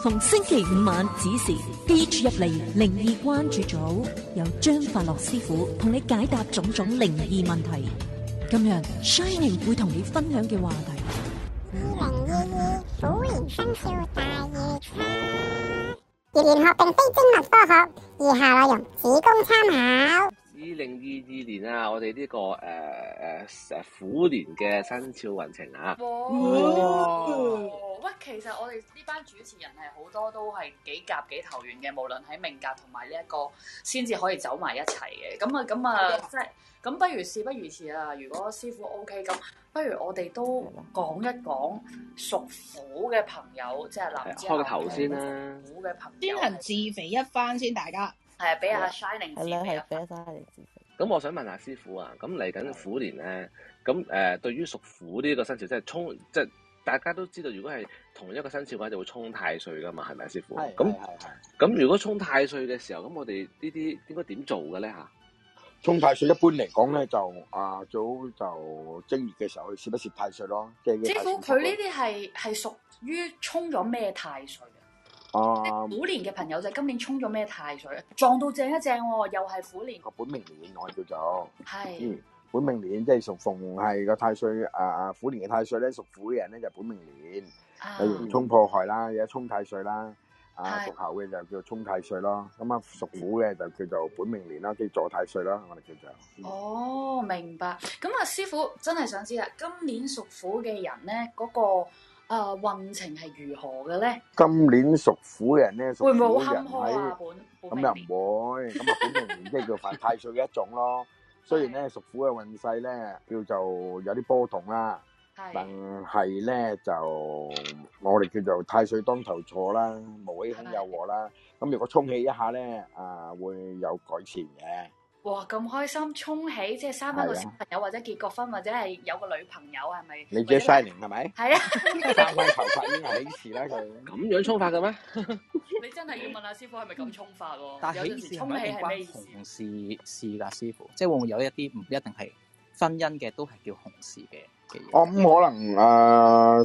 逢星期五晚子時，記住入嚟靈異關注組，由張法樂師傅同你解答種種靈異問題。今日 Shinning 會同你分享嘅話題：二零二二虎年生肖大預測，玄學並非精密科學，以下內容只供參考。二零二二年，這個呃、啊，我哋呢個誒誒誒虎年嘅生肖運程啊。哇！喂哇，哇其實我哋呢班主持人係好多都係幾夾幾投緣嘅，無論喺命格同埋呢一個，先至可以走埋一齊嘅。咁啊咁啊，的即係咁，不如事不宜遲啊。如果師傅 OK，咁不如我哋都講一講屬虎嘅朋友，即係男。開頭先啦。虎嘅朋友。先人自肥一番先，大家。係啊，俾阿 Shining 知啊，俾阿 Shining 知。咁我想問下師傅啊，咁嚟緊虎年咧，咁誒的、呃、對於屬虎呢個生肖，即係衝，即係大家都知道，如果係同一個生肖嘅話，就會衝太歲噶嘛，係咪啊，師傅？係咁的那如果衝太歲嘅時候，咁我哋呢啲應該點做嘅咧嚇？衝太歲一般嚟講咧，就啊早就正月嘅時候去攝一攝太歲咯。師傅，佢呢啲係係屬於衝咗咩太歲？啊！虎、嗯、年嘅朋友就今年沖咗咩太歲？撞到正一正、哦，又係虎年。本命年我叫做係是、嗯、本命年，即係、呃、屬逢係個太歲啊啊！虎年嘅太歲咧，屬虎嘅人咧就本命年有沖破害啦，有沖太歲啦。啊屬猴嘅就叫做沖太歲咯。咁、嗯、啊屬虎嘅就叫做本命年啦，即係坐太歲啦，我哋叫做。哦，明白。咁啊，師傅真係想知啦，今年屬虎嘅人咧嗰、嗰個。啊，uh，運程係如何嘅咧？今年屬虎嘅人咧，屬虎人呢會唔會喺下本？咁又唔會，咁啊本命年即叫犯太歲嘅一種咯。 雖然咧屬虎嘅運勢咧叫做有啲波動啦，是但係咧就我哋叫做太歲當頭坐啦，無喜恐有禍啦。咁是如果沖氣一下咧，啊會有改善嘅。哇！咁開心，沖起，即係生返個小朋友，或者結個婚，或者係有個女朋友，係咪？你最嘥年係咪？係 叫 啊！已啦， 咁樣沖法嘅咩？ 你真係要問阿師傅係咪咁沖法喎，嗯？但係喜兒同埋紅事事㗎師傅，即唔會話會有一啲唔一定係婚姻嘅，都係叫紅事嘅。我咁，可能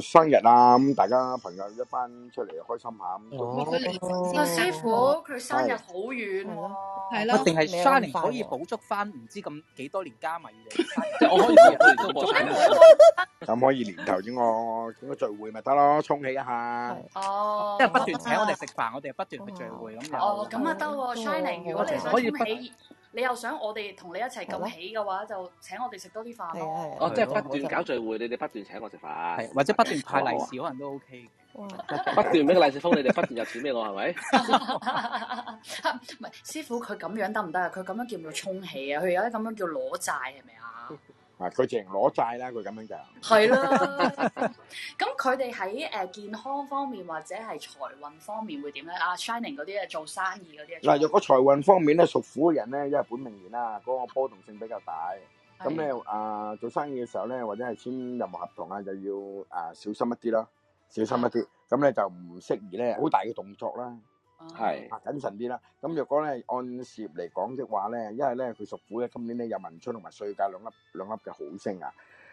誒生日啊，咁，大家朋友一班出嚟開心下咁。哦，佢年，師傅佢生日好遠，係咯，一定係 Shining 可以補足翻唔知咁幾多年加埋嘅，即係我可以幾多年都冇。咁可以年頭啲我咁嘅聚會咪得咯，沖喜一下。哦，即係不斷請我哋食飯，我哋又不斷去聚會咁。哦，咁啊得喎，Shining 如果你可以。你又想我哋同你一齊撳起嘅話，就請我哋食多啲飯咯。哦，即係不斷搞聚會，你哋不斷請我食飯，或者不斷派利是， 可能都 OK。哇不斷俾個利是封， 你哋不斷又錢俾我係咪？唔係 師傅佢咁樣得唔得啊？佢咁樣叫唔叫沖喜啊？佢有啲咁樣叫攞債係咪啊？啊！佢淨係攞債啦，佢咁樣就係囉。咁佢哋喺誒健康方面或者係財運方面會點咧？啊 Shining 嗰啲啊，做生意嗰啲嗱，若果財運方面咧，屬虎嘅人咧，因為本命年啦，嗰個波動性比較大。咁咧啊，做生意嘅時候咧，或者係簽任何合同啊，就要啊小心一啲囉，小心一啲。咁咧 就唔適宜咧，好大嘅動作啦。係是、啊，謹慎啲啦。咁若果咧按事業嚟講的話咧，因為咧佢屬虎嘅，今年咧有文昌同埋歲駕兩粒兩粒嘅好星啊。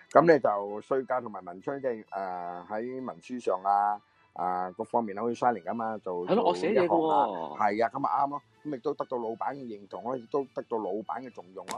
咁咧就歲駕同埋文昌即係誒喺文書上啊啊、呃、各方面都可以嘥零噶嘛，啊、就做係咯、啊，我寫嘢嘅喎。係啊，咁咪啱咯。咁亦都得到老闆嘅認同咯，亦都得到老闆嘅重用咯、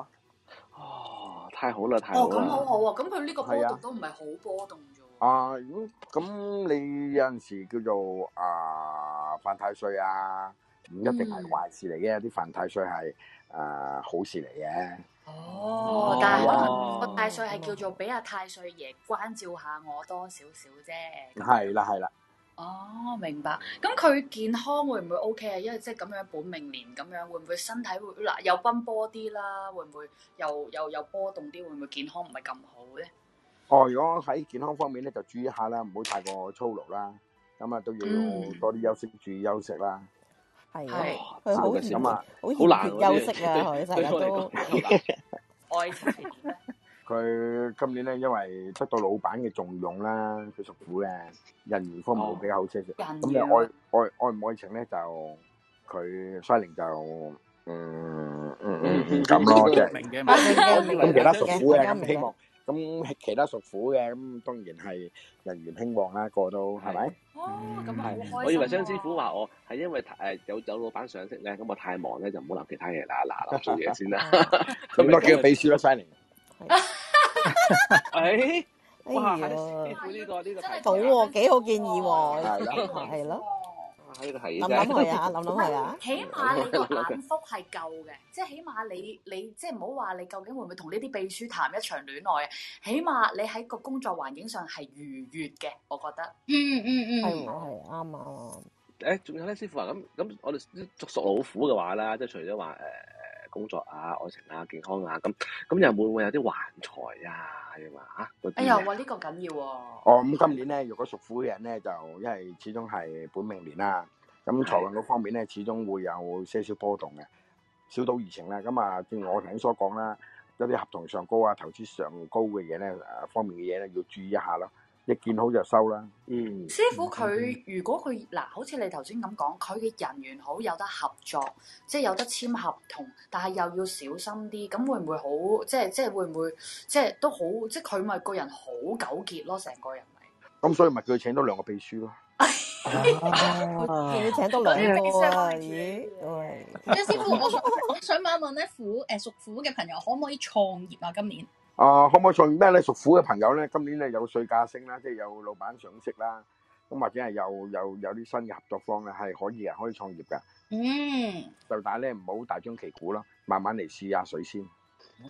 啊。哦，太好啦！太好啦！哦，咁好好啊。咁佢呢個波動都唔係好波動。啊咁，咁，你有陣時叫做啊犯太歲啊，唔一定係壞事嚟嘅，啲犯太歲係啊好事嚟嘅。哦，但係可能個太歲係叫做俾阿太歲爺關照下我多少少啫。係啦、嗯，係啦樣。哦，明白。咁佢健康會唔會 O K 啊？因為即係咁樣本命年咁樣，會唔會身體會嗱有奔波啲啦？會唔會又又有波動啲？會唔會健康唔係咁好咧？哦，如果喺健康方面咧，就注意下啦，唔好太過操勞啦。咁啊，都要多啲休息，注意休息啦。係啊，咁啊，好難休息啊！大家都愛情。佢今年咧，因為得到老闆嘅重用啦，佢屬虎咧，人緣方面比較好些嘅。咁啊，愛愛愛唔愛情咧，就佢西寧就嗯嗯嗯咁咯即係。咁其他屬虎咧，咁希望。咁其他屬虎嘅咁，當然係人緣興旺啦，個都係咪？哦，咁係，我以為張師傅話我係因為誒有有老闆賞識咧，咁我太忙咧就唔好諗其他嘢啦，嗱，做嘢先啦，咁多幾個秘書咯，Shinning。哎，哇，師傅呢個呢個睇到喎，幾好建議喎，係咯。諗諗係啊，諗諗係啊，起碼你個眼福係夠嘅，即係 起碼你你即係唔好話你究竟會唔會同呢啲秘書談一場戀愛啊？起碼你喺個工作環境上係愉悅嘅，我覺得，嗯嗯 嗯，係唔係啱啊？誒，仲有咧，師父啊，咁咁，我哋捉熟老虎嘅話啦，即係除咗話誒，呃工作啊，愛情啊，健康啊，咁咁又會唔會有啲橫財啊？咁、哎這個、啊哎呀，呢個緊要喎。哦，咁今年咧，如果屬虎嘅人咧，就因為始終係本命年啦，咁財運嗰方面咧，的始終會有些少波動嘅，小賭怡情啦。咁啊，正如我頭先所講啦，的一啲合同上高啊、投資上高嘅嘢咧，誒、啊、方面嘅嘢咧，要注意一下咯。一見好就收啦。嗯， 師傅，佢如果佢嗱，好似你頭先咁講，佢嘅人緣好，有得合作，即係有得簽合同，但係又要小心啲，咁會唔會好？即係即係會唔會即係都好？即係佢咪個人好糾結咯，成個人咪。咁 所以咪叫佢請多兩個秘書咯。你請多兩個秘書。有、欸、 師傅，我想問問呢虎誒屬虎嘅朋友，可唔可以創業啊？今年？啊、呃，可唔可以創業？咩咧？屬虎嘅朋友咧，今年咧有稅價升啦，即係有老闆賞識啦，咁或者係有有有啲新嘅合作方咧，係可以啊，可以創業噶。嗯。就但係咧，唔好大張旗鼓啦，慢慢嚟試下水先。誒、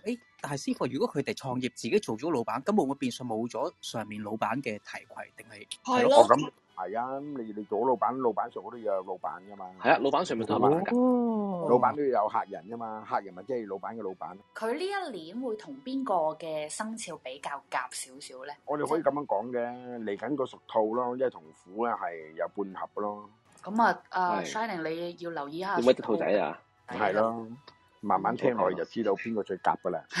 欸，但係師傅，如果佢哋創業自己做咗老闆，咁會唔會變相冇咗上面老闆嘅提攜？定係係咯。咁係啊，你你做老闆，老闆上嗰啲又係老闆噶嘛。係啊、哦，老闆上面，做老闆噶，老闆都要有客人噶嘛，客人咪即係老闆嘅老闆。佢呢一年會同邊個嘅生肖比較夾少少咧？我哋可以咁樣講嘅，嚟緊個屬兔咯，即係同虎咧係有半合咯。咁啊，啊、uh, 是 Shinning，你要留意下，下。冇乜兔仔啊，係咯的。慢慢聽落去就知道邊個最夾噶啦，咁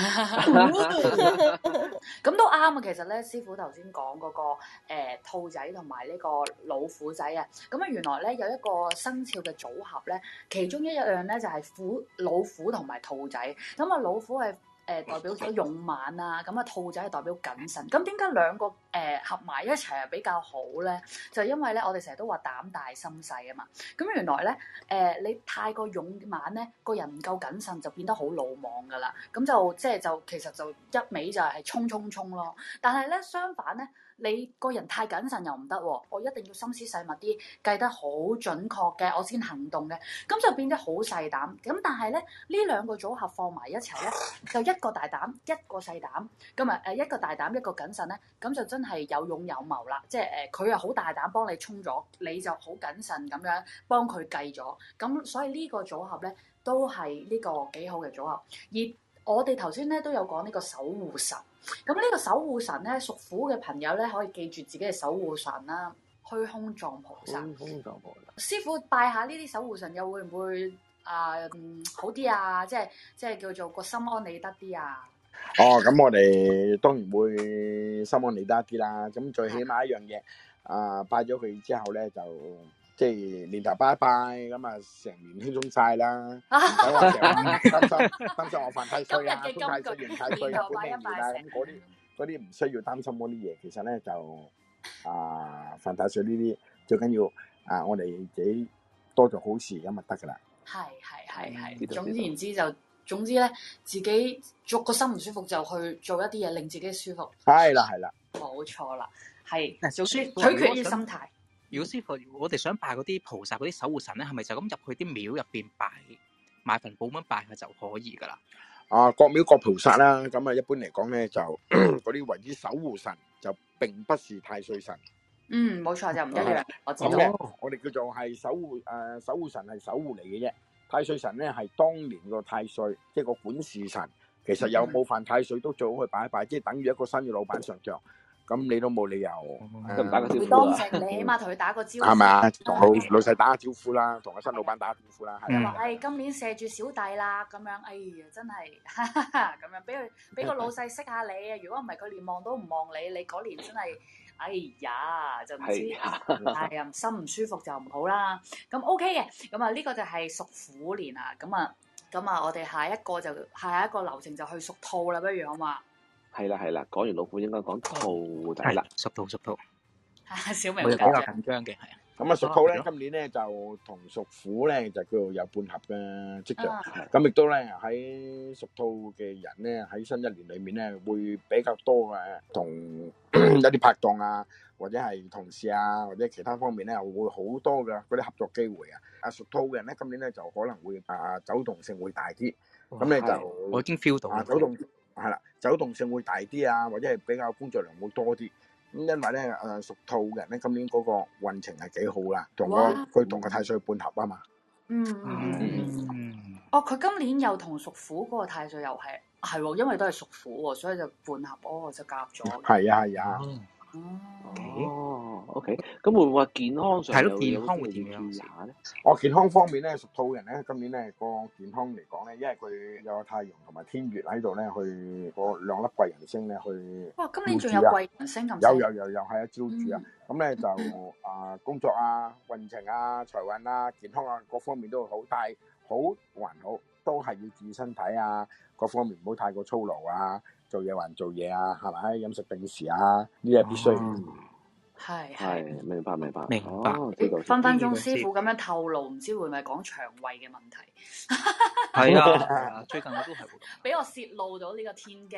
都啱啊！其實咧，師父頭先講嗰個、呃、兔仔同埋呢個老虎仔啊，咁啊原來咧有一個生肖嘅組合咧，其中一樣咧就係、是、虎老虎同埋兔仔，咁啊老虎係。誒、呃、代表咗勇猛啊，咁啊兔仔係代表謹慎，咁點解兩個誒、呃、合埋一齊係比較好咧？就因為咧，我哋成日都話膽大心細啊嘛，咁原來咧誒、呃、你太過勇猛咧，個人唔夠謹慎就變得好魯莽噶啦，咁就即係就，就其實就一味就係衝衝衝咯，但係咧相反咧。你個人太謹慎又唔得喎，我一定要心思細密啲，計得好準確嘅，我先行動嘅，咁就變得好細膽。咁但係咧，呢兩個組合放埋一齊咧，就一個大膽，一個細膽，咁啊誒一個大膽，一個謹慎咧，咁就真係有勇有謀啦。即係誒，佢又好大膽幫你沖咗，你就好謹慎咁樣幫佢計咗。咁所以呢個組合咧，都係呢個幾好嘅組合。而我哋頭先咧都有講呢個守護神。咁呢個守護神咧，屬虎嘅朋友咧，可以記住自己嘅守護神啦，虛空藏菩薩。虛空藏菩薩，師傅拜下呢啲守護神又會唔會啊、呃、好啲啊？即係即係叫做個心安理得啲啊？哦，咁我哋當然會心安理得啲啦。咁最起碼一樣嘢，啊、呃、拜咗佢之後咧就。即係年頭拜拜，咁啊成年輕鬆晒啦。唔使話擔心，擔心我犯太歲啊，搬太歲、迎太歲啊，搬啲嘢啦。咁嗰啲嗰啲唔需要擔心嗰啲嘢，其實咧就啊犯太歲呢啲最緊要啊，我哋自己多做好事咁咪得噶啦。係係係係，總之言之就總之咧，自己逐個心唔舒服就去做一啲嘢令自己舒服。係啦係啦，冇錯啦，係總之取決於心態。如果師傅，我哋想拜嗰啲菩薩嗰啲守護神咧，係咪就咁入去啲廟入邊拜，買份寶文拜下就可以噶啦？啊，各廟各菩薩啦，咁啊，一般嚟講咧就嗰啲 為之守護神就並不是太歲神。嗯，冇錯，就唔一樣。嗯、我知道我哋叫做係守護誒、啊，守護神係守護嚟嘅啫。太歲神咧係當年個太歲，即、就、係、是、個管事神，其實有冇犯太歲都最好去拜一拜，即、就、係、是、等於一個新嘅老闆上場。咁、嗯、你都冇理由，都唔、嗯、打個招呼啦。佢當時你起碼同佢打個招呼，係咪啊？同，老細打個招呼啦，同個新老闆打個招呼啦。嗯。哎，今年射住小弟啦，咁樣，哎呀，真係，咁樣，俾佢俾個老細識下你。如果唔係，佢連望都唔望你，你嗰年真係，哎呀，就唔知，係啊，心唔舒服就唔好啦。咁 OK 嘅，咁啊呢個就係屬虎年啊。咁啊，咁啊，我哋下一個就，下一個，就下一個流程就去屬兔啦，不如好嘛。係啦係啦，講完老虎應該講兔仔啦，屬兔屬兔，吓，小明比較緊張嘅，係啊。咁啊屬兔咧，今年咧就同屬虎咧就叫做有半合嘅跡象，咁亦都咧喺屬兔嘅人咧喺新一年裏面咧會比較多嘅同一啲拍檔啊，或者係同事啊，或者其他方面咧會好多嘅嗰啲合作機會啊。阿屬兔嘅人咧今年咧就可能會啊走動性會大啲，咁你就我已經 feel 到啊走動。係啦，走動性會大啲啊，或者係比較工作量會多啲。咁因為咧，誒屬兔嘅人咧，今年嗰個運程係幾好啦，同、那個佢同哇個太歲半合啊嘛。嗯嗯嗯。嗯哦，佢今年又同屬虎嗰個太歲又係係，因為都係屬虎，所以就半合哦，就夾咗。係啊係啊。嗯嗯、哦。O K，咁會唔會話健康上？係咯，健康要注意下咧。哦有，健康方面咧，屬兔人咧，今年咧個健康嚟講咧，因為佢有太陽同埋天月喺度咧，去個兩粒貴人星咧去、啊。哇！今年仲有貴人星咁。有有有有喺一照住啊！咁咧、嗯嗯嗯、就啊、呃，工作啊、運程啊、財運啊、健康啊各方面都好，但係好還好，都係要注意身體啊，各方面唔好太過操勞啊，做嘢還做嘢啊，係咪？飲食定時啊，呢啲係必須。啊。係，係明白明白，明白。分分鐘 師傅咁樣透露，唔知會唔會講腸胃嘅問題。係啊，最近我都係。俾我泄露到呢個天機。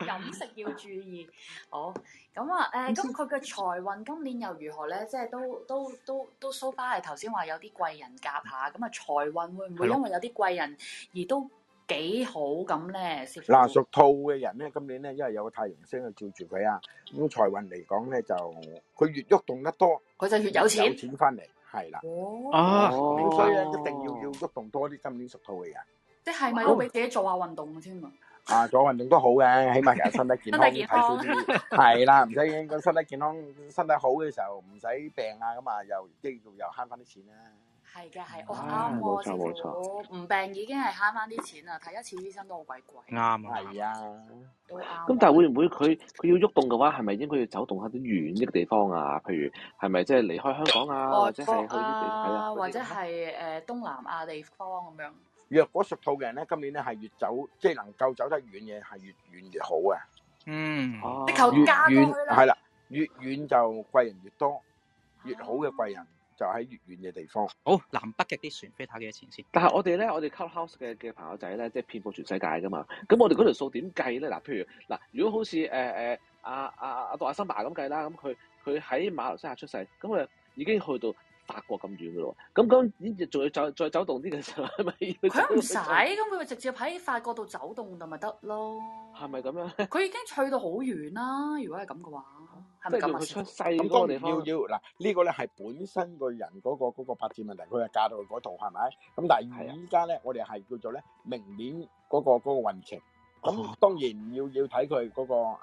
飲 食要注意。好，咁啊，誒、呃，咁佢嘅財運今年又如何咧？即係都都都都蘇巴係頭先話有啲貴人夾下，咁啊 財運會唔會因為有啲貴人而都？ 幾好咁咧？嗱，屬兔嘅人咧，今年咧，因為有個太陽星去照住佢啊，咁財運嚟講咧就，佢越喐動得多，佢就越有錢，有錢翻嚟，係啦。哦，所以咧一定要要喐動多啲今年屬兔嘅人。即係咪都俾自己做下運動先啊？啊，做下運動都好嘅，起碼其實身體健康，睇少啲，係啦，唔使講身體健康，身體好嘅時候唔使病啊，咁啊又繼續又慳翻啲錢啦。係嘅，係啱喎，冇錯冇錯，唔病已經係慳翻啲錢啦，睇一次醫生都好鬼貴。啱啊，係啊，都啱。咁但係會唔會佢佢要喐動嘅話，係咪應該要走動下啲遠啲嘅地方啊？譬如係咪即係離開香港啊，或者係去啲地方啊，或者係誒東南亞地方咁樣？若果屬兔嘅人咧，今年咧係越走，即係能夠走得遠嘅，係越遠越好啊！嗯，越遠係啦，越遠就貴人越多，越好嘅貴人。就喺越遠嘅地方。好，南北嘅啲船飛下幾多錢先？但係我哋咧，我哋 Clubhouse 嘅嘅朋友仔咧，即係遍布全世界噶嘛。咁我哋嗰條數點計咧？嗱，譬如嗱，如果好似誒誒阿阿阿杜阿森巴咁計啦，咁佢佢喺馬來西亞出世，咁佢已經去到。法國咁遠嘅咯，咁咁呢仲要走再走動啲嘅時候，係咪佢唔使咁佢直接喺法國度走動就咪得咯？係咪咁樣？佢已經去到好遠啦。如果係咁嘅話，係咪咁啊？出世咁當然要要嗱，呢、這個咧係本身個人、那個人嗰、那個那個拍個八字問題，佢係嫁到嗰度係咪？咁但係依家咧，的我哋係叫做咧明年嗰、那個嗰、那個、運程，咁、哦嗯、當然要要睇佢嗰個啊。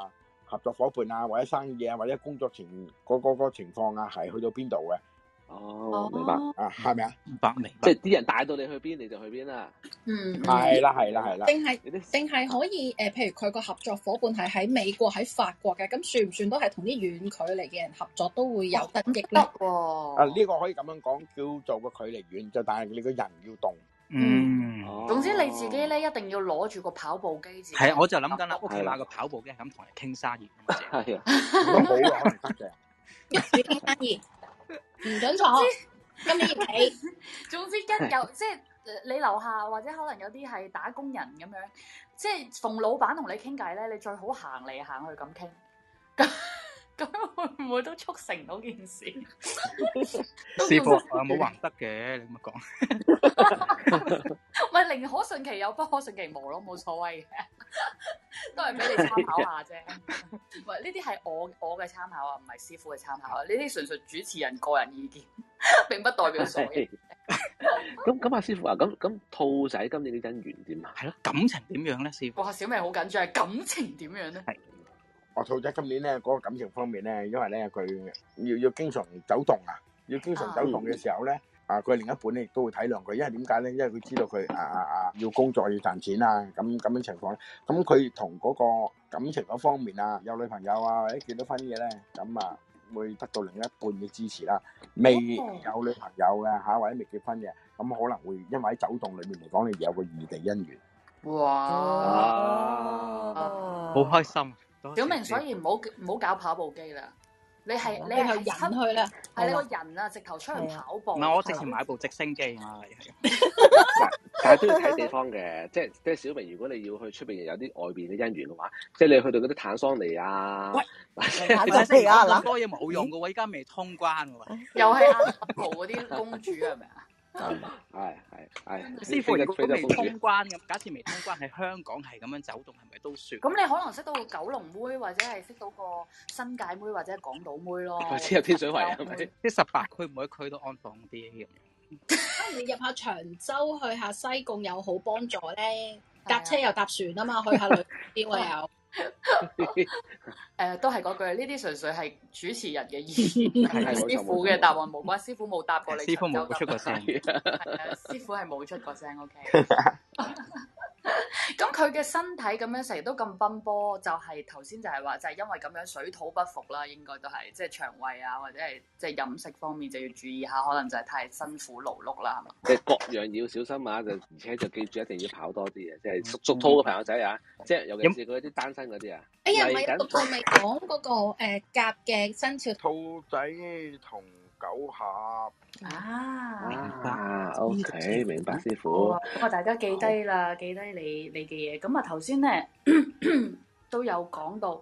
呃合作伙伴啊，或者生意啊，或者工作情嗰嗰個情況啊，係去到邊度嘅？哦，明白啊，係咪啊？明白，明白，即係啲人帶到你去邊，你就去邊啦、啊嗯。嗯，係啦，係啦，係啦。定係定係可以誒、呃？譬如佢個合作伙伴係喺美國、喺法國嘅，咁算唔算都係同啲遠距離嘅人合作都會有得益咧？哦哦、啊，呢、這個可以咁樣講，叫做個距離遠就，但係你個人要動。嗯，總之你自己咧一定要攞住個跑步機先。係啊，我就諗緊啦，屋企買個跑步機，咁同人傾生意。係啊，冇嘅，一傾生意，唔準坐，咁你企。總之一有即係你樓下或者可能有啲係打工人咁樣，即係逢老闆同你傾偈咧，你最好行嚟行去咁傾。咁會唔會都促成到件事？師傅啊，冇還得嘅，你咁樣講，唔係寧可信其有不其， 不可信其無咯，冇所謂嘅，都係俾你參考下啫。喂，呢啲係我我嘅參考啊，唔係師傅嘅參考啊，呢啲純粹主持人個人意見，並不代表所有。咁 咁， 阿師傅啊，咁咁，兔仔今年嘅姻緣點啊？係咯，感情點樣咧？師傅，哇，小明好緊張，係感情點樣咧？ 我兔仔今年咧嗰個感情方面咧，因為咧佢要要經常走動啊，要經常走動嘅時候咧，啊佢另一半咧亦都會體諒佢，因為點解咧？因為佢知道佢啊啊啊要工作要賺錢啊，咁咁樣情況，咁佢同嗰個感情嗰方面啊，有女朋友啊或者結咗婚嘅咧，咁啊會得到另一半嘅支持啦。未有女朋友嘅吓，或者未結婚嘅，咁可能會因為喺走動裏面嚟講，你有個異地姻緣。哇！好開心。小明，所以唔好唔好搞跑步機啦。你係你係人去啦，係你個人啊，直頭出去跑步。唔係我直情買部直升機啊！但係都要睇地方嘅，即係即係小明，如果你要去出邊又有啲外邊嘅姻緣嘅話，即係你去到嗰啲坦桑尼亞，坦桑尼亞嗱，多嘢、冇用嘅話，依家未通關嘅話，又係啊，嗰啲公主係咪啊？係係係， 師父亦未通關咁。假設未通關，喺香港係咁樣走動，係咪都算？咁你可能識到個九龍妹，或者係識到個新界妹，或者港島妹咯。或者有天水圍啊？或啲十八區，每區都安放啲嘢。 你入下長洲，去下西貢有好幫助咧。搭車又搭船啊嘛，去下邊位有？ 誒、 呃，都係嗰句，呢啲純粹係主持人嘅意思。 師傅嘅答案冇關，師傅冇答過你答， 師傅冇出過聲。 師傅係冇出過聲，OK。 咁佢嘅身體咁樣成日都咁奔波，就係頭先就係話就係、是、因為咁樣水土不服啦，應該都係即係腸胃啊，或者係即係飲食方面就要注意下，可能就係太辛苦勞碌啦，係嘛？即係各樣要小心啊，就而且就記住一定要跑多啲啊，即係屬屬兔嘅朋友仔啊，即係尤其是嗰啲單身嗰啲啊。哎呀，咪整、哎那個 兔咪講嗰個誒夾嘅生肖。兔仔同。九合啊！明白啊，OK，明白，師父。咁啊，大家記低啦，好記低你你嘅嘢。咁啊，頭先咧都有講到，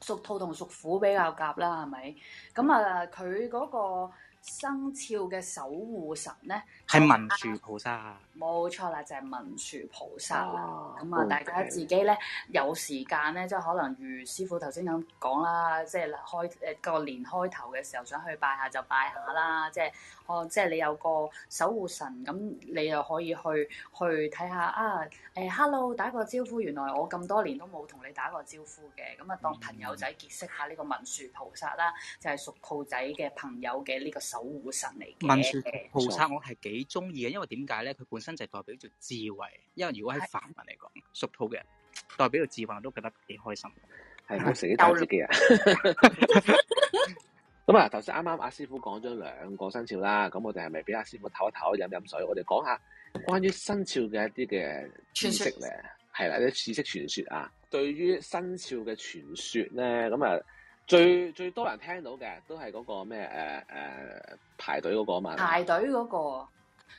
屬兔同屬虎比較夾啦，係咪？咁啊，佢嗰個生肖嘅守護神咧，係文殊菩薩。冇錯啦，就係、是、文殊菩薩啦。咁啊，大家自己咧 Okay. 有時間咧，即係可能如師傅頭先咁講啦，即、就、係、是、開誒個年開頭嘅時候，想去拜下就拜下啦。即、就、係、是、哦，即、就、係、是、你有個守護神咁，你又可以去去睇下啊。誒、欸，Hello，打個招呼。原來我咁多年都冇同你打過招呼嘅。咁啊，當朋友仔結識下呢個文殊菩薩啦，嗯、就係屬兔仔嘅朋友嘅呢個守護神嚟嘅。文殊菩薩我係幾鍾意嘅，因為點解咧？佢本身，就代表住智慧，因為如果喺凡的人嚟講，屬土嘅人代表住智慧，我都覺得幾開心。係好食啲自己啊！咁啊， 頭先啱啱阿師傅講咗兩個生肖啦，咁我哋係咪俾阿師傅唞一唞飲飲水？我哋講下關於生肖嘅一啲嘅知識咧，係飾啦啲知識傳說啊。對於生肖嘅傳說咧，咁啊最最多人聽到嘅都係嗰個咩誒誒排隊嗰個啊嘛？排隊嗰、嗰個。嗯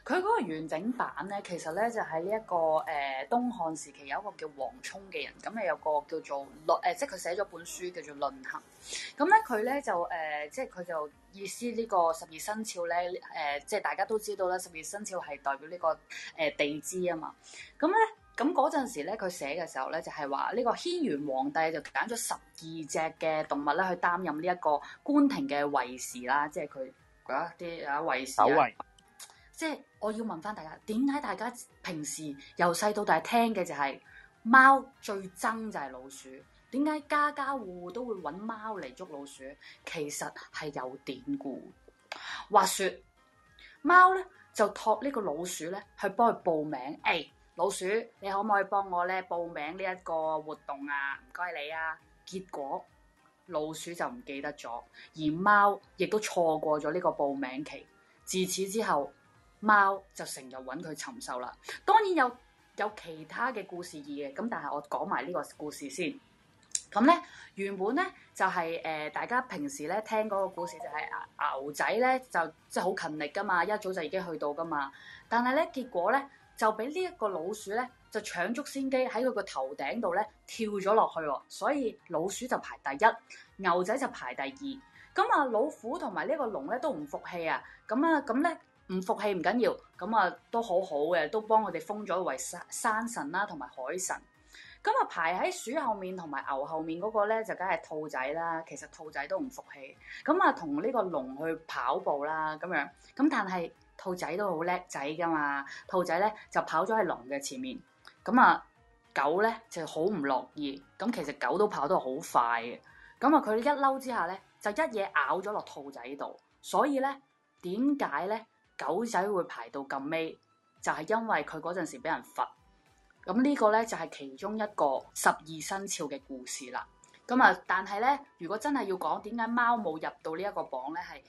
佢嗰個完整版咧，其實咧就喺呢一個誒、呃、東漢時期有一個叫王充嘅人，咁誒有個叫做論，誒、呃、即係佢寫咗本書叫做論行《論衡》。咁咧佢咧就誒，即係佢就意思呢個十二生肖咧，誒、呃、即係大家都知道啦，十二生肖係代表呢、這個誒、呃、地支啊嘛。咁咧，咁嗰陣時咧佢寫嘅時候咧，就係話呢個軒轅皇帝就揀咗十二隻嘅動物咧去擔任呢一個官廷嘅衛士啦，即係佢嗰啲啊衛士啊。即係我要問翻大家，點解大家平時由細到大聽嘅就係貓最憎就係老鼠？點解家家戶戶都會揾貓嚟捉老鼠？其實係有典故。話說貓咧就託呢個老鼠咧去幫佢報名，誒、欸，老鼠你可唔可以幫我咧報名呢一個活動啊？唔該你啊。結果老鼠就唔記得咗，而貓亦都錯過咗呢個報名期。自此之後，貓就成日揾佢尋仇啦。當然有有其他嘅故事意嘅，咁但係我講埋呢個故事先。咁呢，原本呢就係、是、誒、呃、大家平時咧聽嗰個故事就係、是、牛仔呢就即係好勤力噶嘛，一早就已經去到噶嘛。但係呢結果呢，就俾呢一個老鼠呢就搶足先機喺佢個頭頂度呢跳咗落去喎，所以老鼠就排第一，牛仔就排第二。咁啊老虎同埋呢個龍呢都唔服氣啊。咁啊咁呢。唔服氣唔緊要，咁啊都好好嘅，都幫佢哋封咗為山神啦，啊，同埋海神。咁啊排喺鼠後面同埋牛後面嗰個咧，就梗係兔仔啦。其實兔仔都唔服氣，咁啊同呢個龍去跑步啦咁樣。咁但係兔仔都好叻仔噶嘛，兔仔咧就跑咗喺龍嘅前面。咁啊狗咧就好唔樂意，咁其實狗都跑得好快嘅。咁啊佢一嬲之下咧，就一嘢咬咗落兔仔度。所以咧點解咧？狗仔會排到咁尾，就係因為佢嗰陣時俾人罰。咁呢個呢，就係其中一個十二生肖嘅故事啦。咁啊，但係呢，如果真係要講點解貓冇入到呢一個榜呢，係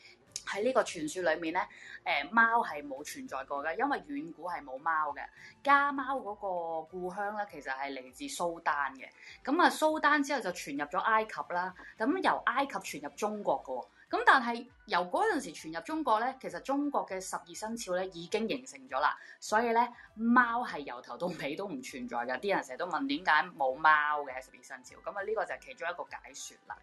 喺呢個傳說裏面呢。誒，貓係冇存在過噶，因為遠古係冇貓嘅。家貓嗰個故鄉呢，其實係嚟自蘇丹嘅。咁啊，蘇丹之後就傳入咗埃及啦，咁由埃及傳入中國噶。咁但係由嗰陣時傳入中國咧，其實中國嘅十二生肖咧已經形成咗啦，所以咧貓係由頭到尾都唔存在噶。啲人成日都問點解冇貓嘅十二生肖，咁啊呢個就係其中一個解說啦。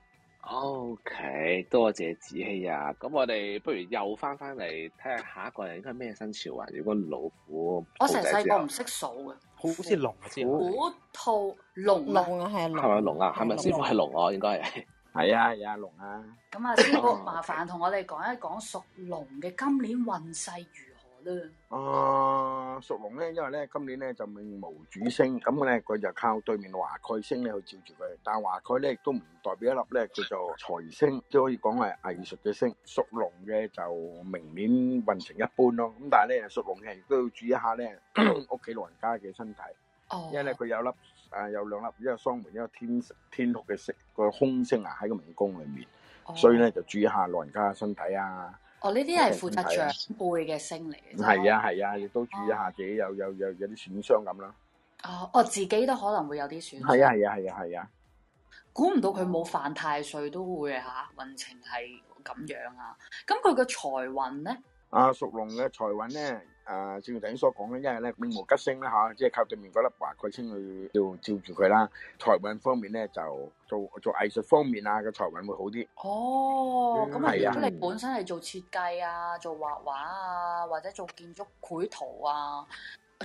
OK，多謝紫僖啊，咁我哋不如又翻翻嚟睇下下一個應該係咩生肖啊？如果老虎，我成細個唔識數嘅，好似龍嘅字，虎富兔龍啊，係係咪龍啊？係咪、啊、師傅係龍啊，應該係。係啊係啊，龍啊！咁啊，師傅麻煩同我哋講一講屬龍嘅今年運勢如何呢？哦，屬龍咧，因為咧今年咧就命無主星，咁咧佢就靠對面華蓋星咧去照住佢。但華蓋咧亦都唔代表一粒咧叫做財星，即可以講係藝術嘅星。屬龍嘅就明年運程一般咯。咁但係咧屬龍嘅亦都要注意一下咧屋企老人家嘅身體，因為咧佢有粒。誒，有兩粒，一個雙門，一個天天祿嘅星，個空星啊，喺個命宮裏面，oh. 所以咧就注意下老人家嘅身體啊。哦，呢啲係負責長輩嘅星嚟。嘅、啊。係啊係啊，啊，亦都注意下自己有、oh. 有有有啲損傷咁啦。哦，哦，oh, 自己都可能會有啲損傷。係啊係啊係啊係啊。估唔、啊啊啊、到佢冇犯太歲都會吓運程係咁樣啊！咁佢嘅財運咧？阿屬龍嘅財運咧？啊啊、呃，正如頭先所講咧，因為咧命無吉星啦嚇、啊，即係靠對面嗰粒華貴星去要照住佢啦。財運方面咧就做做藝術方面啊嘅財運會好啲。哦，咁啊，如果你本身係做設計啊、做畫畫啊，或者做建築繪圖啊。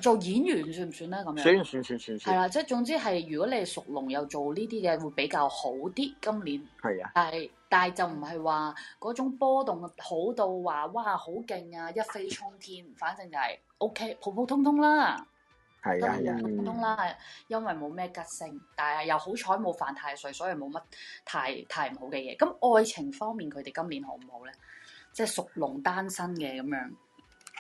做演員算唔算咧？咁樣，演員算算算算。係啦，即係總之係，如果你係屬龍又做呢啲嘅會比較好啲。今年係啊，係，但係的就唔係話嗰種波動好到話哇好勁啊一飛沖天，反正就係 OK，普普通通啦。係啊的，普普通通啦，因為冇咩吉星，但係又好彩冇犯太歲，所以冇乜太太唔好嘅嘢。咁愛情方面，佢哋今年好唔好咧？即係屬龍單身嘅咁樣。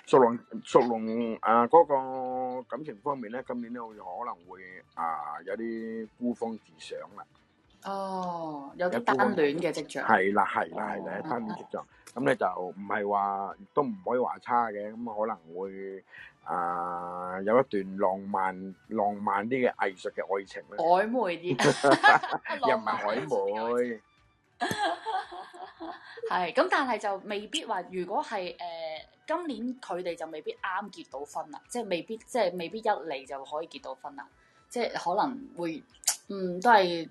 屬龍屬龍啊！嗰個感情方面咧，今年咧我就可能會啊有啲孤芳自賞啦。哦，有啲單戀嘅跡象。係啦係啦係啦，單戀跡象。咁咧就唔係話，都唔可以話差嘅。咁可能會啊，有一段浪漫浪漫啲嘅藝術嘅愛情咧。曖昧啲，又唔係曖昧。係咁，但係就未必話，如果係誒。今年佢哋就未必啱結到婚啦，即係未必即係未必一嚟就可以結到婚啦，即係可能會，嗯，都係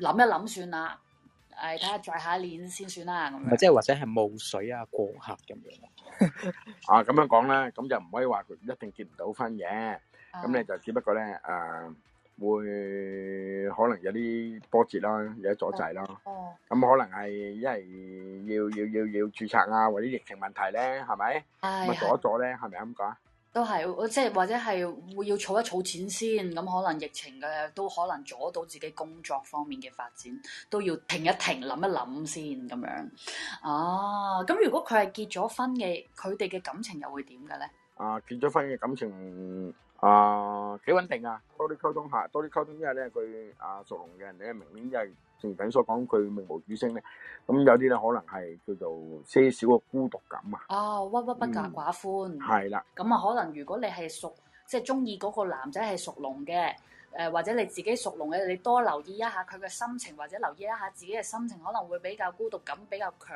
諗一諗算啦，誒，睇下再下一年先算啦咁。唔即係或者係霧水啊，過客咁樣啊，咁樣講咧，咁就唔可以話佢一定結唔到婚嘅，咁咧就只不過咧誒。呃會可能有啲波折啦，有啲阻滯咯。哦、嗯，咁可能係因為要、嗯、要要要註冊啊，或者疫情問題咧，係咪？咪、哎、阻咗咧，係咪咁講？是是都係，即係或者係會要儲一儲錢先，咁可能疫情嘅都可能阻到自己工作方面嘅發展，都要停一停諗一諗先咁樣。啊，咁如果佢係結咗婚嘅，佢哋嘅感情又會點嘅咧？啊，結咗婚嘅感情。啊，幾穩定啊！多啲溝通下，多啲溝通，因為咧佢啊屬龍嘅人咧，明年因為正如你所講，佢命無主星咧，咁有啲咧可能係叫做些少個孤獨感啊。啊，郁郁不樂寡歡。係啦，咁啊可能如果你係屬即係中意嗰個男仔係屬龍嘅，誒或者你自己屬龍嘅，你多留意一下佢嘅心情，或者留意一下自己嘅心情，可能會比較孤獨感比較強。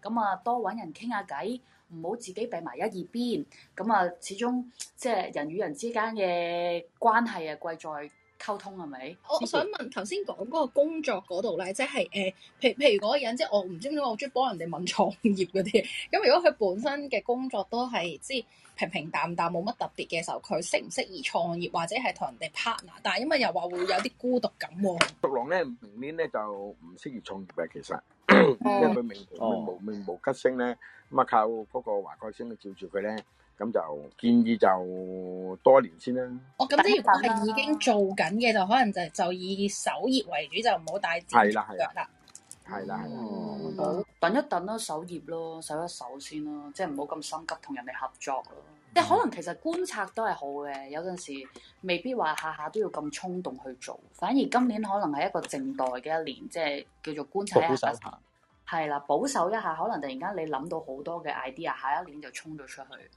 咁啊多搵人傾下偈。唔好自己比埋一二邊，咁啊，始終即係人與人之間嘅關係啊，貴在。溝通係咪？我想問頭先講嗰個工作嗰度咧，即係誒，譬譬如嗰個人，即係我唔知點解我中意幫人哋問創業嗰啲。咁如果佢本身嘅工作都係即係平平淡淡冇乜特別嘅時候，佢適唔適宜創業或者係同人哋 partner？但係因為又話會有啲孤獨感喎、啊。獨狼咧，明年咧就唔適宜創業嘅，其、哦、實，因為佢命無名無吉星咧，咁啊靠嗰個華蓋星去照住佢咧。咁就建議就多一年先啦。哦，咁即係如果係已經做緊嘅，等等就可能就就以首頁為主就，就唔好帶字。係啦，係啦，係啦、嗯，係啦、嗯。好，等一等啦，首頁咯，守一守先咯，即係唔好咁心急同人哋合作咯。即、嗯、可能其實觀察都係好嘅，有陣時未必話下下都要咁衝動去做。反而今年可能係一個靜待嘅一年，即係叫做觀察一下，係啦，保守一下，可能突然間你諗到好多嘅 idea，下一年就衝咗出去。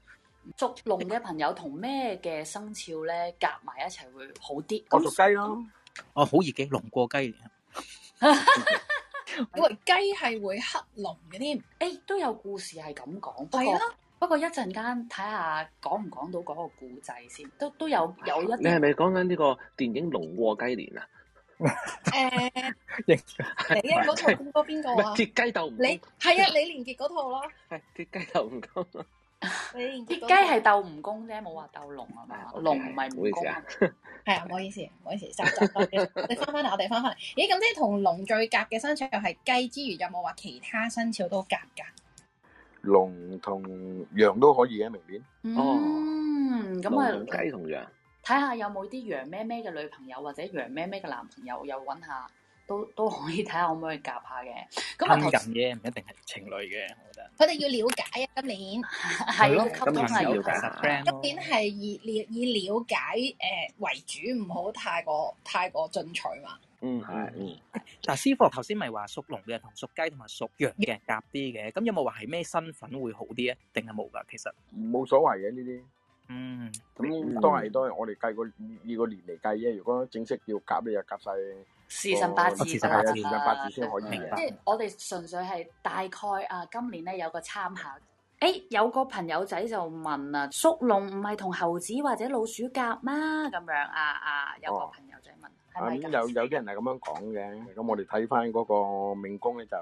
屬龍嘅朋友同咩嘅生肖咧，夾埋一齊會好啲？我屬雞咯。哦，好易嘅龍過雞年，喂，雞係會克龍嘅添。誒，都有故事係咁講，係啦，不過一陣間睇下講唔講到嗰個古仔先，都都有有一，你係咪講緊呢個電影《龍過雞年》啊？誒，你嗰套播邊個啊？接雞鬥，你係啊李連杰嗰套咯，接雞鬥唔夠。啲雞係鬥蜈蚣啫，冇話鬥龍啊嘛， 龍唔係唔好意思，係啊，唔好意思，唔好意思，你翻翻嚟，我哋翻翻嚟，咦，咁即係同龍最夾嘅生肖又係雞之餘，嗯嗯嗯嗯嗯、看看有冇話其他生肖都夾噶？龍同羊都可以嘅明年，哦，咁啊，雞同羊，睇下有冇啲羊咩咩嘅女朋友或者羊咩咩嘅男朋友，又揾下。都都可以睇下可唔可以夾下嘅，咁同人嘅唔一定係情侶嘅，我覺得。佢哋要了解啊，今年係咯，溝通啊，加深 friend。今年係以了以了解誒為主，唔好太過太過進取嘛。嗯係嗯。嗱，師傅頭先咪話屬龍嘅同屬雞同埋屬羊嘅夾啲嘅，咁有冇話係咩身份會好啲咧？定係冇㗎？其實冇所謂嘅呢啲。嗯，咁都係都係我哋計過依個年嚟計嘅。如果正式要夾你就夾晒。四時辰八字先、哦、可以對，的即係我哋純粹係大概啊，今年咧有個參考。誒、欸，有個朋友仔就問啊，屬龍唔係同猴子或者老鼠夾嗎？咁樣啊啊，有個朋友仔問，係咪、哦嗯、有有啲人係咁樣講嘅。咁我哋睇翻嗰個命宮咧就，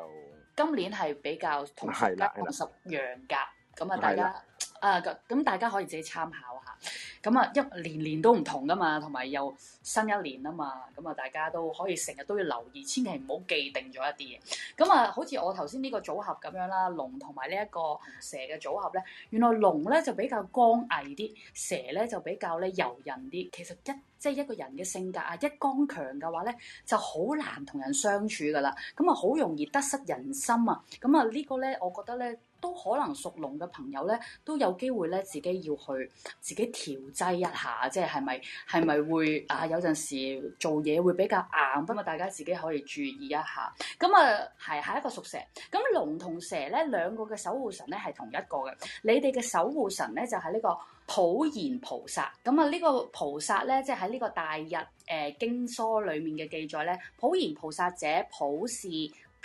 今年係比較同大家講十羊格，咁啊大家。啊，咁、uh, 大家可以自己參考下。咁啊，一年年都唔同噶嘛，同埋又新一年啊嘛。咁啊，大家都可以成日都要留意，千祈唔好既定咗一啲嘢。咁、嗯、啊，好似我頭先呢個組合咁樣啦，龍同埋呢一個蛇嘅組合咧，原來龍咧就比較剛毅啲，蛇咧就比較咧柔韌啲。其實一即係、就是、一個人嘅性格啊，一剛強嘅話咧，就好難同人相處噶啦。咁啊，好容易得失人心啊。咁啊，呢個咧，我覺得咧。都可能屬龍嘅朋友咧，都有機會咧，自己要去自己調劑一下，即係係咪係咪會啊？有陣時做嘢會比較硬，不過，大家自己可以注意一下。咁啊，係下一個屬蛇。咁龍同蛇咧，兩個嘅守護神咧係同一個嘅。你哋嘅守護神咧就係、是、呢個普賢菩薩。咁啊，呢個菩薩咧，即係喺呢、就是、個大日誒、呃、經疏裡面嘅記載咧，普賢菩薩者普是。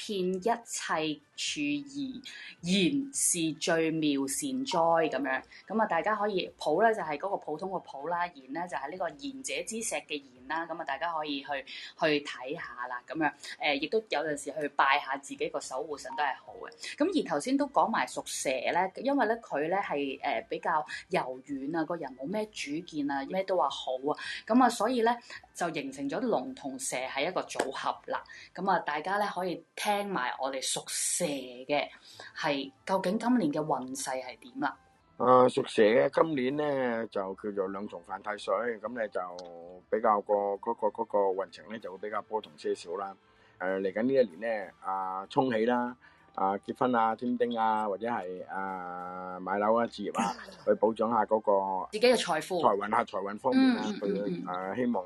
遍一切處而言，言是最妙善哉。咁樣，咁啊大家可以普咧就係、是、個普通嘅普啦，言咧就係、是、呢個賢者之石嘅言。啦，咁啊大家可以去去睇下啦，咁樣，誒、呃、亦都有陣時去拜下自己個守護神都係好嘅。咁而頭先都講埋屬蛇咧，因為咧佢咧係誒比較柔軟啊，個人冇咩主見啊，咩都話好啊，咁啊所以咧就形成咗龍同蛇係一個組合啦。咁啊大家咧可以聽埋我哋屬蛇嘅係究竟今年嘅運勢係點啦。啊，屬蛇嘅今年咧就叫做兩重犯太歲，咁咧就比較個嗰個嗰個運程咧就會比較波動些少啦。誒，嚟緊呢一年咧，啊沖喜啦，啊結婚啊，添丁啊，或者係啊買樓啊，置業啊，去保障下嗰個自己嘅財富，財運啊，財運方面啦，去誒希望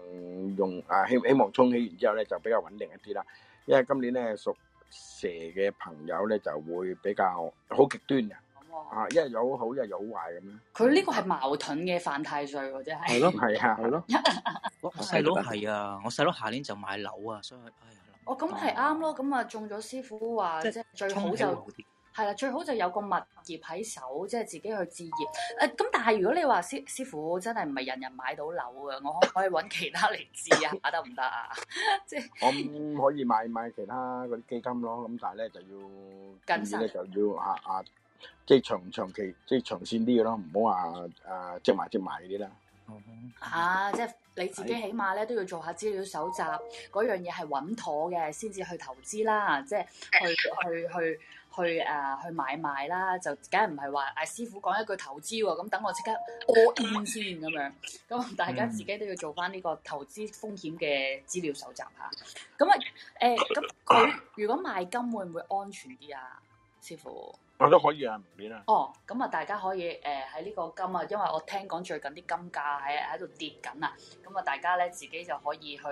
用誒希希望沖喜完之後咧就比較穩定一啲啦。因為今年咧屬蛇嘅朋友咧就會比較好極端嘅。啊！一係有好，一係有壞咁樣。佢呢個係矛盾嘅犯太歲，真係。係咯，係啊，係咯。我細佬係啊，我細佬下年就買樓啊，所以哎呀。哦，咁係啱咯。咁啊，中咗師傅話即係最好就係啦，最好就有個物業喺手，即係自己去置業。誒，咁但係如果你話師師傅真係唔係人人買到樓啊，我可唔可以搵其他嚟置啊？得唔得啊？即係我可以買買其他嗰啲基金咯。咁但係咧就要，咁咧就要吓吓。即係長長期，即係長線啲嘅咯，唔好話誒即買即買啲啦。吓，即係你自己起碼咧，都要做下資料搜集，嗰樣嘢係穩妥嘅，先至去投資啦。即係去去去去誒、啊、去買賣啦，就梗係唔係話誒師傅講一句投資咁等我即刻 all in 先咁樣。咁大家自己都要做翻呢個投資風險嘅資料搜集吓。咁啊誒咁佢如果賣金會唔會安全啲啊？師傅。我都可以啊，唔免啊。哦，咁、嗯、啊，大家可以誒喺呢個金啊，因為我聽講最近啲金價喺喺度跌緊啊，咁、嗯、啊大家咧自己就可以去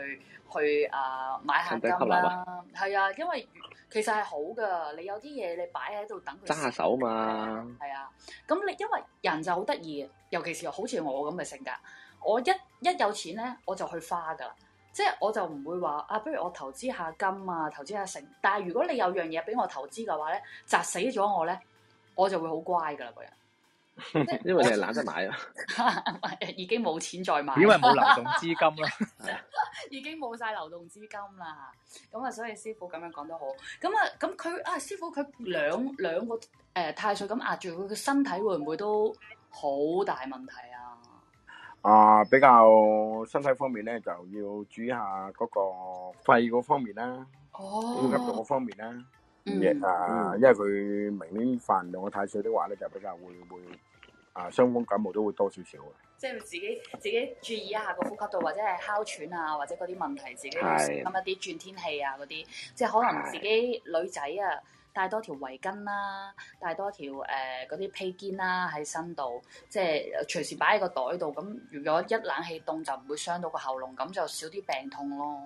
去啊、呃、買下金啦。係啊，啊，因為其實係好噶，你有啲嘢你擺喺度等佢揸下手嘛。係啊，咁、嗯、你、嗯、因為人就好得意，尤其是好似我咁嘅性格，我一一有錢咧我就去花噶啦。即係我就唔會話啊，不如我投資下金啊，投資下成。但係如果你有樣嘢俾我投資嘅話咧，砸死咗我咧，我就會好乖噶啦個人。因為你係懶得買啊。 已經冇錢再買。因為冇流動資金啦， 已經冇晒流動資金啦。咁啊，所以師傅咁樣講得好。咁啊，咁佢啊，師傅佢兩兩個誒、呃、太歲咁壓住佢嘅身體，會唔會都好大問題啊？啊，比較身體方面咧，就要注意下嗰個肺嗰方面啦，呼吸道嗰方面啦，嗯、啊，嗯、因為佢明年犯兩個太歲的話咧，就比較會會啊，傷風感冒都會多少少嘅。即係自己自己注意一下個呼吸道或者係哮喘啊，或者嗰啲問題自己咁一啲轉天氣啊嗰啲，即係的可能自己的女仔啊。帶多條圍巾啦、啊，帶多條誒嗰啲披肩啦、啊、喺身度，即係隨時擺喺個袋度。咁如果一冷氣凍就唔會傷到個喉嚨，咁就少啲病痛咯。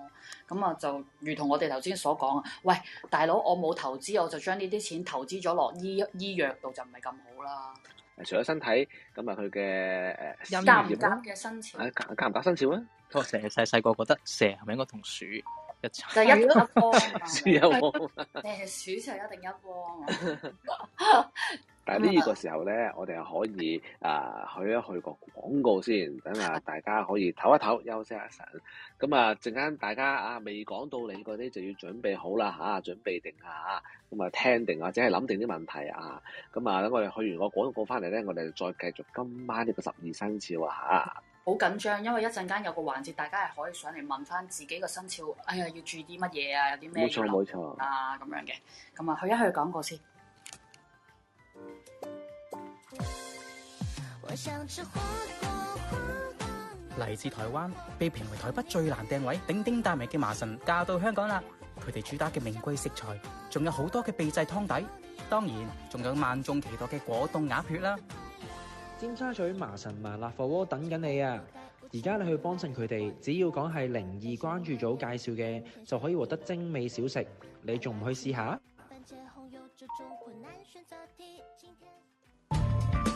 咁啊，就如同我哋頭先所講啊，喂，大佬我冇投資，我就將呢啲錢投資咗落醫醫藥度就唔係咁好啦。除咗身體，咁啊佢嘅誒夾唔夾嘅生肖？夾唔夾生肖啊？合合我成日細細個覺得蛇係咪應該同鼠？就一匹光，只有你係，鼠就一定一光。但係呢個時候咧，我哋係可以啊去一去個廣告先，咁啊大家可以唞一唞，休息一陣。咁啊，陣間大家啊未講到你嗰啲就要準備好啦，吓、啊、準備定下啊，咁啊聽定或者係諗定啲問題啊。咁啊，等我哋去完個廣告翻嚟咧，我哋再繼續今晚呢個十二生肖吓。啊好緊張，因為一陣間有個環節，大家係可以上嚟問翻自己個生肖。哎呀，要注意啲乜嘢啊？有啲咩冇錯，冇錯啊？咁樣嘅，咁啊，去一去講過先。嚟自台灣，被評為台北最難訂位、鼎鼎大名嘅麻神，嫁到香港啦！佢哋主打嘅名貴食材，仲有好多嘅秘製湯底，當然仲有萬眾期待嘅果凍鴨血啦！尖沙咀麻神麻辣火鍋等緊你啊！而家你去幫襯佢哋，只要講係靈異關注組介紹嘅，就可以獲得精美小食。你仲唔去試下？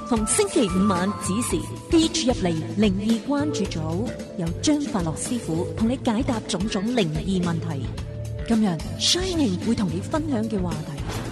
從星期五晚子時飛住入嚟，靈異關注組有張法樂師傅同你解答種種靈異問題。今日 Shinning 會同你分享嘅話題。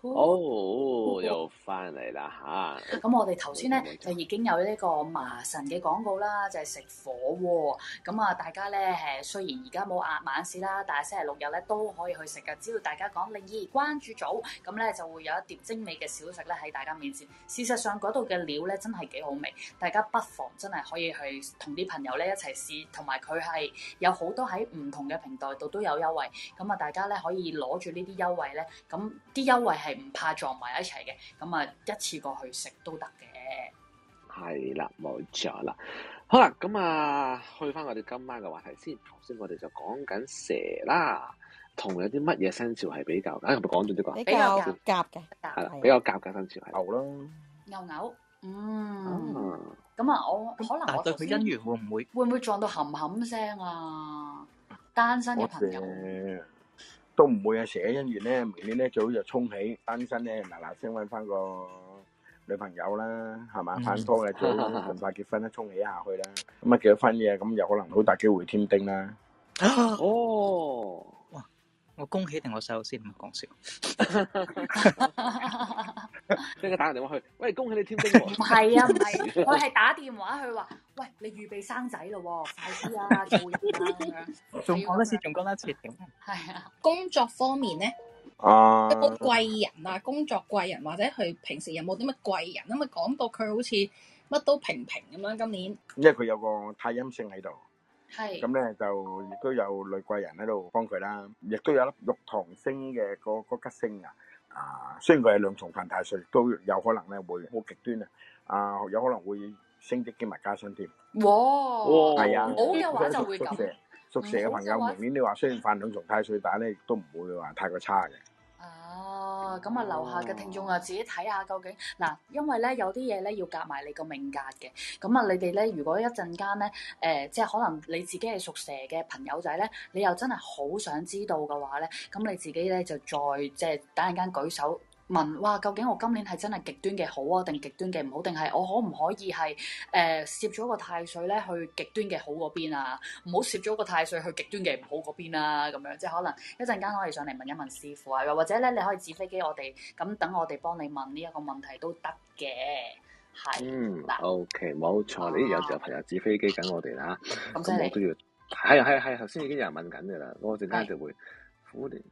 哦，又翻嚟啦嚇！咁、huh? 我哋頭先咧就已經有呢個麻神嘅廣告啦，就係、是、食火鍋。咁啊，大家咧誒，雖然而家冇壓晚市啦，但係星期六日咧都可以去食噶。只要大家講靈異關注組，咁咧就會有一碟精美嘅小食咧喺大家面前。事實上嗰度嘅料咧真係幾好味，大家不妨真係可以去同啲朋友咧一齊試，同埋佢係有好多喺唔同嘅平台度都有優惠。咁啊，大家咧可以攞住呢啲優惠咧，咁優惠係唔怕撞埋一齊嘅，咁啊一次過去食都得嘅。係啦，冇錯啦。好啦，咁啊，去返我哋今晚嘅話題先。頭先我哋就講緊蛇啦，同有啲乜嘢生肖係比較？誒，啊，唔係講咗呢個，比較夾嘅，係啦吧，比較夾嘅生肖係牛咯，牛牛，嗯，咁啊，我可能我對佢姻緣會唔會會唔會撞到冚冚聲啊？單身嘅朋友。謝謝都唔會啊！蛇姻緣咧，明年咧最好就沖起，單身咧嗱嗱聲揾翻個女朋友啦，係嘛？揾多嘅就順發結婚啦，沖起下去啦。咁啊結咗婚嘅，咁有可能好大機會添丁啦。哦，哇！我恭喜定我細佬先？唔講笑。即刻打個電話去，喂！恭喜你添丁。唔係啊，唔係，我係打電話去話。喂，你預備生仔咯？ 快啲啊！做嘢咁仲講多次，仲講多次，係啊，工作方面咧，個貴、uh, 人啊，工作貴人或者佢平時有冇啲乜貴人？因為講到佢好似乜都平平咁樣，今年因為佢有個太陰星喺度，係咁咧就亦都有女貴人喺度幫佢啦，亦都有粒玉堂星嘅，嗰個，嗰個吉星啊。啊，雖然佢係兩重犯太歲，都有可能咧會好極端啊，啊有可能會。升職兼埋加薪添，哇！係哇哇啊，好嘅話就會咁。屬蛇舍嘅朋友、嗯、明年你話雖然犯兩重太歲，但係咧亦都唔會話太過差嘅。啊，咁、哦、啊，樓下嘅聽眾啊，自己睇下究竟嗱，因為咧有啲嘢咧要夾埋你個命格嘅。咁啊，你哋咧如果一陣間咧誒，即係可能你自己係屬蛇嘅朋友仔咧，你又真係好想知道嘅話咧，咁你自己咧就再即係等陣間舉手。問哇，究竟我今年係真係極端嘅好啊，定極端嘅唔好、啊？定係我可唔可以係誒攝咗個太歲咧去極端嘅好嗰邊啊？唔好攝咗個太歲去極端嘅唔好嗰邊啊？咁樣即係可能一陣間我哋上嚟問一問師傅啊，又或者咧你可以紙飛機我哋，咁等我哋幫你問呢一個問題都得嘅。係，嗯，OK，冇錯,、啊、錯，你有時候朋友紙飛機緊我哋啦，咁、啊、都要係係係，頭先已經有人問緊噶啦，我陣間就會呼是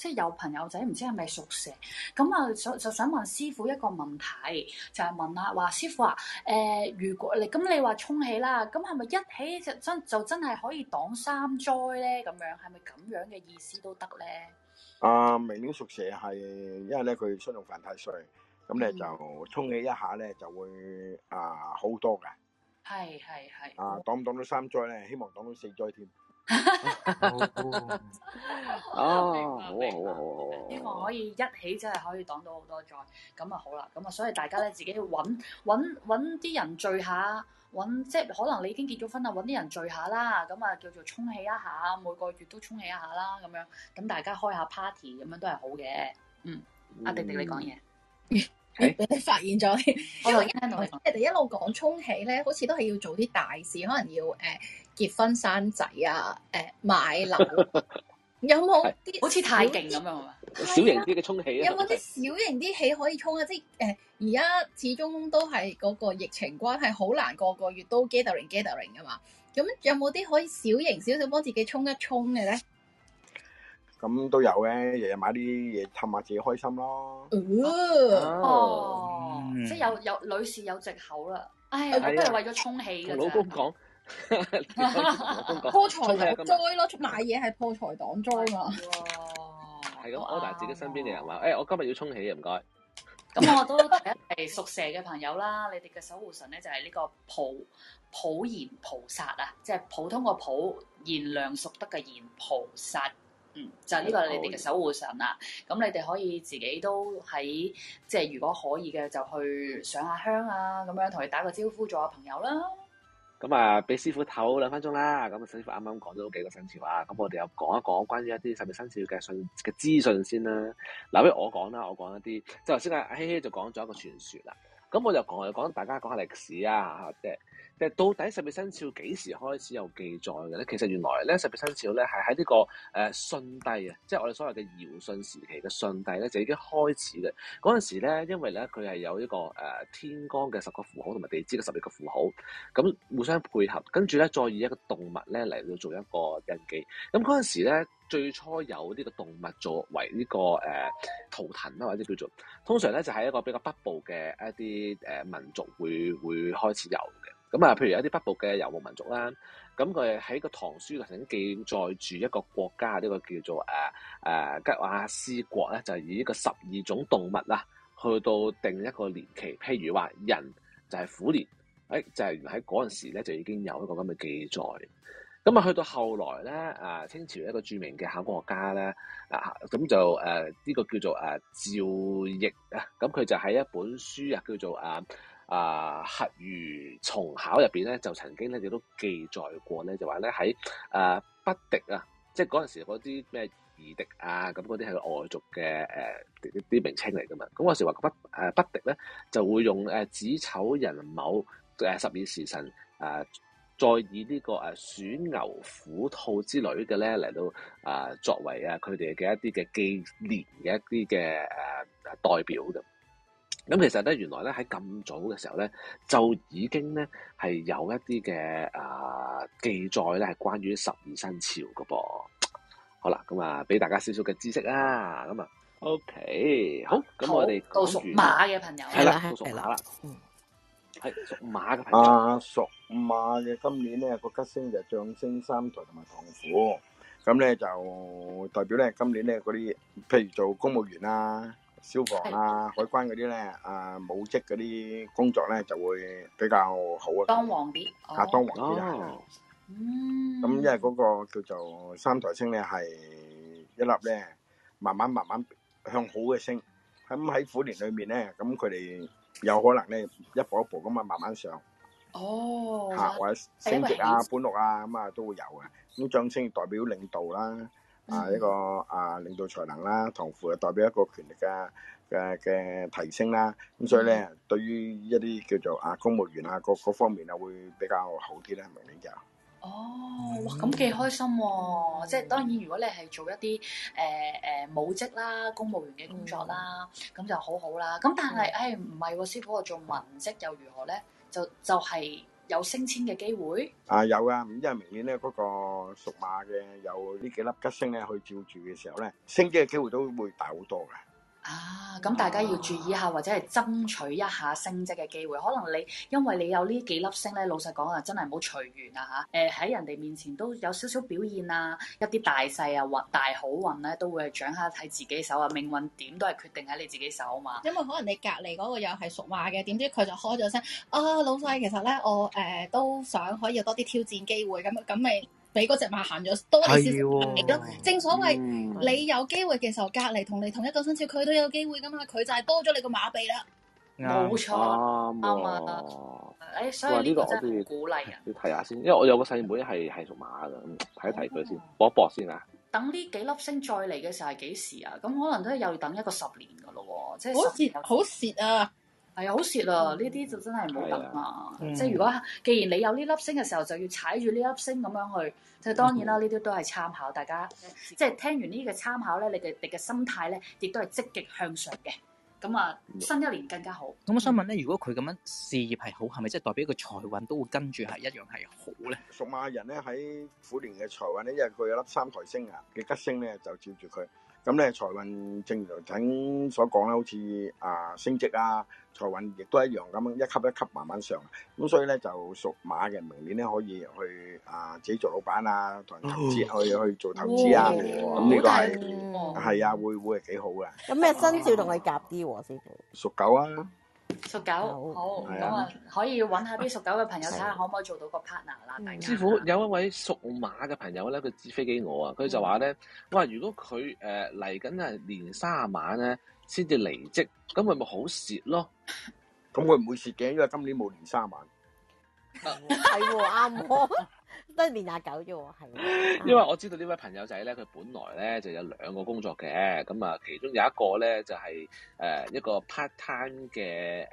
即係有朋友仔唔知係咪屬蛇，咁啊想就想問師傅一個問題，就係、是、問啦話師傅啊，誒、呃、如果，如果你咁你話沖起啦，咁係咪一喜就真就真係可以擋三災咧？咁樣係咪咁樣嘅意思都得咧？啊，明年屬蛇係因為咧佢傷用犯太歲，咁咧就沖喜一下咧就會啊好、呃、多嘅，係係係。啊，擋唔擋到三災咧？希望擋到四災添。哈哈哈！哦，好好，希望可以一起真係可以擋到多好多災。咁啊好啦，咁啊所以大家咧自己去揾揾揾啲人聚下，揾即係可能你已經結咗婚啦，揾啲人聚下啦。咁啊叫做沖喜一下，每個月都沖喜一下啦，咁樣。咁大家開下 party 咁樣都係好嘅。嗯，阿、嗯啊、迪迪你講嘢， 你發現咗？我 一路聽到你哋一路講沖喜咧，好似都係要做啲大事，可能要誒。呃呃呃結婚生仔啊！誒，買樓 有冇啲好似太勁咁樣啊？ 有有小型啲嘅充氣，有冇啲小型啲氣可以充啊？ 即係誒，而家始終都係嗰個疫情關係，好難個個月都 gathering gathering 噶嘛。咁有冇啲可以小型少少幫自己充一充嘅咧？咁都有嘅，日日買啲嘢氹下自己開心咯。哦，哦嗯、即係有有女士有藉口啦。唉，呀，都係為咗充氣噶咋。破財擋災咯，買嘢係破財擋災嘛。係咁，order 自己身邊嘅人話，誒、啊，哎，我今日要沖起，唔該。咁、嗯、我都係屬蛇嘅朋友啦，你哋嘅守護神咧就係呢個普普賢菩薩啊，即係普通個普賢良淑德嘅賢菩薩，嗯，就呢、是、個你哋嘅守護神啊。咁、嗯嗯、你哋可以自己都喺，即係如果可以嘅就去上下香，香啊，咁樣同佢打個招呼，做下朋友啦。咁啊，俾師傅唞兩分鐘啦。咁啊，師傅啱啱講咗幾個生肖啊，咁我哋又講一講關於一啲特別生肖嘅信嘅資訊先啦。嗱，俾我講啦，我講一啲。即係頭先阿希希就講咗一個傳說啦。咁我就講一講，大家講下歷史啊，即係。到底十二生肖幾時開始有記載嘅咧？其實原來咧十二生肖咧係喺呢、這個誒舜、呃、帝啊，即係我哋所謂嘅堯舜時期嘅舜帝咧，就已經開始嘅。嗰陣時咧，因為咧佢係有一個誒、呃、天干嘅十個符號，同埋地支嘅十二個符號，咁互相配合，跟住咧再以一個動物咧嚟到做一個印記。咁嗰陣時咧，最初有呢個動物作為呢、這個誒圖騰啦，或者叫做通常咧就係、是、一個比較北部嘅一啲誒民族會會開始有嘅。咁啊，譬如有啲北部嘅游牧民族啦，咁佢喺個《唐書》曾經記載住一個國家，呢、這個叫做誒誒、啊、吉亞斯國咧，就係以呢個十二種動物啦去到定一個年期，譬如話人就係虎年，誒、哎、就係原來喺嗰陣時咧，就已經有一個咁嘅記載。咁啊，去到後來咧，啊清朝一個著名嘅考古學家咧，啊咁就誒呢個叫做誒趙翼啊，咁佢、啊啊、就喺一本書啊叫做啊。啊，核如重考入邊咧，就曾經咧，亦都記載過咧，就話咧喺誒北狄啊敵啊，即係嗰陣時嗰啲咩夷狄啊，咁嗰啲係外族嘅誒啲名稱嚟㗎嘛。咁有時話北誒北狄咧，就會用誒子丑寅卯誒十二時辰誒、啊、再以呢個誒鼠牛虎兔之類嘅咧嚟到誒作為啊佢哋嘅一啲嘅紀年嘅一啲嘅誒代表嘅。咁其實咧，原來咧喺咁早嘅時候咧，就已經咧係有一啲嘅誒記載咧，係關於十二生肖嘅噃。好啦，咁啊，俾大家少少嘅知識啦。咁啊，OK，好。咁我哋到屬馬嘅朋友，係啦，係啦。嗯，係屬馬嘅朋友。啊，屬馬嘅今年咧個吉星就象徵三台同埋唐虎，咁咧就代表咧今年咧嗰啲，譬如做公務員啊。消防啊，海關嗰啲咧，啊武職嗰啲工作咧就會比較好啊，當旺啲，嚇當旺啲啊，的嗯，咁因為嗰個叫做三台星咧係一粒咧，慢慢慢慢向好嘅星，咁喺虎年裏面咧，咁佢哋有可能咧一步一步咁啊慢慢上，哦，嚇或者升職啊、搬落啊咁啊都會有嘅，咁將星代表領，領導啦。啊！一個啊領導才能啦，同埋代表一個權力嘅嘅嘅提升啦，咁、啊啊啊、所以咧，對於一啲叫做啊公務員啊各方面啊會比較好啲咧，明年就哦，咁、oh, 幾開心喎、啊！Mm hmm. 即係當然，如果你係做一啲誒誒武職啦，公務員嘅工作啦，咁、mm hmm. 就好好啦。咁但係，唉唔係喎，師傅我做文職又如何咧？就就係、是。有升遷嘅機會啊，有啊，因為明年咧嗰、那個屬馬嘅有呢幾粒吉星咧去照住嘅時候咧，升職嘅機會都會大好多嘅。啊，咁大家要注意下，或者係爭取一下升職嘅機會。可能你，因為你有呢幾粒星咧，老實講啊，真係唔好隨緣啊吓。誒、呃，喺人哋面前都有少少表現啊，一啲大勢啊或大好運咧，都會掌握喺自己手啊。命運點都係決定喺你自己手啊嘛。因為可能你隔籬嗰個又係熟話嘅，點知佢就開咗聲啊、哦，老細，其實咧我誒、呃、都想可以有多啲挑戰機會，咁咁咪。俾嗰隻馬行咗多少少先，哦、正所謂、嗯、你有機會嘅時候，隔籬同你同一個生肖，佢都有機會噶嘛，佢就係多咗你個馬鼻啦，冇錯，啱啊，誒，所以呢個我都要鼓勵啊，你睇下先，因為我有個細妹係係屬馬嘅，睇一睇佢，先，搏、哦、一搏先啊。等呢幾粒星再嚟嘅時候係幾時啊？咁可能都係又要等一個十年噶咯喎，即係好蝕，好蝕啊！係、哎、啊，好蝕啊！呢啲就真係冇得啊！嗯、即係如果既然你有呢粒星嘅時候，就要踩住呢粒星咁樣去。即係當然啦，呢啲、嗯、都係參考大家。即係聽完呢個參考咧，你嘅你嘅心態咧，亦都係積極向上嘅。咁啊，新一年更加好。咁、嗯、我想問咧，如果佢咁樣事業係好，係咪即係代表個財運都會跟住係一樣係好咧？屬、嗯、馬人咧喺虎年嘅財運咧，因為佢有粒三台星啊，嘅吉星咧就照住佢。咁咧、嗯、財運正如頭頂所講啦，好似啊、呃、升職啊，財運亦都一樣咁一級一級慢慢上。咁、嗯、所以咧就屬馬嘅，明年咧可以去啊、呃、自己做老闆啊，同人投資、哦、去去做投資啊。咁呢、哦、個係係啊，會會係幾好㗎。有咩生肖同你夾啲喎，先生？屬狗啊。屬狗、啊、好，咁啊可以揾下啲屬狗嘅朋友，睇下可唔可以做到個 partner 啦、啊。師傅有一位屬馬嘅朋友咧，佢指飛機我啊，佢就話咧，哇、嗯！如果佢誒嚟緊係年卅晚咧，先至離職，咁佢咪好蝕咯？咁佢唔會蝕嘅，因為今年冇年卅晚。係啱喎。都係年廿九啫喎，係。因為我知道呢位朋友仔咧，佢本來咧就有兩個工作嘅，咁啊，其中有一個咧就係誒一個 part time 嘅誒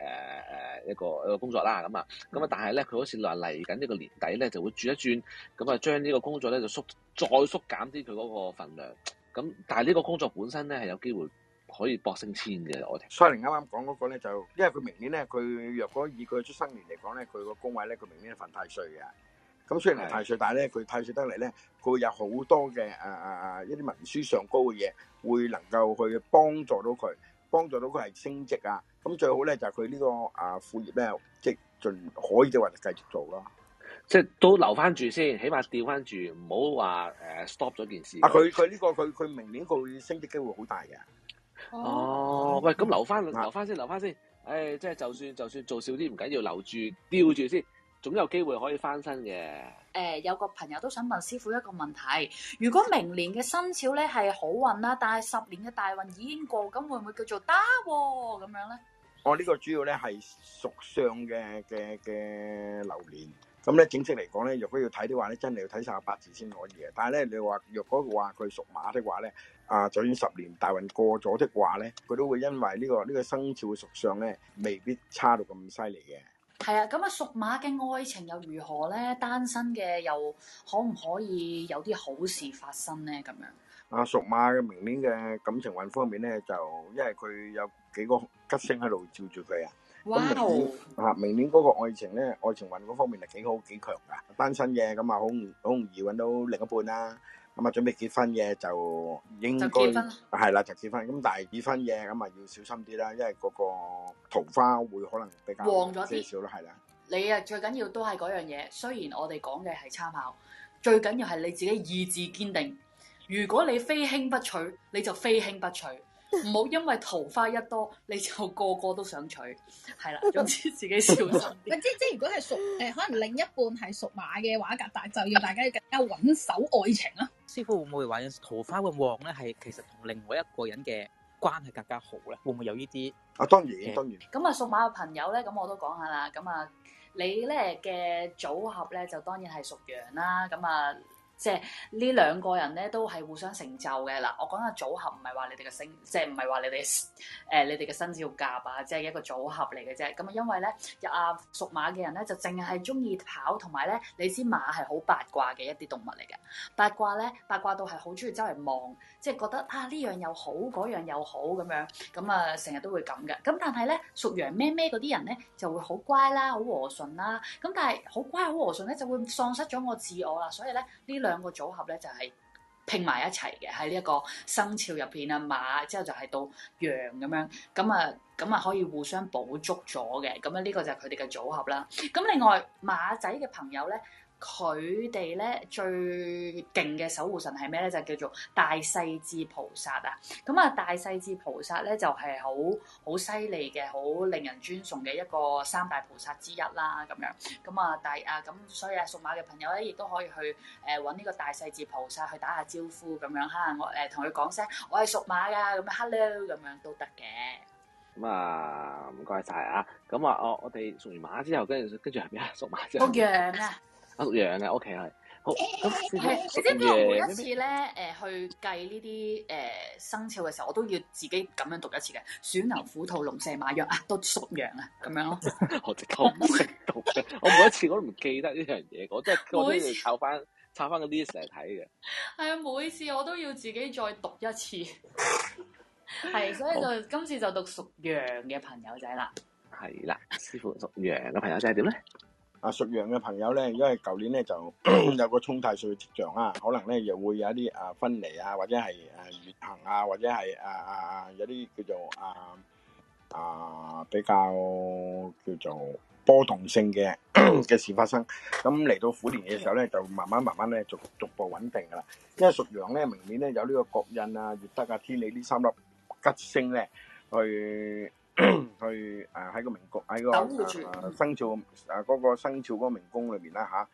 誒一個一個工作啦，咁啊，咁啊，但係咧佢好似話嚟緊呢個年底咧就會轉一轉，咁啊將呢個工作咧就縮再縮減啲佢嗰個份量，咁但係呢個工作本身咧係有機會可以搏升遷嘅，我聽。所以你啱啱講嗰個咧就係、因為佢明年咧，佢若果以佢出生年嚟講咧，佢個工位咧，佢明年犯太歲嘅。咁雖然係退稅，但係咧佢退稅得嚟咧，佢會有好多嘅誒誒誒一啲文書上高嘅嘢，會能夠去幫助到佢，幫助到佢係升職啊！咁、嗯、最好咧就係佢呢個啊、呃、副業咧，即係盡可以嘅話就繼續做咯，即係都留翻住先，起碼掉翻住，唔好話誒 stop 咗件事。啊，佢佢呢個佢佢明年佢升職機會好大嘅。哦，喂，咁留翻、嗯、留翻先，留翻先。誒、哎，即係就算就算，就算做少啲唔緊要，留住，吊住先。總有機會可以翻身嘅。誒、呃，有個朋友都想問師傅一個問題：如果明年嘅生肖咧係好運啦，但係十年嘅大運已經過，咁會唔會叫做得咁樣咧？哦，呢哦、呢個主要咧係屬相嘅嘅嘅流年。咁、嗯、咧正式嚟講咧，若果要睇的話咧，真係要睇晒八字先可以嘅。但係咧，你話若果話佢屬馬的話咧，啊，就算十年大運過咗的話咧，佢都會因為呢、呢個呢、呢個生肖嘅屬相咧，未必差到咁犀利嘅。係啊，咁啊，屬馬嘅愛情又如何咧？單身嘅又可唔可以有啲好事發生咧？咁樣啊，屬馬嘅明年嘅感情運方面咧，就因為佢有幾個吉星喺度照住佢啊。哇、哦！啊，明年嗰個愛情咧，愛情運嗰方面係幾好幾強㗎，單身嘅咁啊，好好容易揾到另一半啦、啊。咁啊，準備結婚嘅就應該係啦，就結婚。咁但係結婚嘅咁啊，要小心啲啦，因為嗰個桃花會可能比較旺咗少少啦，係啦。你啊，最緊要都係嗰樣嘢。雖然我哋講嘅係參考，最緊要係你自己意志堅定。如果你非卿不娶，你就非卿不娶。唔好因為桃花一多你就個個都想娶，係啦，總之自己小心。啲即即如果係屬誒可能另一半係屬馬嘅話，格大就要大家要更加穩守愛情啦。師傅會唔會話有桃花運旺咧？係其實同另外一個人嘅關係更加好咧，會唔會有呢啲？啊，當然，當然。咁啊，屬馬嘅朋友咧，咁我都講下啦。咁啊，你咧嘅組合咧就當然係屬羊啦。咁啊。即係呢兩個人咧都係互相成就嘅啦，我講下組合唔係話你哋嘅身，即係唔係話你哋誒、呃、你哋嘅身資格夾啊，即係一個組合嚟嘅啫。咁啊，因為咧有啊屬馬嘅人咧就淨係中意跑，同埋咧你知馬係好八卦嘅一啲動物嚟嘅，八卦咧八卦到係好中意周圍望，即係覺得啊呢樣又好，嗰樣又好咁樣，咁啊成日都會咁嘅。咁但係咧屬羊咩咩嗰啲人咧就會好乖啦，好和順啦。咁但係好乖好和順咧就會喪失咗我自我啦，所以咧呢兩。兩個組合咧就係、是、拼埋一齊嘅，喺呢一個生肖入邊啊馬之後就係到羊咁樣，咁啊咁啊可以互相補足咗嘅，咁啊呢個就係佢哋嘅組合啦。咁另外馬仔嘅朋友咧。佢哋咧最勁嘅守護神係咩咧？就是、叫做大勢至菩薩啊！咁啊，大勢至菩薩咧就係好好犀利嘅，好令人尊崇嘅一個三大菩薩之一啦。咁樣咁啊，大啊咁，所以啊，屬馬嘅朋友咧，亦都可以去誒搵呢個大勢至菩薩去打下招呼咁樣吓、呃。我誒同佢講聲我係屬馬㗎咁 hello 咁樣都得嘅。咁、嗯、啊，唔該晒啊！咁、哦、啊，我我哋屬完馬之後，跟住跟住係邊啊？屬馬之後，啊、嗯！嗯 屬羊嘅 OK，係，係你知唔知我每一次咧，誒、呃、去計呢啲誒生肖嘅時候，我都要自己咁樣讀一次嘅。鼠牛虎兔龍蛇馬都羊啊，都屬羊啊，咁樣咯。我直係唔識讀嘅， 我每一次我都唔記得呢樣嘢，我真、就、係、是、我都要查翻查翻個 list 嚟睇嘅。係啊，每次我都要自己再讀一次。係， 所以就好今次就讀屬羊嘅朋友仔啦。係啦，師父屬羊嘅朋友仔係點咧？ 啊，屬羊嘅朋友咧，因為舊年咧就有個沖太歲嘅跡象啊，可能咧又會有一啲啊分離啊，或者係誒月行啊，或者係啊啊啊有啲叫做啊啊比較叫做波動性嘅嘅事發生。咁嚟到虎年嘅時候咧，就慢慢慢慢咧逐逐步穩定噶啦。因為屬羊咧，明年咧有呢個國印啊、月德啊、天理呢三粒吉星咧去。去誒喺個命宮，喺個生肖，誒嗰個生肖嗰個命宮裏邊啦吓，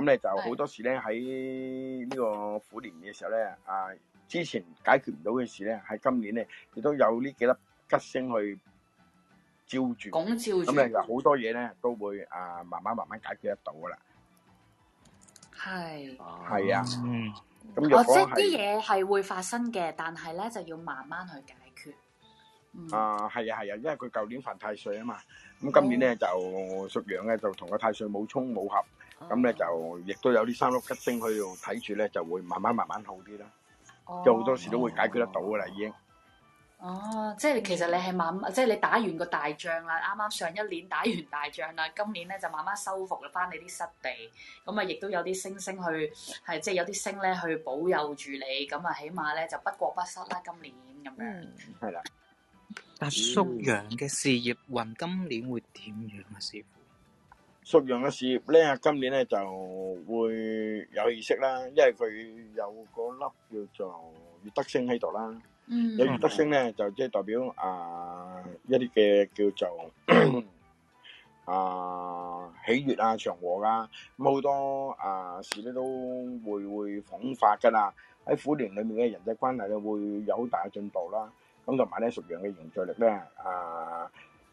咁咧就好多時咧喺呢個虎年嘅時候咧，啊之前解決唔到嘅事咧，喺今年咧亦都有呢幾粒吉星去照住，拱照住。咁啊好多嘢咧都會啊慢慢慢慢解決得到噶啦，係係啊，嗯，咁若果係，哦，即係啲嘢係會發生嘅，但係咧就要慢慢去解。啊，係啊，係啊，因為佢舊年犯太歲啊嘛，咁今年咧就屬羊咧就同個太歲冇沖冇合，咁咧就亦都有啲三六吉星去度睇住咧，就會慢慢慢慢好啲啦，即係好多時都會解決得到噶啦，已經。哦，即係其實你係慢慢，即係你打完個大仗啦，啱啱上一年打完大仗啦，今年咧就慢慢收復翻你啲失地，咁啊亦都有啲星星去，係即係有啲星咧去保佑住你，咁啊起碼咧就不過不失啦，今年咁樣，係啦。但屬羊嘅事業運今年會點樣啊？師傅、嗯，屬羊嘅事業咧，今年咧就會有意識啦，因為佢有嗰粒叫做月德星喺度啦。嗯，有月德星咧，就即係代表啊、呃、一啲嘅叫做、 呃、喜悅啊喜悅啊祥和啊，咁好多啊、呃、事咧都會會逢發噶啦，喺虎年裏面嘅人際關係咧會有好大嘅進步啦。咁同埋咧，屬羊嘅凝聚力咧，呃，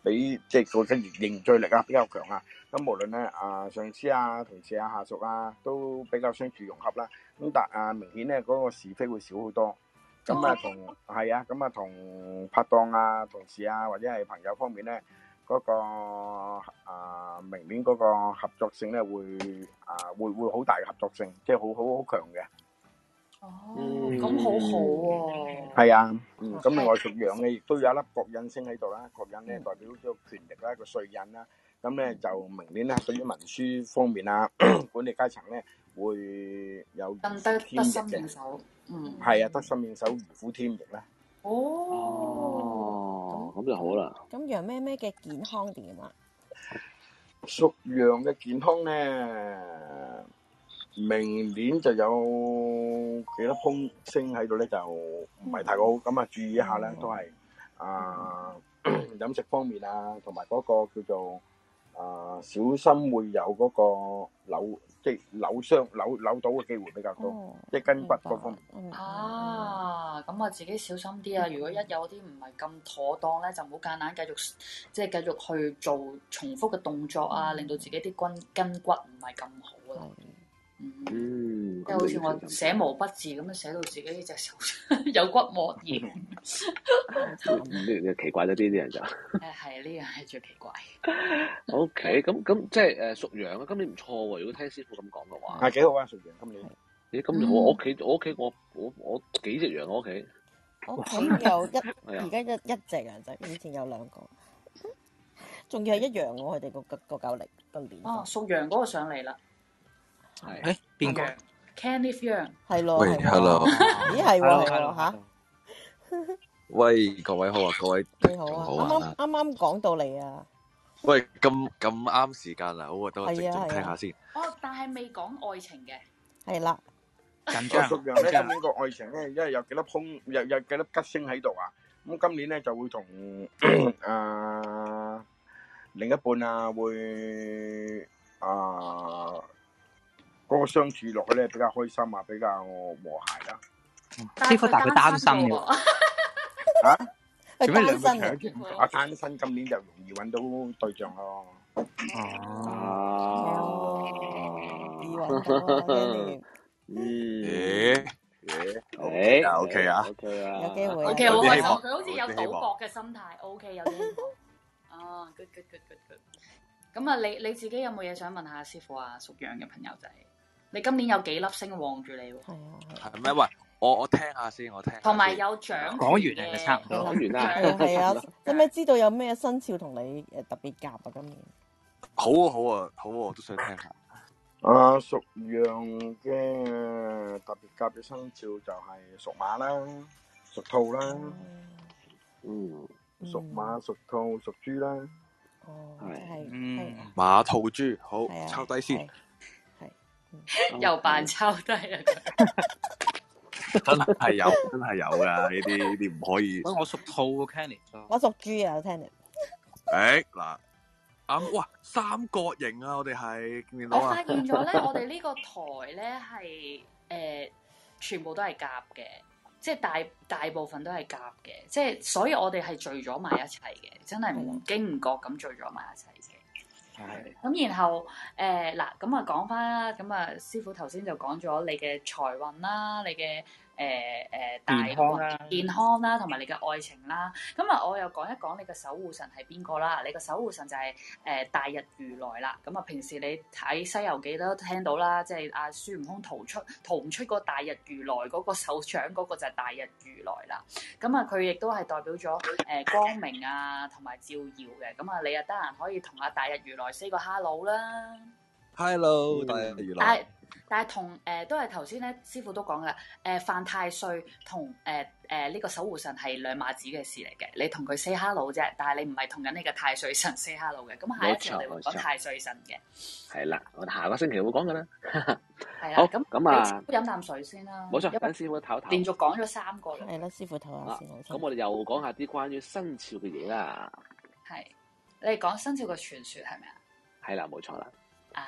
就是、力啊，比即係個身凝聚力啊比較強啊。咁無論咧啊、呃，上司啊、同事啊、下屬啊，都比較相處融洽啦。咁但啊、呃，明顯咧嗰、嗰個是非會少好多。咁啊，同係 啊，咁啊，同拍檔啊、同事啊或者係朋友方面咧，嗰、嗰個啊、呃、明年嗰個合作性咧會啊、呃、會會好大嘅合作性，即係好好好強嘅。哦，咁好好喎！係啊，嗯，咁另外屬羊嘅，亦都有一粒國印星喺度啦。國印咧代表咗權力啦，個瑞印啦。咁咧就明年咧，對於文書方面啊，管理階層咧會有更得得心應手。嗯，係啊，得心應手，如虎添翼咧。哦，咁就好啦。咁羊咩咩嘅健康點啊？屬羊嘅健康咧，明年就有幾多風聲喺度咧，就唔係太好，咁啊、嗯、注意一下啦，都係啊、嗯呃、飲食方面啊，同埋嗰個叫做啊、呃、小心會有嗰個扭即扭傷扭扭到嘅機會比較多，一、哦、筋骨嗰方面啊，咁啊自己小心啲啊！如果一有啲唔係咁妥當咧，就唔好簡單繼續即係、就是、繼續去做重複嘅動作啊，令到自己啲筋筋骨唔係咁好啊～嗯，即係好似我寫毛筆字咁樣寫到自己呢隻手有骨膜炎，咁呢啲奇怪咗啲啲人就，誒係啊呢樣係最奇怪。OK，咁咁即係誒屬羊啊，今年唔錯喎。如果聽師傅咁講嘅話，係幾好啊，屬羊今年。咦，今年我我屋企我屋企我我我幾隻羊我屋企，屋企有一而家一一隻羊仔，以前有兩個，仲要係一羊我佢哋個個個夠力今年。哦，屬羊嗰個上嚟啦。係，邊個？Kenneth Young，係咯。喂，Hello。咦，係喎，吓？喂，各位好啊，各位。你好啊，啱啱講到你啊。喂，咁咁啱時間啦，好啊，得我直接睇下先。哦，但係未講愛情嘅，係啦。緊張。我屬羊咧，今年個愛情咧，因為有幾粒砰，有有幾粒吉星喺度啊。咁今年咧就會同誒另一半啊會啊。個相處落去咧，比較開心啊，比較和諧啦。師傅，但佢單身嘅，吓？做咩兩對情侶？我單身，今年就容易揾到對象咯。哦。以為今年，咦？誒，O K 啊，O K 啊，有機會。O K，好開心，佢好似有賭博嘅心態。O K，有。哦，good，good，good，good，good。咁啊，你你自己有冇嘢想問下師傅啊？屬羊嘅朋友仔。你今年有幾粒星望住你？係咪喂，我我聽下先，我聽。同埋有獎嘅。講完差唔多，講完啦。係啊，有咩知道有咩生肖同你誒特別夾啊？今年好啊，好啊，好，啊，我都想聽下。啊，屬羊嘅特別夾嘅生肖就係屬馬啦，屬兔啦，嗯，屬馬、屬兔、屬豬啦。哦，係，嗯，馬、兔、豬好，抄低先。又扮抽低啊！ 真係有，真係有噶呢啲，呢啲唔可以。 我屬兔 Kenny。我屬豬啊，Kenny。誒，嗱，啊，哇，三角形啊，我哋係見到啊。我發現咗咧，我哋呢個台咧係誒，全部都係夾嘅，即係大大部分都係夾嘅，即係所以我哋係聚咗埋一齊嘅，真係唔經唔覺咁聚咗埋一齊。咁 然後誒，嗱、呃，咁啊講翻啦，咁啊師傅頭先就講咗你嘅財運啦，你嘅。誒誒、呃呃，大、那個、健康啦、啊，同埋、啊、你嘅愛情啦、啊，咁啊，我又講一講你嘅守護神係邊個啦？你嘅守護神就係、是、誒、呃、大日如來啦。咁啊，平時你睇《西遊記》都聽到啦，即係阿孫悟空逃出逃唔出個大日如來嗰、那個手掌嗰個就係大日如來啦。咁啊，佢亦都係代表咗誒、呃、光明啊，同埋照耀嘅。咁啊，你又得閒可以同阿大日如來 say 個 hello 啦。Hello，大日如來。Uh, 但係同誒，都係頭先咧，師傅都講噶，誒，犯太歲同誒誒呢個守護神係兩碼子嘅事嚟嘅，你同佢 say hello 啫，但係你唔係同緊呢個太歲神 say hello 嘅，咁下一次我哋會講太歲神嘅，係啦，我下個星期會講噶啦，係啦，咁咁啊，飲啖水先啦，冇錯，等師傅唞一唞，連續講咗三個，係啦，師傅唞下先，咁我哋又講下啲關於生肖嘅嘢啦，係，你係講生肖嘅傳說係咪啊？係啦，冇錯啦，啊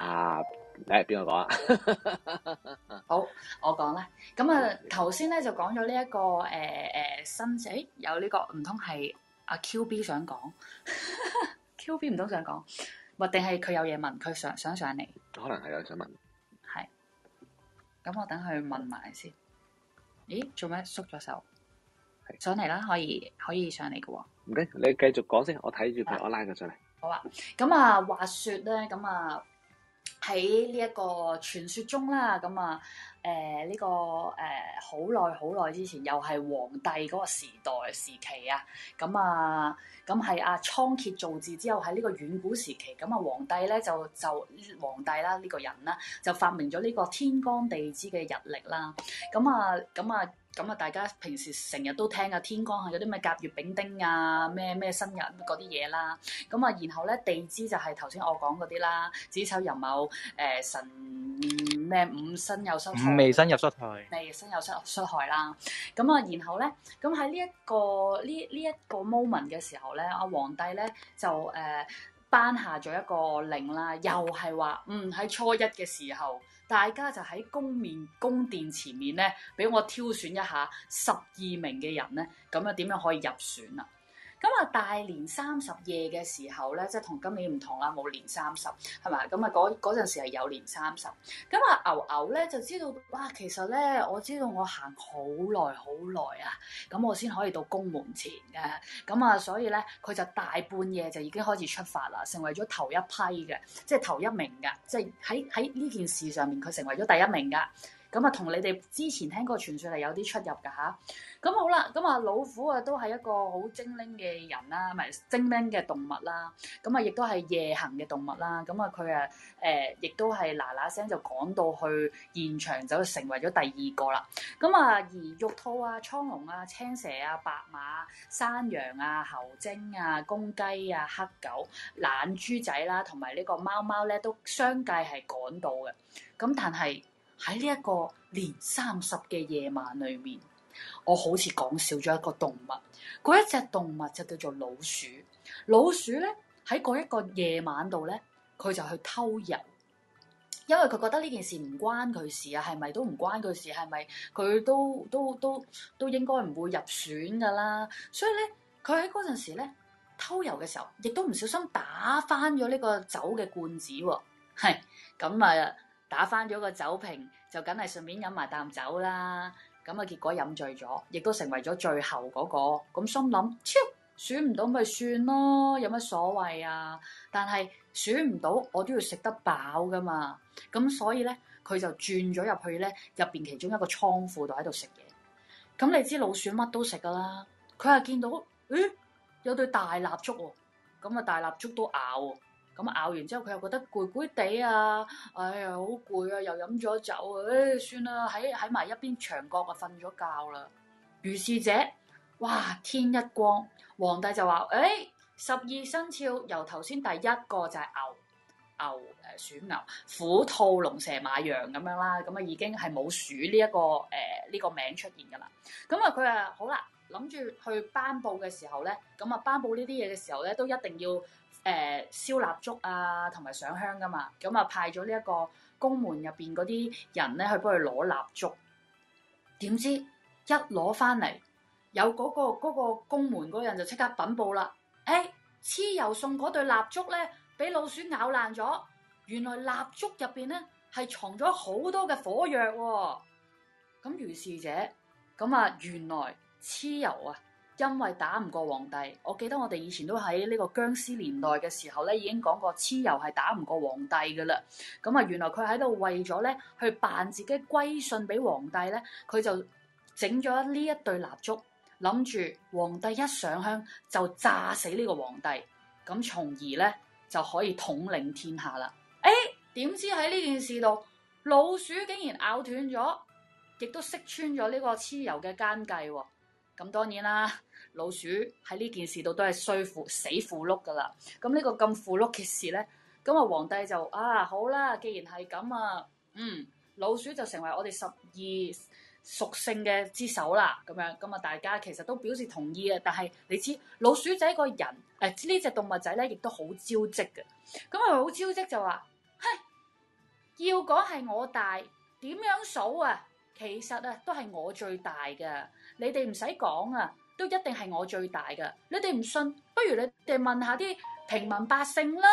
啊。誒，邊個講啊？ 好，我講啦。咁啊，頭先咧就講咗呢一個誒誒、呃呃、新誒、哎、有呢、這個唔通係阿 Q B 想講 ？Q B 唔通想講？或定係佢有嘢問？佢想想上嚟？可能係有想問。係。咁我等佢問埋先。咦？做咩縮咗手？是上嚟啦，可以可以上嚟嘅、哦。唔該，你繼續講先，我睇住佢， 我拉佢上嚟。好啊。咁啊，話說咧，咁啊。喺呢一個傳說中啦，咁啊，誒、呃、呢、這個誒好耐好耐之前，又係皇帝嗰個時代時期啊，咁啊，咁係阿倉頡造字之後喺呢個遠古時期，咁啊皇帝咧就就皇帝啦呢、這個人啦，就發明咗呢個天干地支嘅日曆啦，咁啊咁啊。咁啊，大家平時成日都聽啊，天干係有啲咩甲乙丙丁啊，咩咩新日嗰啲嘢啦。咁啊，然後咧地支就係頭先我講嗰啲啦，子丑寅卯誒神咩五身有失五未身有失害，未辛有傷傷害啦。咁啊，然後咧，咁喺呢一個呢呢一個 moment 嘅時候咧，阿皇帝咧就誒頒、呃、下咗一個令啦，又係話嗯喺初一嘅時候。大家就喺宮面宮殿前面咧，俾我挑選一下十二名嘅人咧，咁樣點樣可以入選啊？咁啊，大年三十夜嘅時候咧，即係同今年唔同啦，冇年三十係嘛？咁啊，嗰嗰陣時係有年三十。咁啊，牛牛咧就知道哇，其實咧我知道我行好耐好耐啊，咁我先可以到宮門前嘅。咁啊，所以咧佢就大半夜就已經開始出發啦，成為咗頭一批嘅，即係頭一名嘅，即係喺喺呢件事上面佢成為咗第一名噶。咁啊，同你哋之前聽過傳説係有啲出入嘅嚇。咁好啦，咁啊，老虎啊都係一個好精靈嘅人啦，咪精靈嘅動物啦。咁啊，亦都係夜行嘅動物啦。咁啊，佢啊誒，亦都係嗱嗱聲就趕到去現場，就成為咗第二個啦。咁啊，而玉兔啊、蒼龍啊、青蛇啊、白馬、啊、山羊啊、猴精啊、公雞啊、黑狗、懶豬仔啦、啊，同埋呢個貓貓咧，都相繼係趕到嘅。咁但係，喺呢一個年三十嘅夜晚裏面，我好似講少咗一個動物。嗰一隻動物就叫做老鼠。老鼠咧喺嗰一個夜晚度咧，佢就去偷油，因為佢覺得呢件事唔關佢事啊，係咪都唔關佢事？係咪佢都都都都應該唔會入選噶啦？所以咧，佢喺嗰陣時咧偷油嘅時候，亦都唔小心打翻咗呢個酒嘅罐子。係咁啊！打翻咗個酒瓶，就梗係順便飲埋啖酒啦。咁啊，結果飲醉咗，亦都成為咗最後嗰個。咁心諗，超，選唔到咪算咯，有乜所謂啊？但係選唔到，我都要食得飽噶嘛。咁所以咧，佢就轉咗入去咧，入邊其中一個倉庫度喺度食嘢。咁你知老鼠乜都食噶啦。佢啊見到，嗯，有對大蠟燭喎。咁啊，大蠟燭都咬喎。咁咬完之後，佢又覺得攰攰地啊！哎呀，好攰啊！又飲咗酒啊！誒，算啦，喺喺埋一邊牆角啊，瞓咗覺啦。如是者，哇！天一光，皇帝就話：誒，十二生肖由頭先第一個就係牛，牛誒，鼠牛、虎、兔、龍、蛇、馬羊、羊咁樣啦。咁啊，已經係冇鼠呢一個誒呢、呃這個名出現噶啦。咁、嗯、啊，佢啊好啦，諗住去頒布嘅時候咧，咁啊頒布呢啲嘢嘅時候咧，都一定要。誒、呃、燒蠟燭啊，同埋上香噶嘛，咁啊派咗呢一個宮門入邊嗰啲人咧去幫佢攞蠟燭，點知一攞翻嚟，有嗰、嗰個嗰、嗰個宮門嗰人就即刻稟報啦，誒，蚩尤送嗰對蠟燭咧，俾老鼠咬爛咗，原來蠟燭入邊咧係藏咗好多嘅火藥喎、哦，咁如是者，咁啊原來蚩尤啊！因為打唔過皇帝，我記得我哋以前都喺呢個僵屍年代嘅時候咧，已經講過蚩尤係打唔過皇帝㗎啦。咁啊，原來佢喺度為咗咧去扮自己歸順俾皇帝咧，佢就整咗呢一對蠟燭，諗住皇帝一上香就炸死呢個皇帝，咁從而咧就可以統領天下啦。誒，點知喺呢件事度，老鼠竟然咬斷咗，亦都識穿咗呢個蚩尤嘅奸計哦。咁當然啦。老鼠喺呢件事度都係衰富死富碌噶啦咁、這個、呢個咁富碌嘅事咧，咁啊皇帝就啊，好啦，既然係咁啊，嗯，老鼠就成為我哋十二屬性嘅之首啦。咁樣咁啊，大家其實都表示同意啊。但係你知老鼠仔個人誒呢、呃、隻動物仔咧，亦都好招積嘅。咁啊好招積就話，嘿，要講係我大點樣數啊？其實啊，都係我最大嘅。你哋唔使講啊。都一定係我最大噶，你哋唔信，不如你哋問下啲平民百姓啦。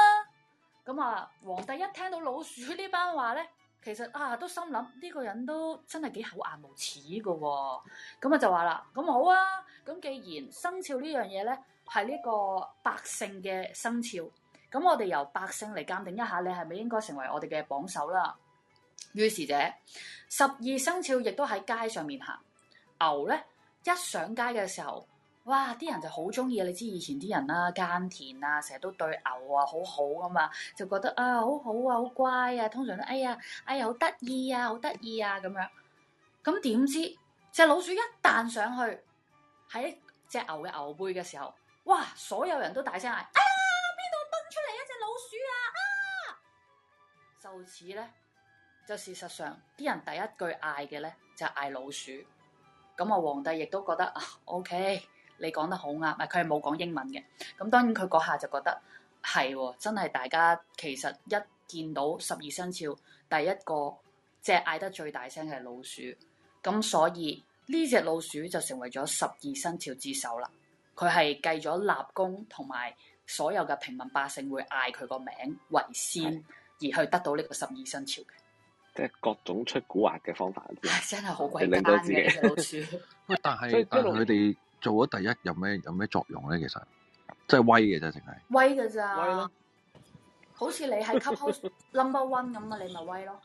咁啊，皇帝一聽到老鼠呢班話咧，其實啊，都心諗呢個人都真係幾厚顏無恥噶、哦。咁啊就話啦，咁好啊，咁既然生肖呢樣嘢咧，係呢個百姓嘅生肖，咁我哋由百姓嚟鑑定一下，你係咪應該成為我哋嘅榜首啦？於是者，十二生肖亦都喺街上面行牛咧。一上街嘅時候，哇！啲人就好中意你知以前啲人啦、啊，耕田啊，成日都對牛啊好好噶嘛，就覺得啊、哎，好好啊，好乖啊，通常都哎呀，哎呀，好得意啊，好得意啊咁樣。咁點知隻老鼠一彈上去喺隻牛嘅牛背嘅時候，哇！所有人都大聲嗌：哎呀，邊度蹦出嚟一隻老鼠啊！啊啊就此咧，就事實上啲人第一句嗌嘅咧就係嗌老鼠。咁啊，皇帝亦都覺得啊，OK，你講得好啱，唔係佢係冇講英文嘅。咁當然佢嗰下就覺得係喎，真係大家其實一見到十二生肖第一個隻嗌得最大聲嘅係老鼠，咁所以呢隻老鼠就成為咗十二生肖之首啦。佢係計咗立功同埋所有嘅平民百姓會嗌佢個名為先的而去得到呢個十二生肖嘅。即係各種出蠱惑嘅方法，係真係好鬼奸嘅。但係但佢哋做咗第一有咩有咩作用咧？其實真係威嘅啫，淨係威嘅咋。好似你係 number one 咁啊，你咪威咯。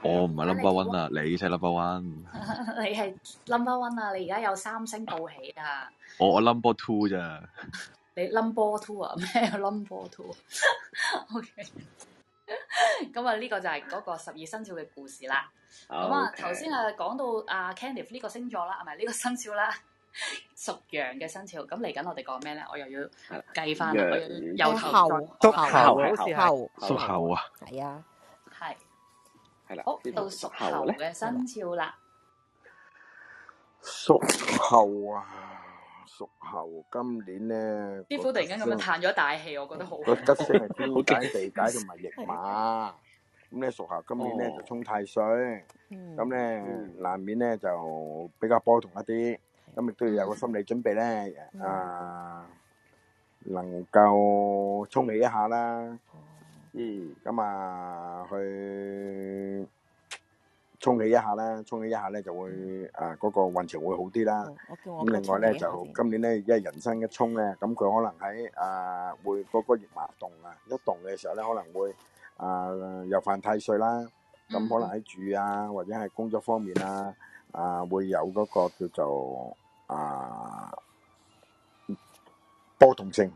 我唔係 number one 啦，你係 number one。你係 number one 啊！你而家有三星報喜啊！我我 number two 咋？你 number two 啊？咩？number two？OK。咁啊，呢個就係嗰個十二生肖嘅故事啦。咁啊，頭先啊講到啊 Kenneth 呢個星座啦，係咪？呢個生肖啦，屬羊嘅生肖。咁嚟緊我哋講咩咧？我又要計翻去，由頭再後，屬猴啊，係啊，係係啦，到屬猴嘅生肖啦，屬猴啊。屬猴今年咧，師傅，突然間咁樣嘆咗大氣，我覺得好吉星係表解地解同埋驛馬，咁咧屬猴今年咧就沖太歲，咁咧難免咧就比較波動一啲，咁亦都要有個心理準備咧，啊，能夠沖氣一下啦，嗯，咁啊去。沖起一下啦，沖起一下咧就會啊嗰個運程會好啲啦。咁另外咧就今年咧，因為人生一衝咧，咁佢可能喺啊會嗰個驛馬動啊一動嘅時候咧，可能會啊又犯太歲啦。咁可能喺住啊或者係工作方面啊啊會有嗰個叫做啊波動性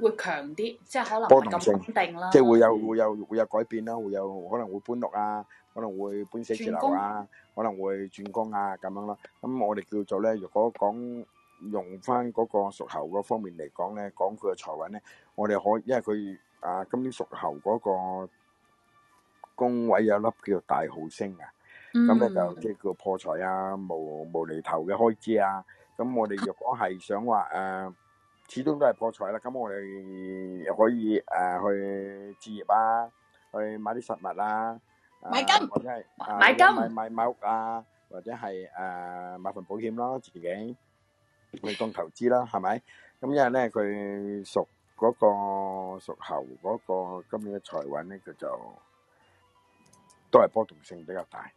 會強啲，即係可能波動性定啦，即係會有會有會有改變啦，會有可能會搬屋啊。可能會搬寫字樓啊，可能會轉工啊，咁樣咯。咁我哋叫做咧，如果講用翻嗰個屬猴嗰方面嚟講咧，講佢嘅財運咧，我哋可以因為佢啊，今年屬猴嗰個宮位有粒叫做大耗星嘅，咁咧就即係叫破財啊，無無釐頭嘅開支啊。咁我哋若果係想話誒，始終都係破財啦。咁我哋又可以誒去置業啊，去買啲實物啦。Uh, 買金，或者係、uh, 買金，買買，買屋啊，或者係誒、uh, 買份保險囉，自己未當投資啦，係咪？咁因為咧佢屬嗰個屬猴嗰、那個今年嘅財運咧，佢就，都係波動性比較大。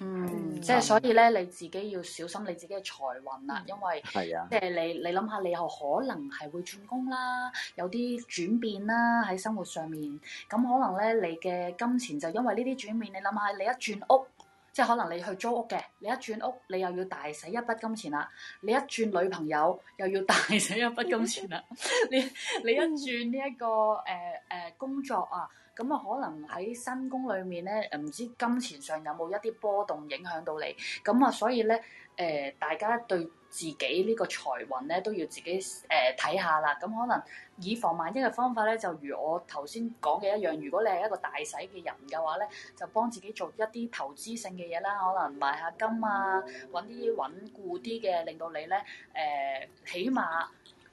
嗯，即係所以咧，嗯、你自己要小心你自己嘅財運啦，嗯、因為即係是、啊、你你諗下，你有可能係會轉工啦，有啲轉變啦喺生活上面，咁、嗯、可能咧你嘅金錢就因為呢啲轉變，你諗下，你一轉屋，即係可能你去租屋嘅，你一轉屋你又要大使一筆金錢啦，你一轉女朋友又要大使一筆金錢啦， 你一你一轉呢、這、一個誒誒、 嗯、工作啊～咁啊，可能喺新宮裏面咧，唔知金錢上有冇一啲波動影響到你？咁啊，所以咧，誒、呃、大家對自己呢個財運咧都要自己誒睇下啦。咁可能以防萬一嘅方法咧，就如我頭先講嘅一樣，如果你係一個大洗嘅人嘅話咧，就幫自己做一啲投資性嘅嘢啦，可能買下金啊，揾啲穩固啲嘅，令到你咧誒、呃、起碼誒、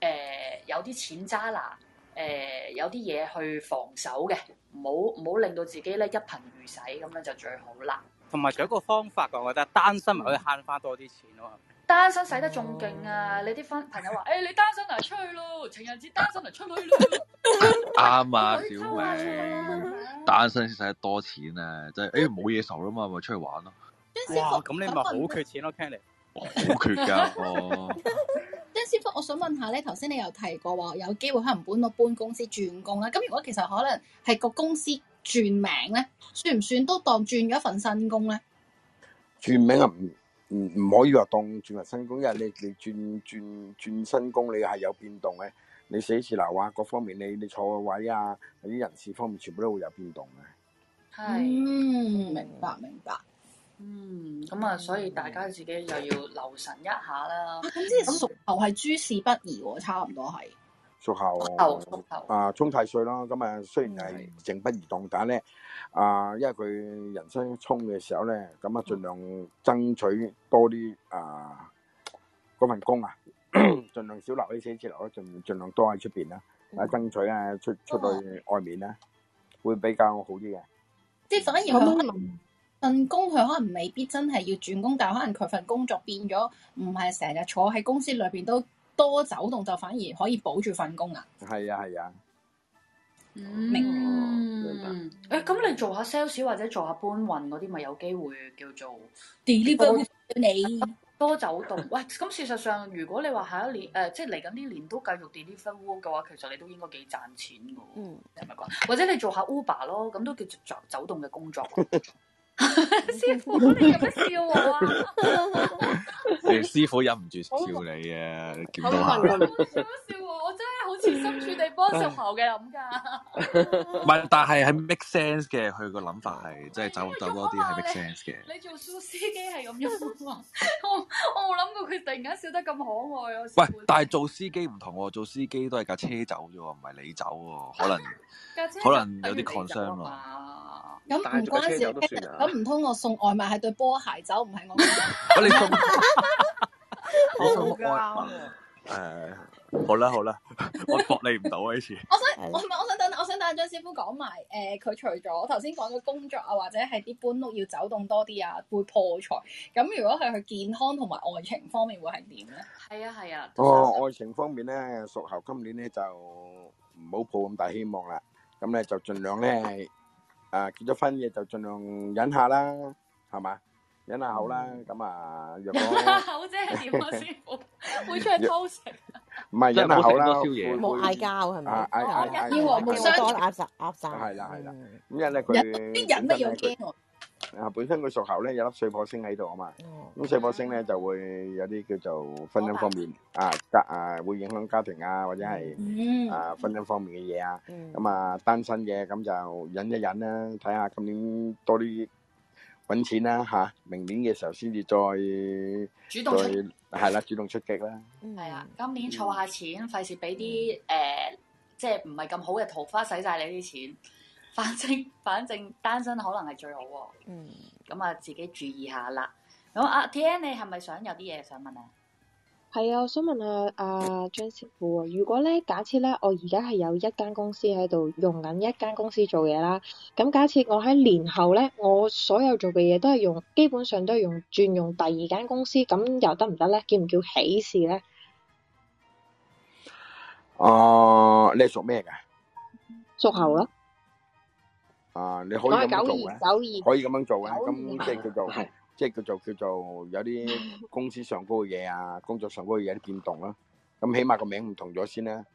呃、有啲錢揸啦。誒，有啲嘢去防守嘅，唔好唔好令到自己咧一貧如洗，咁樣就最好啦。同埋仲有個方法嘅，我覺得單身咪可以慳翻多啲錢咯。單身使得仲勁啊！你啲 friend 朋友話：誒，你單身嚟，出去咯，情人節單身嚟，出去咯。啱啊，小明，單身使得多錢啊！真係，誒，冇嘢做啦嘛，咪出去玩咯。哇，咁你咪好缺錢咯，Kenneth，好缺噶。張師父，我想問下咧，頭先你有提過話有機會可能搬到搬公司轉工啦，咁如果其實可能係個公司轉名咧，算唔算都當轉咗一份新工咧？轉名啊，唔唔唔可以話當轉份新工，因為你你轉轉轉新工，你係有變動嘅，你寫字樓啊，各方面，你你坐位啊，啲人事方面，全部都會有變動嘅。係，嗯，明白明白。嗯，咁啊，所以大家自己又要留神一下啦。咁即係屬猴係諸事不宜，差唔多係屬猴，屬猴啊，沖太歲啦。咁、嗯、啊，雖然係靜不移動呢，但係咧啊，因為佢人生沖嘅時候咧，咁啊，盡量爭取多啲啊嗰份工啊， 盡量少留喺寫字樓咯，盡盡量多喺出邊啦，啊，嗯嗯、爭取咧、啊、出出去外面啦、啊，嗯嗯、會比較好啲嘅。即係反而。我、嗯份工佢可能未必真係要轉工，但係可能佢份工作變咗，唔係成日坐喺公司裏邊都多走動，就反而可以保住份工啊。係啊，係啊、嗯，明嘅。誒、哎，咁你做下 sales 或者做下搬運嗰啲，咪有機會叫做 deliver 你多走動。喂，咁事實上，如果你話下一年誒、呃，即係嚟緊呢年都繼續 deliver work 嘅話，其實你都應該幾賺錢嘅。嗯，係咪講？或者你做下 Uber 咯，咁都叫做走走動嘅工作。 師傅，你做乜笑我啊？你師傅忍唔住笑你啊，見到吓。好似身處地波售後嘅諗㗎，唔係，但係係 make sense 嘅，佢個諗法係即係走走多啲係 make sense 嘅。你做司機係咁樣，我我冇諗過佢突然間笑得咁可愛。喂，但係做司機唔同喎，做司機都係架車走啫喎，唔係你走喎，可能可能有啲 concern 喎。咁唔關事，咁唔通我送外賣係對波鞋走，唔係我。我你送我送外賣誒。 好啦好啦，我駁你唔到啊！呢次，我想我唔係，我想等，我想等阿張師傅講埋誒，佢、呃、除咗頭先講咗工作啊，或者係啲搬屋要走動多啲啊，會破財。咁如果係去健康同埋愛情方面會係點咧？係啊係啊，啊啊哦，愛情方面咧，屬猴今年咧就唔好抱咁大希望啦。咁咧就盡量咧啊，結咗婚嘅就盡量忍下啦，係嘛。忍下口啦，咁啊，忍下口啫，點解先會會出去偷食啊？唔係忍下口啦，冇嗌交係咪啊？嗌嗌嗌，要和氣，可能壓晒壓晒。係啦係啦，咁因為咧佢，啲忍都要驚我。啊，本身佢屬猴咧有粒歲破星喺度啊嘛，咁歲破星咧就會有啲叫做婚姻方面啊家啊會影響家庭啊或者係啊婚姻方面嘅嘢啊。咁啊單身嘅咁就忍一忍啦，睇下今年多啲。搵錢啦、啊、嚇，明年嘅時候先至再，主動出係啦、啊，主動出擊啦。係、嗯、啊，今年儲下錢，嗯、費事俾啲誒，即係唔係咁好嘅桃花使晒你啲錢。反正反正單身可能係最好喎。嗯，咁啊自己注意下啦。咁阿天，啊、N，你係咪想有啲嘢想問啊？係啊，我想問下阿張師傅啊，如果咧假設咧，我而家係有一間公司喺度用緊一間公司做嘢啦，咁假設我喺年後咧，我所有做嘅嘢都係用，基本上都係用轉用第二間公司，咁又得唔得咧？叫唔叫喜事咧？哦，你係屬咩㗎？屬猴咯。啊，你可以咁做咧。九二，九二。可以咁樣做嘅，咁即係叫做。即係叫做叫做有啲公司上高嘅嘢啊，工作上高嘅嘢都變動啦，咁起碼個名唔同咗先啦。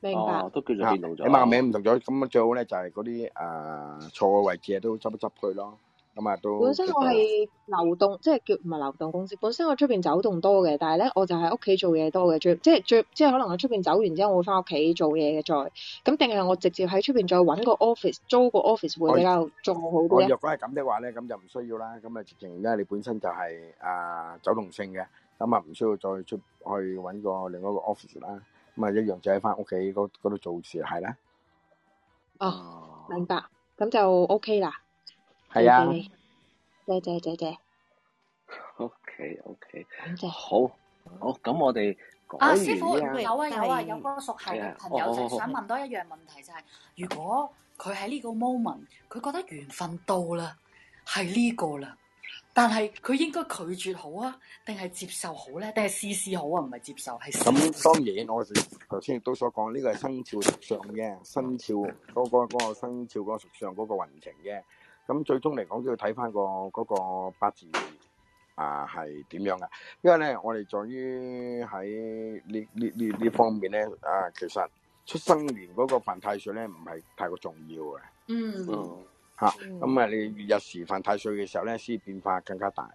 明白，都叫做變動咗。起碼個名唔同咗，咁最好咧就係嗰啲誒錯嘅位置都執一執佢咯。咁啊，都本身我係流動，即係叫唔係流動公司。本身我出邊走動多嘅，但係咧我就喺屋企做嘢多嘅，最即係最即係可能我出邊走完之後，我會翻屋企做嘢嘅，再咁定係我直接喺出邊再搵個 office 租個 office 會比較仲好咧？若果係咁嘅話咧，咁就唔需要啦。咁啊，直情因為你本身就係、是、啊、呃、走動性嘅，咁啊唔需要再出去搵個另外一個 office 啦。咁啊，一樣就喺翻屋企嗰度做事係啦。哦，明白，咁就 OK 啦。係啊，謝謝謝謝。O K O K，好，好，咁我哋講完呢，阿師傅、啊，有啊有啊，有啊，有個熟係嘅朋友、啊哦、就想問多一樣問題、就是，就係、哦哦、如果佢喺呢個 moment，佢覺得緣分到啦，係呢個啦，但係佢應該拒絕好啊，定係接受好咧？定係試試好啊？唔係接受係。咁 當然我頭先亦都所講呢、這個係生肖屬相嘅，生肖嗰個個生肖嗰個屬相嗰個運程嘅。咁最終嚟講都要睇翻個個八字啊，係點樣嘅？因為咧，我哋在於喺呢呢呢呢方面咧啊，其實出生年嗰個犯太歲咧，唔係太過重要嘅。嗯。吓，咁啊，你月日時犯太歲嘅時候咧，先變化更加大。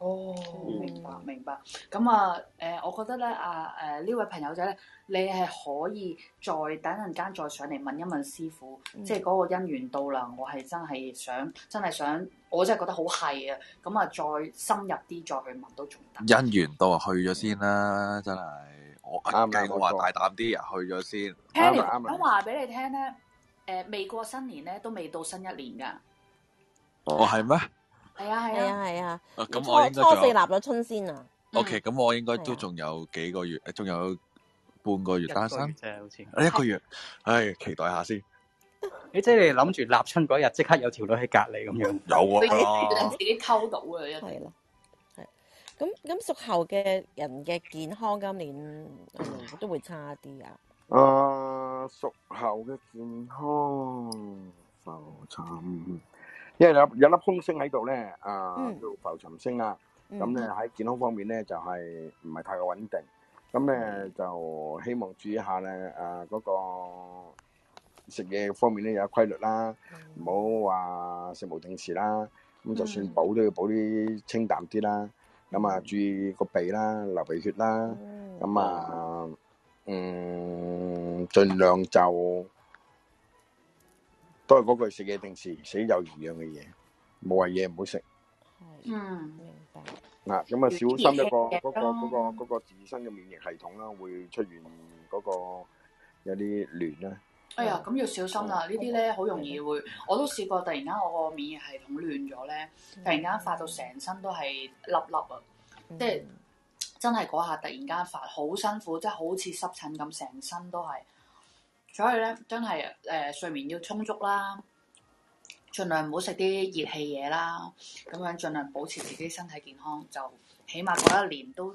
哦，明白明白。咁啊，誒，我覺得咧，啊，誒，呢位朋友仔咧，你係可以再等陣間再上嚟問一問師傅，即係嗰個姻緣到啦。我係真係想，真係想，我真係覺得好係啊。咁啊，再深入啲再去問都仲得。姻緣到啊，去咗先啦，真係。我啱我話大膽啲啊，去咗先。阿明，我話俾你聽咧，誒，未過新年咧，都未到新一年㗎。哦，係咩？係啊係啊係啊，初初四立咗春先啊。OK，咁我應該都仲有幾個月，仲有半個月單身，即係好似一個月。唉，期待下先。你即係諗住立春嗰日即刻有條女喺隔籬咁樣？有啊，你自己溝到啊，係咯，係。咁咁屬猴嘅人嘅健康今年都會差啲啊。啊，屬猴嘅健康浮沉。因為有有粒風星喺度咧，啊、嗯、叫浮沉星啊，咁咧喺健康方面咧就係唔係太過穩定，咁咧就希望注意下咧，啊嗰、那個食嘢方面咧有規律啦，唔好話食無定時啦，咁就算補都要補啲清淡啲啦，咁啊注意個鼻啦，流鼻血啦，咁、嗯、啊嗯盡量就。都係嗰句食嘢定時，食有營養嘅嘢，冇話嘢唔好食。嗯，嗱、啊，咁啊小心一、嗰個嗰、嗰個、嗰個、嗰個自身嘅免疫系統啦、啊，會出現嗰個有啲亂啦。哎呀，咁要小心啦、啊！嗯、呢啲咧好容易會，我都試過突然間我個免疫系統亂咗咧，突然間發到成身都係粒粒啊！即係、嗯、真係嗰下突然間發，好辛苦，即、就、係、是、好似濕疹咁，成身都係。所以咧，真係誒睡眠要充足啦，儘量唔好食啲熱氣嘢啦，咁樣儘量保持自己身體健康，就起碼嗰一年都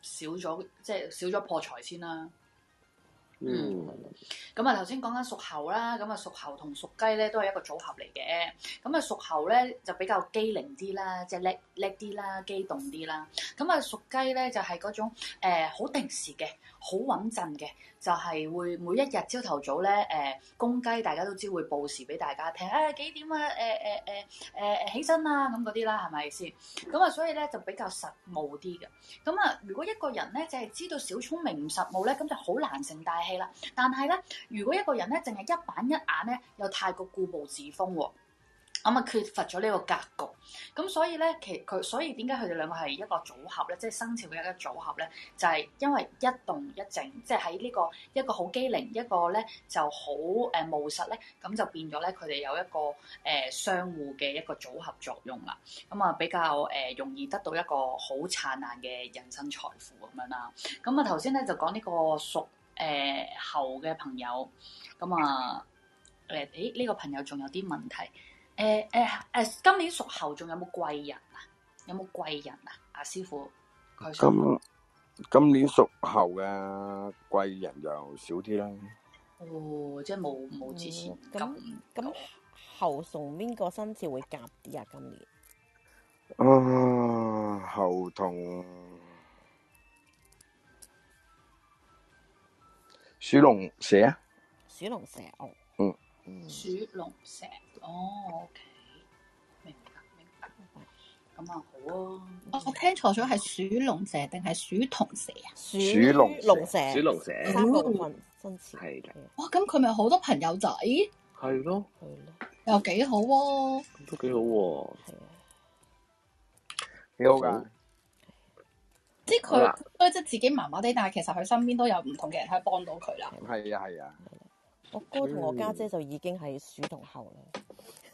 少咗，即係少咗破財先啦。嗯，咁啊，嗯，頭先講緊屬猴啦，咁啊，屬猴同屬雞咧都係一個組合嚟嘅。咁啊，屬猴咧就比較機靈啲啦，即、就、係、是、叻叻啲啦，機動啲啦。咁啊，屬雞咧就係嗰種誒好定時嘅，好穩陣嘅，就係、是、會每一日朝頭早咧誒、呃、公雞大家都知會報時俾大家聽啊，哎，幾點啊誒誒誒誒誒起身啦，咁嗰啲啦，係咪先？咁啊，所以咧就比較實務啲嘅。咁、嗯、啊，如果一個人咧就係、是、知道小聰明唔實務咧，咁就好難成大啦，但係咧，如果一個人咧淨係一板一眼咧，又太過固步自封，咁啊，缺乏咗呢個格局。咁所以咧，其佢所以點解佢哋兩個係一個組合咧，即係生肖嘅一個組合咧，就係、是、因為一動一靜，即係喺呢個一個好機靈，一個咧就好誒務實咧，咁就變咗咧，佢哋有一個誒、呃、相互嘅一個組合作用啦。咁啊，比較誒、呃、容易得到一個好燦爛嘅人生財富咁樣啦。咁啊，頭先咧就講呢個屬。誒、呃，猴嘅朋友，咁、嗯、啊，誒、哎，誒、這、呢個朋友仲有啲問題，誒、呃，誒，誒，今年屬猴仲有冇貴人，人啊？有冇貴人啊？阿師傅，咁，今年屬猴嘅貴人就少啲啦。哦，即係冇冇之前咁咁。猴同邊個生肖會夾啲啊？今年。啊、呃，猴同。鼠龍蛇啊！鼠龍蛇哦，嗯，鼠龍蛇哦，OK，明白明白明白，咁啊好啊，哦，我我聽錯咗係鼠龍蛇定係鼠同蛇啊？鼠龍蛇，鼠龍蛇，三六運，真事係嘅。哇，咁佢咪好多朋友仔？係咯，係咯，又幾好喎，都幾好喎。係啊，好啊。知佢都即係了自己麻麻地，但係其實佢身邊都有唔同嘅人可以幫到佢啦。係啊係啊，啊我哥同我家姐，姐就已經係鼠同猴啦。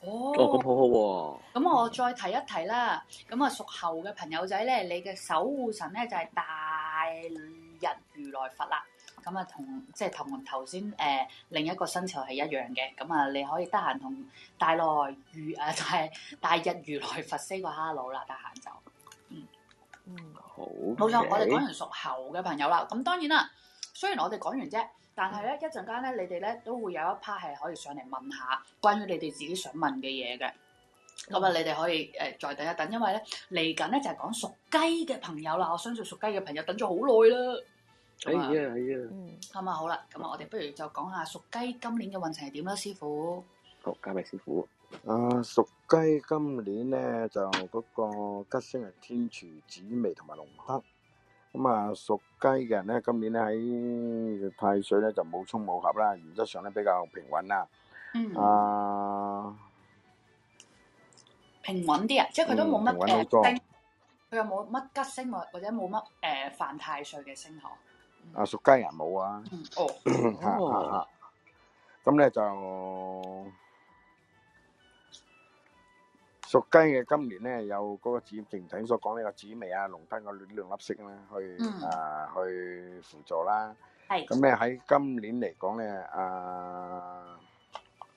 嗯、哦，咁好好咁我再提一提啦。咁啊，屬猴嘅朋友仔咧，你嘅守護神咧就係、是、大日如來佛啦。咁啊，同即係同頭先誒另一個新潮係一樣嘅。咁啊，你可以得閒同大來如誒，就、啊、係大日如來佛 say 個 h e l 啦。得閒就。冇錯，像我哋講完屬猴嘅朋友啦，咁當然啦，雖然我哋講完啫，但係咧一陣間咧，你哋咧都會有一 part 係可以上嚟問下關於你哋自己想問嘅嘢嘅，咁啊、嗯、你哋可以誒、呃、再等一等，因為咧嚟緊咧就係講屬雞嘅朋友啦，我相信屬雞嘅朋友等咗、哎、呀好耐啦。係啊係啊，咁啊好啦，咁啊我哋不如就講下屬雞今年嘅運程係點啦，師傅。好，交俾師傅。啊，屬雞今年咧就嗰個吉星係天廚紫薇、同埋龍德。咁啊，屬雞嘅人咧今年咧喺太歲咧就冇沖冇合啦，原則上咧比較平穩啊。嗯。啊，平穩啲啊，即係佢都冇乜誒，佢有冇乜吉星或、或者冇乜誒犯太歲嘅星嗬？啊，屬雞人冇啊。哦。吓吓吓。咁咧就。屬雞嘅今年咧有嗰個紫，正如頭先所講呢個紫微啊、龍燈嘅兩兩粒色啦，去啊去輔助啦。係咁咧喺今年嚟講咧，啊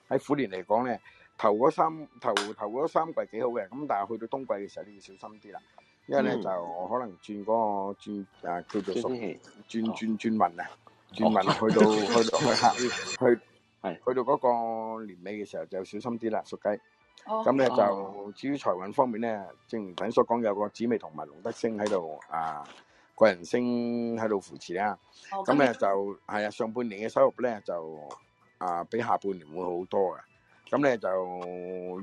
喺虎年嚟講咧，頭嗰三頭頭嗰三季幾好嘅，咁但係去到冬季嘅時候你要小心啲啦。因為咧就我可能轉嗰個轉啊叫做轉轉轉運啊，轉運去到去去去去到嗰個年尾嘅時候就要小心啲啦，屬雞。咁咧、oh, uh huh。就至於財運方面咧，正如等所講，有個紫薇同埋龍德星喺度啊，貴人星喺度扶持啦。咁咧、oh，就係啊、嗯，上半年嘅收入咧就啊比下半年會好多嘅。咁咧就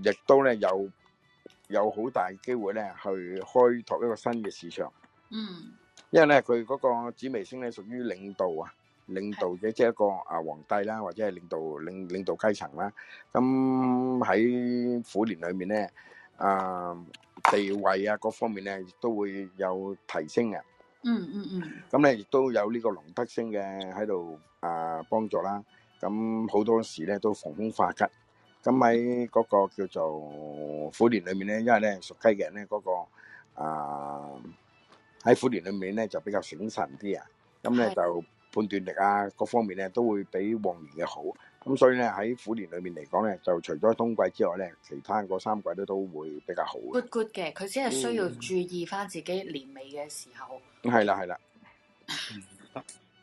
亦都咧有有好大機會咧去開拓一個新嘅市場。嗯，mm。因為咧佢嗰個紫薇星咧屬於領導啊。領導嘅即係一個啊皇帝啦，或者係領導領領導階層啦。咁喺虎年裏面咧，啊地位啊各方面咧都會有提升嘅。嗯嗯嗯。咁咧亦都有呢個龍德星嘅喺度啊幫助啦。咁好多時咧都逢凶化吉。咁喺嗰個叫做虎年裏面咧，因為咧屬雞嘅人咧嗰個啊喺虎年裏面咧就比較醒神啲啊。咁咧就～判斷力啊，各方面咧都會比往年嘅好。咁所以咧喺虎年裏面嚟講咧，就除咗冬季之外咧，其他嗰三季咧都會比較好。Good good 嘅，佢只係需要注意翻自己年尾嘅時候。係啦係啦。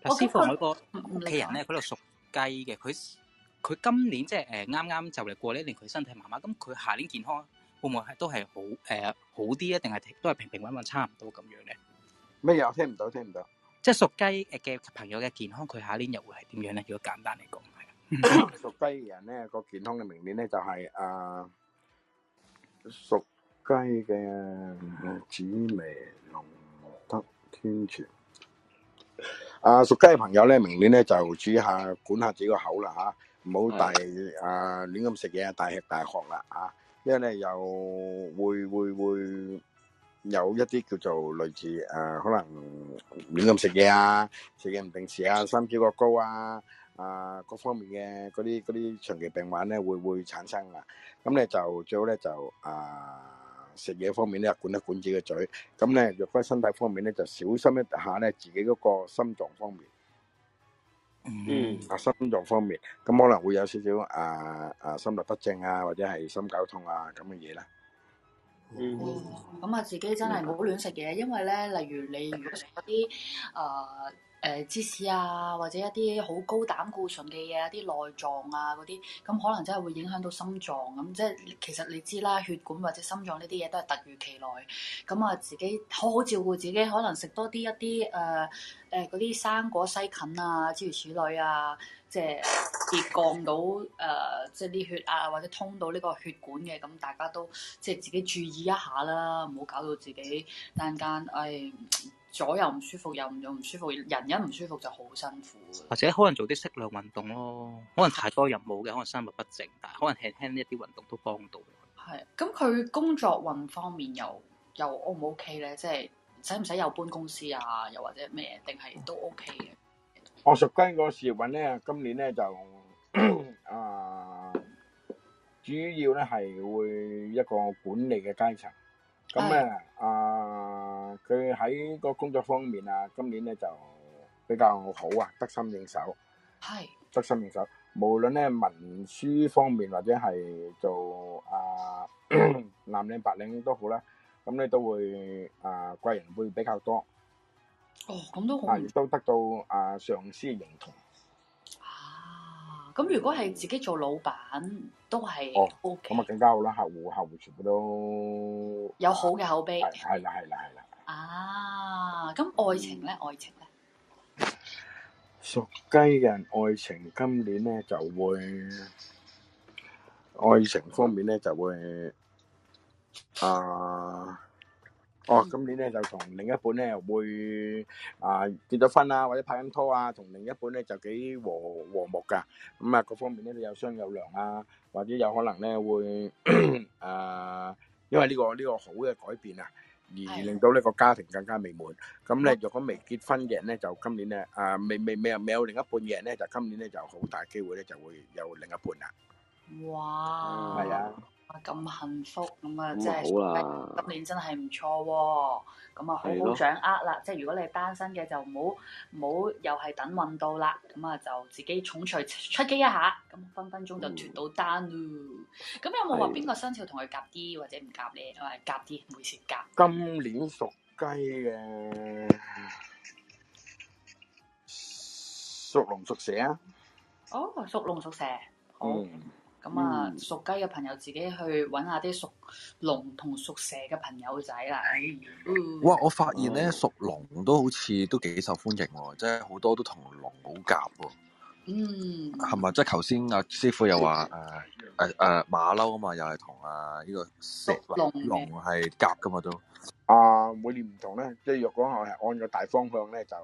我見到有個屋企人咧，佢度屬雞嘅，佢佢今年即係誒啱啱就嚟過呢年，佢身體麻麻。咁佢下年健康會唔會係都係好誒好啲啊？定係都係平平穩穩差唔多咁樣咧？咩嘢？我聽唔到，聽唔到。即係屬雞誒嘅朋友嘅健康，佢下年又會係點樣咧？如果簡單嚟講，屬雞嘅人咧個健康嘅明年咧就係誒，屬雞嘅紫微龍德天全。啊，屬雞嘅朋友咧，明年咧就注意下管下自己個口啦吓，唔好大誒亂咁食嘢，大吃大喝啦吓，因為咧又會會會。有一啲叫做類似誒，可能亂咁食嘢啊，食嘢唔定時啊，心肌過高啊，啊各方面嘅嗰啲嗰啲長期病患咧，會會產生啦。咁咧就最好咧就啊食嘢方面咧管一管自己個嘴，咁咧若果身體方面咧就小心一下咧，自己嗰個心臟方面，嗯，啊心臟方面，咁可能會有少少啊啊心律不正啊，或者係心絞痛啊咁嘅嘢啦。嗯，咁啊，自己真係唔好亂食嘢，嗯、因為咧，例如你如果食嗰啲誒誒芝士啊，或者一啲好高膽固醇嘅嘢，一啲內臟啊嗰啲，咁可能真係會影響到心臟咁。即係、就是、其實你知啦，血管或者心臟呢啲嘢都係突如其來。咁啊，自己好好照顧自己，可能食多啲一啲誒誒嗰啲生果西芹啊，諸如此類啊。即係跌降到誒、呃，即係啲血壓或者通到呢個血管嘅，咁大家都即係自己注意一下啦，唔好搞到自己間間誒、哎、左右唔舒服，右又唔舒服，人一唔舒服就好辛苦。或者可能做啲適量運動咯，可能太多任務嘅，可能生活不靜，但係可能輕輕一啲運動都幫到。係，咁佢工作運方面又又 O 唔 O K 咧？即係使唔使又搬公司啊？又或者咩？定係都 O K 嘅？我屬雞個事業運咧，今年咧就啊，主要咧係會一個管理嘅階層。咁啊啊，佢喺個工作方面啊，今年咧就比較好啊，得心應手。係得心應手，無論咧文書方面或者係做啊藍領白領都好啦，咁咧都會啊貴人會比較多。哦，咁都好，啊、都得到阿、呃、上司認同。啊，咁如果係自己做老闆，都係、OK，哦，咁啊更加好啦，客戶，客戶全部都有好嘅口碑。係啦，係啦，係啦。啊，咁愛情咧，嗯、愛情咧？屬雞嘅人愛情今年咧就會，愛情方面咧就會，啊。哦，今年咧就同另一半咧會啊、呃、結咗婚啊，或者拍緊拖啊，同另一半咧就幾和和睦噶。咁、嗯、啊，各方面咧都有商有量啊，或者有可能咧會誒、呃，因為呢、這個呢、這個好嘅改變啊，而令到呢個家庭更加美滿。咁、嗯、咧，若、嗯、果未結婚嘅人咧，就今年咧啊、呃、未未未未有另一半嘅人咧，就今年咧就好大機會咧就會有另一半啦、啊。嗯、哇！係啊！咁、啊、幸福，咁、嗯、啊，真係，今年真係唔錯喎，咁、嗯、啊，嗯、好好掌握啦，即係咯如果你係單身嘅就唔好，唔好又係等運到啦，咁、嗯、啊就自己重錘出擊一下，咁、嗯嗯、分分鐘就脫到單咯，咁、嗯、有冇話邊個生肖同佢夾啲或者唔夾你？或者夾啲，唔會食夾。今年屬雞嘅，屬龍屬蛇啊？哦，屬龍屬蛇，好。嗯咁啊，屬、嗯、雞嘅朋友自己去揾下啲屬龍同屬蛇嘅朋友仔啦。哇！我發現咧，屬、哦、龍都好似都幾受歡迎喎，即係好多都同龍好夾喎。嗯。係咪？即係頭先阿師傅又話誒誒誒馬騮啊嘛，又係同啊呢、這個蛇屬龍係夾噶嘛都。啊！每年唔同咧，即係若果我係按個大方向咧，就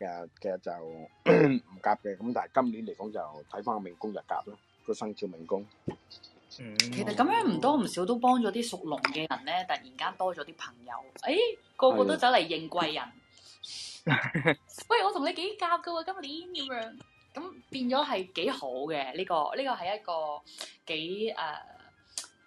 其實其實就唔夾嘅。咁但係今年嚟講就睇翻個命宮就夾咯。個生肖命工，其實咁樣唔多唔少都幫咗啲屬龍嘅人咧，突然間多咗啲朋友，誒個個都走嚟應貴人。喂，我同你幾夾㗎喎，今年咁樣，咁變咗係幾好嘅呢個呢個係一個幾誒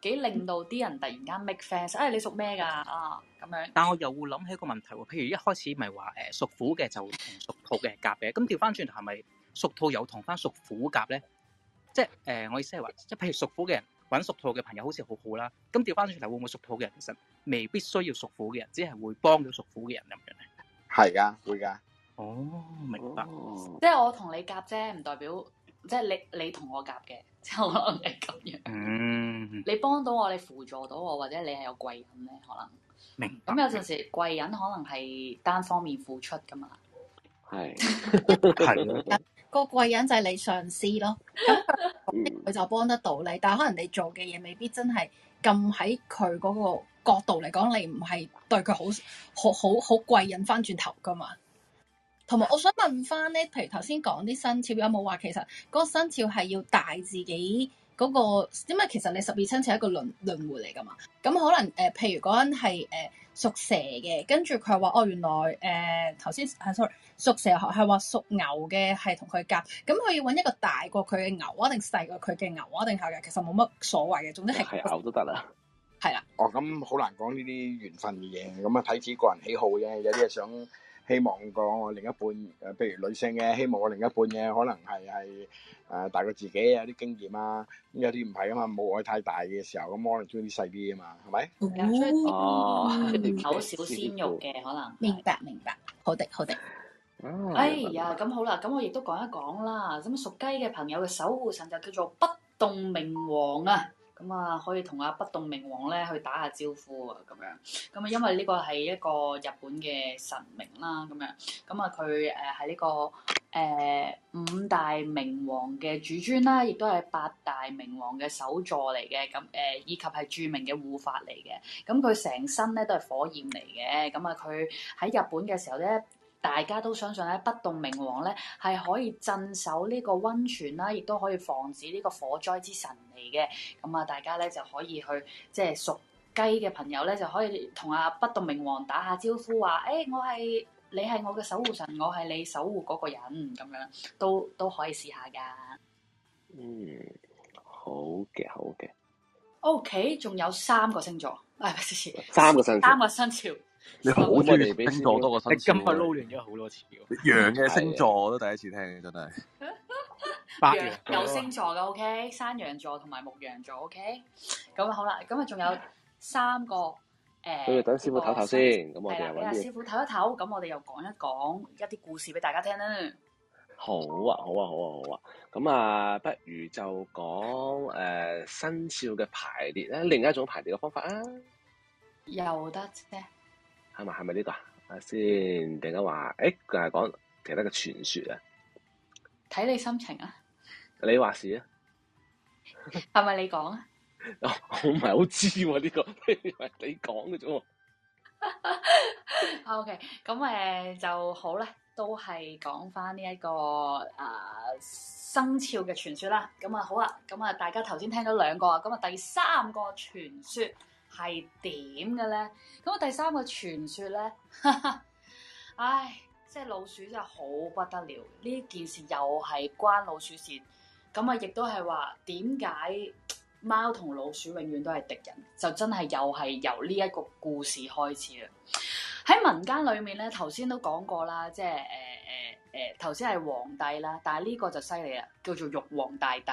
幾令到啲人突然間 make fans。誒，你屬咩噶啊？咁樣，但我又會諗起一個問題喎。譬如一開始咪話誒屬虎嘅就同屬兔嘅夾嘅，咁調翻轉頭係咪屬兔又同翻屬虎夾咧？即係誒、呃，我意思係話，即係譬如屬虎嘅人搵屬兔嘅朋友好好，好似好好啦。咁調翻轉頭，會唔會屬兔嘅人其實未必需要屬虎嘅人，只係會幫到屬虎嘅人咁樣咧？係噶，會噶。哦，明白。哦，即係我同你夾啫，唔代表即係你你同我夾嘅，之後可能係咁樣。嗯，你幫到我，你輔助到我，或者你係有貴人咧，可能。明。咁有陣時貴人可能係單方面付出噶嘛。係係是的。 個貴人就係你上司咯，咁佢就幫得到你。但係可能你做嘅嘢未必真係咁，喺佢嗰個角度嚟講，你唔係對佢好好好好貴人翻轉頭噶嘛同埋，我想問翻咧，譬如頭先講啲生肖，有冇話其實嗰個生肖係要大自己？嗰、那個，因為其實你十二生肖係一個輪輪迴嚟噶嘛，咁可能誒、呃，譬如嗰陣係誒屬蛇嘅，跟住佢話哦，原來誒頭先係 sorry，屬蛇係話屬牛嘅，係同佢夾，咁佢要揾一個大過佢嘅牛啊，定細過佢嘅牛啊，定嘅，其實冇乜所謂嘅，總之係係牛都得啦，係啦、啊。哦，咁好難講呢啲緣分嘅嘢，咁啊睇自己個人喜好啫，有啲係想。 希望我另一半，誒、呃，譬如女性嘅，希望我另一半嘅，可能係係誒大過自己有啲經驗啊，咁有啲唔係啊嘛，冇愛太大嘅時候，咁可能中意啲細啲啊嘛，係咪父？哦，好小鮮肉嘅可能。明白明白，好的好的。啊、哎呀，咁吧好啦，咁我亦都講一講啦。咁屬雞嘅朋友嘅守護神就叫做不動明王啊！咁啊，可以同阿不動明王咧去打下招呼啊，咁樣，咁啊，因為呢個係一個日本嘅神明啦，咁樣，咁啊，佢誒喺呢個誒、呃、五大明王嘅主尊啦，亦都係八大明王嘅首座嚟嘅。咁誒、呃，以及係著名嘅護法嚟嘅。咁佢成身咧都係火焰嚟嘅。咁啊，佢喺日本嘅時候咧。大家都相信咧，不動明王咧係可以鎮守呢個温泉啦，亦都可以防止呢個火災之神嚟嘅。咁啊，大家咧就可以去，即係屬雞嘅朋友咧就可以同阿不動明王打下招呼，話誒、欸，我係你係我嘅守護神，我係你守護嗰個人，咁樣都都可以試下㗎。嗯，好嘅，好嘅。OK，仲有三個星座，哎、三個星，三個生肖。你好中意星座多個生肖，你今日撈亂咗好多次。羊嘅星座我都第一次聽，真係。白 羊有星座嘅，O K。Okay? 山羊座同埋牧羊座，O K。咁、okay? 啊好啦，咁啊仲有三個誒，我、呃、等師傅唞唞先。咁係啦，師傅唞一唞。咁我哋又講一講一啲故事俾大家聽啦。好啊，好啊，好啊，好啊。咁啊，不如就講誒生肖嘅排列啦，另一種排列嘅方法啊。又得係咪係咪呢個啊？先，人家話，誒、欸，淨係講其他嘅傳說啊。睇你心情啊。你話事啊。係咪你講啊？ 我唔係好知喎、啊，呢個係你講嘅啫。OK，咁誒就好咧，都係講返呢一個誒、呃、生肖嘅傳說啦。咁啊好啊，咁啊大家頭先聽咗兩個啊，咁啊第三個傳說。係點嘅咧？咁第三個傳說咧， 唉，即係老鼠真係好不得了。呢件事又係關老鼠事，咁啊，亦都係話點解貓同老鼠永遠都係敵人？就真係又係由呢一個故事開始啦。喺民間裏面咧，頭先都講過啦，即係誒誒。呃呃誒，頭先係皇帝啦，但係呢個就犀利啦，叫做玉皇大帝。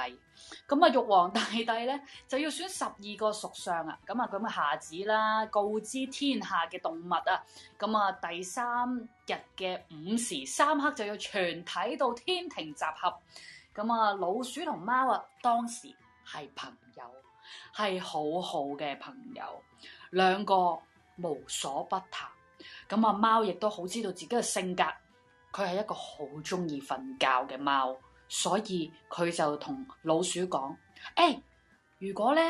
咁啊，玉皇大帝咧就要選十二個屬相啊。咁啊，佢咪下旨啦，告知天下嘅動物啊。咁啊，第三日嘅午時三刻就要全體到天庭集合。咁啊，老鼠同貓啊，當時係朋友，係好好嘅朋友，兩個無所不談。咁啊，貓亦都好知道自己嘅性格。佢係一個好中意瞓覺嘅貓，所以佢就同老鼠講，誒，如果咧，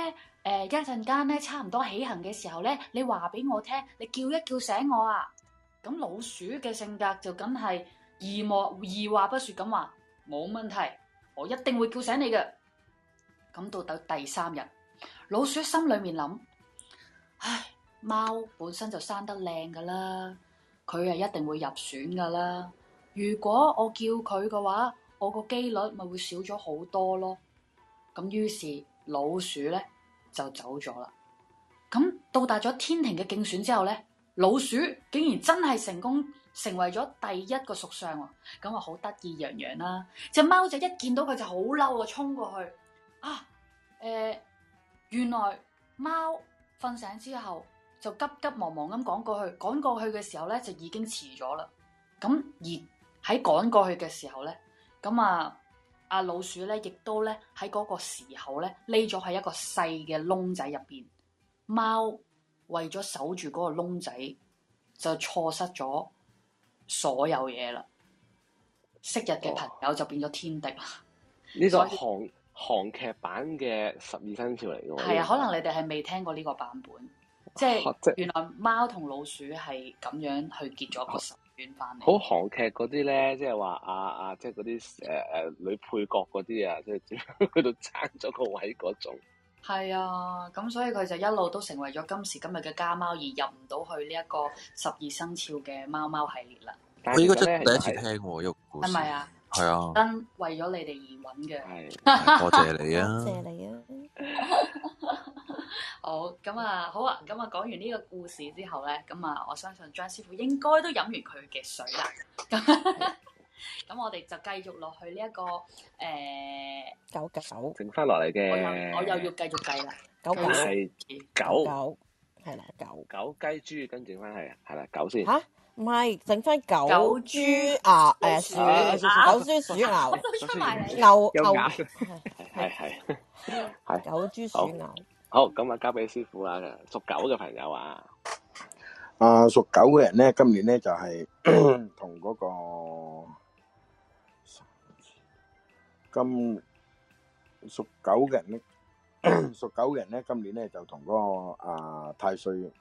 誒一陣間咧差唔多起行嘅時候咧，你話俾我聽，你叫一叫醒我啊。咁老鼠嘅性格就梗係二莫二話不說咁話，冇問題，我一定會叫醒你嘅。咁到到第三日，老鼠心裏面諗，唉，貓本身就生得靚噶啦，佢係一定會入選噶啦。如果我叫佢嘅話，我個機率咪會少咗好多咯。咁於是老鼠咧就走咗啦。咁到達咗天庭嘅競選之後咧，老鼠竟然真係成功成為咗第一個屬相，咁咪好得意洋洋啦。隻貓仔一見到佢就好嬲啊，衝過去啊！誒，原來貓瞓醒之後就急急忙忙咁趕過去，趕過去嘅時候咧就已經遲咗啦。咁、嗯、而喺趕過去嘅時候咧，咁啊，阿、啊、老鼠咧亦都咧喺嗰個時候咧匿咗喺一個細嘅窿仔入邊。貓為咗守住嗰個窿仔，就錯失咗所有嘢啦。昔日嘅朋友就變咗天敵啦。呢個、哦、韓 以韓，韓劇版嘅十二生肖嚟嘅喎。係啊，是可能你哋係未聽過呢個版本，即係、啊就是、原來貓同老鼠係咁樣去結咗個仇。好韓劇嗰啲咧，即係話啊啊，即係嗰啲誒誒女配角嗰啲啊，即係佢度爭咗個位嗰種？係啊，咁所以佢就一路都成為咗今時今日嘅家貓，而入唔到去呢一個十二生肖嘅貓貓系列啦。佢呢個真係第一次聽我喐。係咪啊？係啊，真為咗你哋而搵嘅，多謝你啊！多謝你啊！好，咁啊，好啊，咁啊，講完呢個故事之後咧，咁啊，我相信張師傅應該都飲完佢嘅水啦。咁，咁我哋就繼續落去呢一個誒狗雞豬，剩翻落嚟嘅，我又要繼續計啦。狗雞豬係啦，狗狗雞豬跟住翻係係啦，狗先。唔係，整翻狗豬啊！誒，鼠、狗豬、鼠牛、牛牛，係係係係。狗豬鼠牛，好，咁啊，交俾師傅啊，屬狗嘅朋友啊，啊，屬狗嘅人咧，今年咧就係同嗰個今屬狗嘅人咧，屬狗嘅人咧，今年咧就同嗰個啊太歲，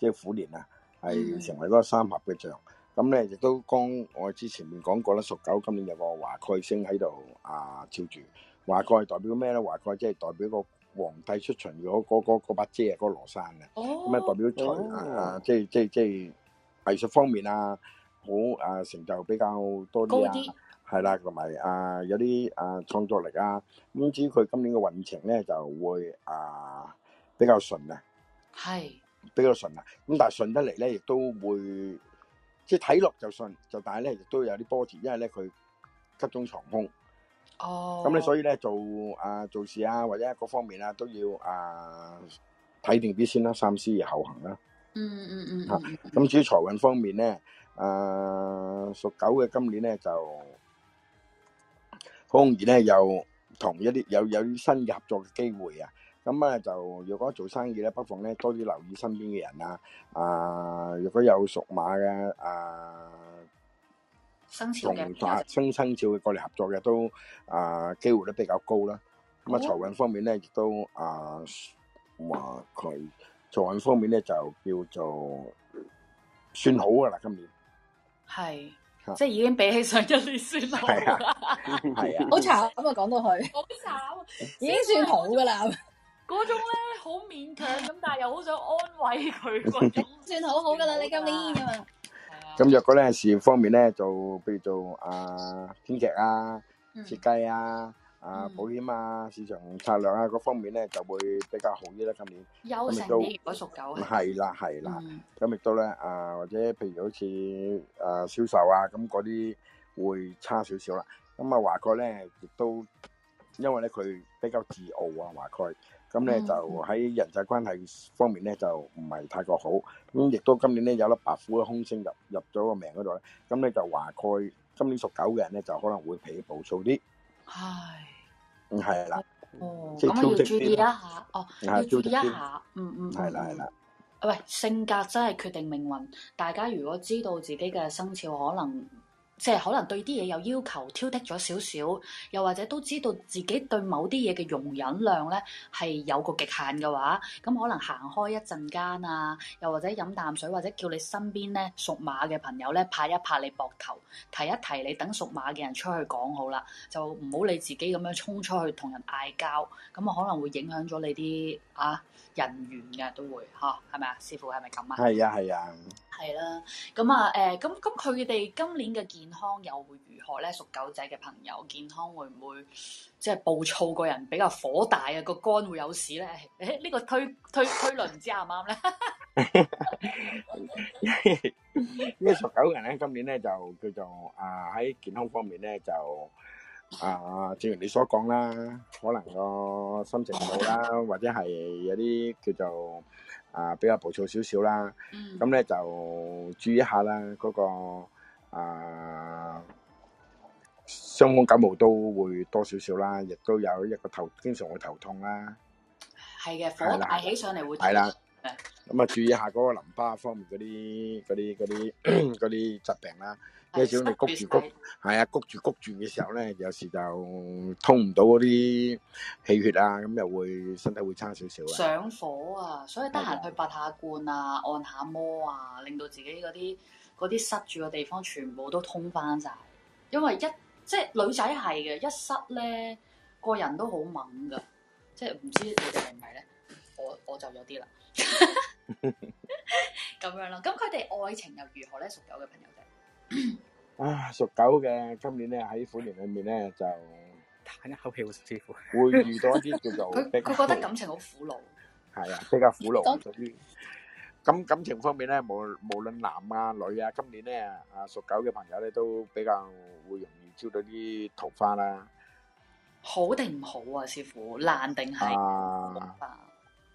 即係虎年啊。係成為嗰個三合嘅象，咁咧亦都剛我之前面講過啦。屬狗今年有個華蓋星喺度啊，照住，華蓋係代表咩咧？華蓋即係代表個皇帝出巡嗰嗰嗰嗰把遮啊，嗰羅山啊，咁啊代表財啊，即係即係即係藝術方面啊，好啊成就比較多啲啊，係啦，同埋啊有啲啊創作力啊，咁至於佢今年嘅運程咧就會啊比較順啊，係。比較順啊，咁但係順得嚟咧，亦都會即係睇落就順，就但係咧亦都有啲波折，因為咧佢吉中藏凶。哦。咁咧，所以咧做啊、呃、做事啊或者各方面啊都要、呃、啊睇定啲先啦，三思而後行啦、啊。嗯嗯嗯。吓、hmm. 啊，咁至於財運方面咧，啊屬狗嘅今年咧就好容易咧又同一啲有有，有新嘅合作嘅機會啊。咁啊，就如果做生意咧，不妨咧多啲留意身邊嘅人啊！啊，如果有屬馬嘅啊，同合生肖嘅過嚟合作嘅都啊，機會都比較高啦。咁啊，財運方面咧亦都啊，話佢財運方面咧就叫做算好噶啦，今年係即係已經比起上一年算好啦，係啊，好慘咁啊，講到去好慘，已經算好噶啦。嗰種咧好勉強咁，但係又好想安慰佢嗰種，算好好噶啦。你今年咁啊，咁若果咧事業方面咧，就譬如做啊編劇啊、設計啊、啊保險啊、市場策略啊嗰方面咧，就會比較好啲啦。今年，咁亦都，如果屬狗，咁係啦係啦，咁亦都咧啊，或者譬如好似啊銷售啊，咁嗰啲會差少少啦。咁啊華蓋咧亦都，因為咧佢比較自傲啊，華蓋。咁咧就喺人際關係方面咧就唔係太過好，咁亦都今年咧有一粒白虎嘅空星入入咗個命嗰度咧，咁咧就話概今年屬狗嘅人咧就可能會脾暴躁啲，係，係啦，哦，咁啊要注意一下，哦，要注意一下，嗯嗯，係啦係啦，啊喂，性格真係決定命運，大家如果知道自己嘅生肖可能。即係可能對啲嘢有要求挑剔咗少少，又或者都知道自己對某啲嘢嘅容忍量咧係有個極限嘅話，咁可能行開一陣間啊，又或者飲啖水，或者叫你身邊咧屬馬嘅朋友咧拍一拍你膊頭，提一提你，等屬馬嘅人出去講好啦，就唔好你自己咁樣衝出去同人嗌交，咁啊可能會影響咗你啲啊人緣嘅都會嚇，係咪啊？是是師父係咪咁啊？係啊係啊。係啦，咁啊，誒，咁咁佢哋今年嘅健康又會如何咧？屬狗仔嘅朋友健康會唔會即係暴躁，個人比較火大啊？個肝會有事咧？誒，呢個推推推論唔知啱唔啱咧？呢個屬狗人咧，今年咧就叫做啊喺、呃、健康方面咧就啊、呃，正如你所講啦，可能個心情唔好啦， 或者係有啲叫做。啊，比較暴躁少少啦，咁咧就注意下啦，嗰個啊，傷風感冒都會多少少啦，亦都有一個頭，經常會頭痛啦。係嘅，火大起上嚟會係啦，咁啊注意下嗰個淋巴方面嗰啲嗰啲嗰啲嗰啲疾病啦。少少你谷住谷，係啊，谷住谷住嘅時候咧，有時就通唔到嗰啲氣血啊，咁又會身體會差少少。上火啊，所以得閒去拔下罐啊，的按下摩啊，令到自己嗰啲嗰啲塞住嘅地方全部都通翻晒。因為一即係女仔係嘅，一塞咧個人都好猛噶，即係唔知你哋係唔係咧？我我就有啲啦，咁樣咯，咁佢哋愛情又如何咧？屬狗嘅朋友。啊，屬狗嘅今年咧喺虎年裏面咧就嘆一口氣，會師會遇到一啲叫做佢佢 覺得感情好苦惱，係啊，比較苦惱嗰啲。咁 感情方面咧，無無論男啊女啊，今年咧啊屬狗嘅朋友咧都比較會容易招到啲桃花啦。好定唔好啊？師傅，爛定係？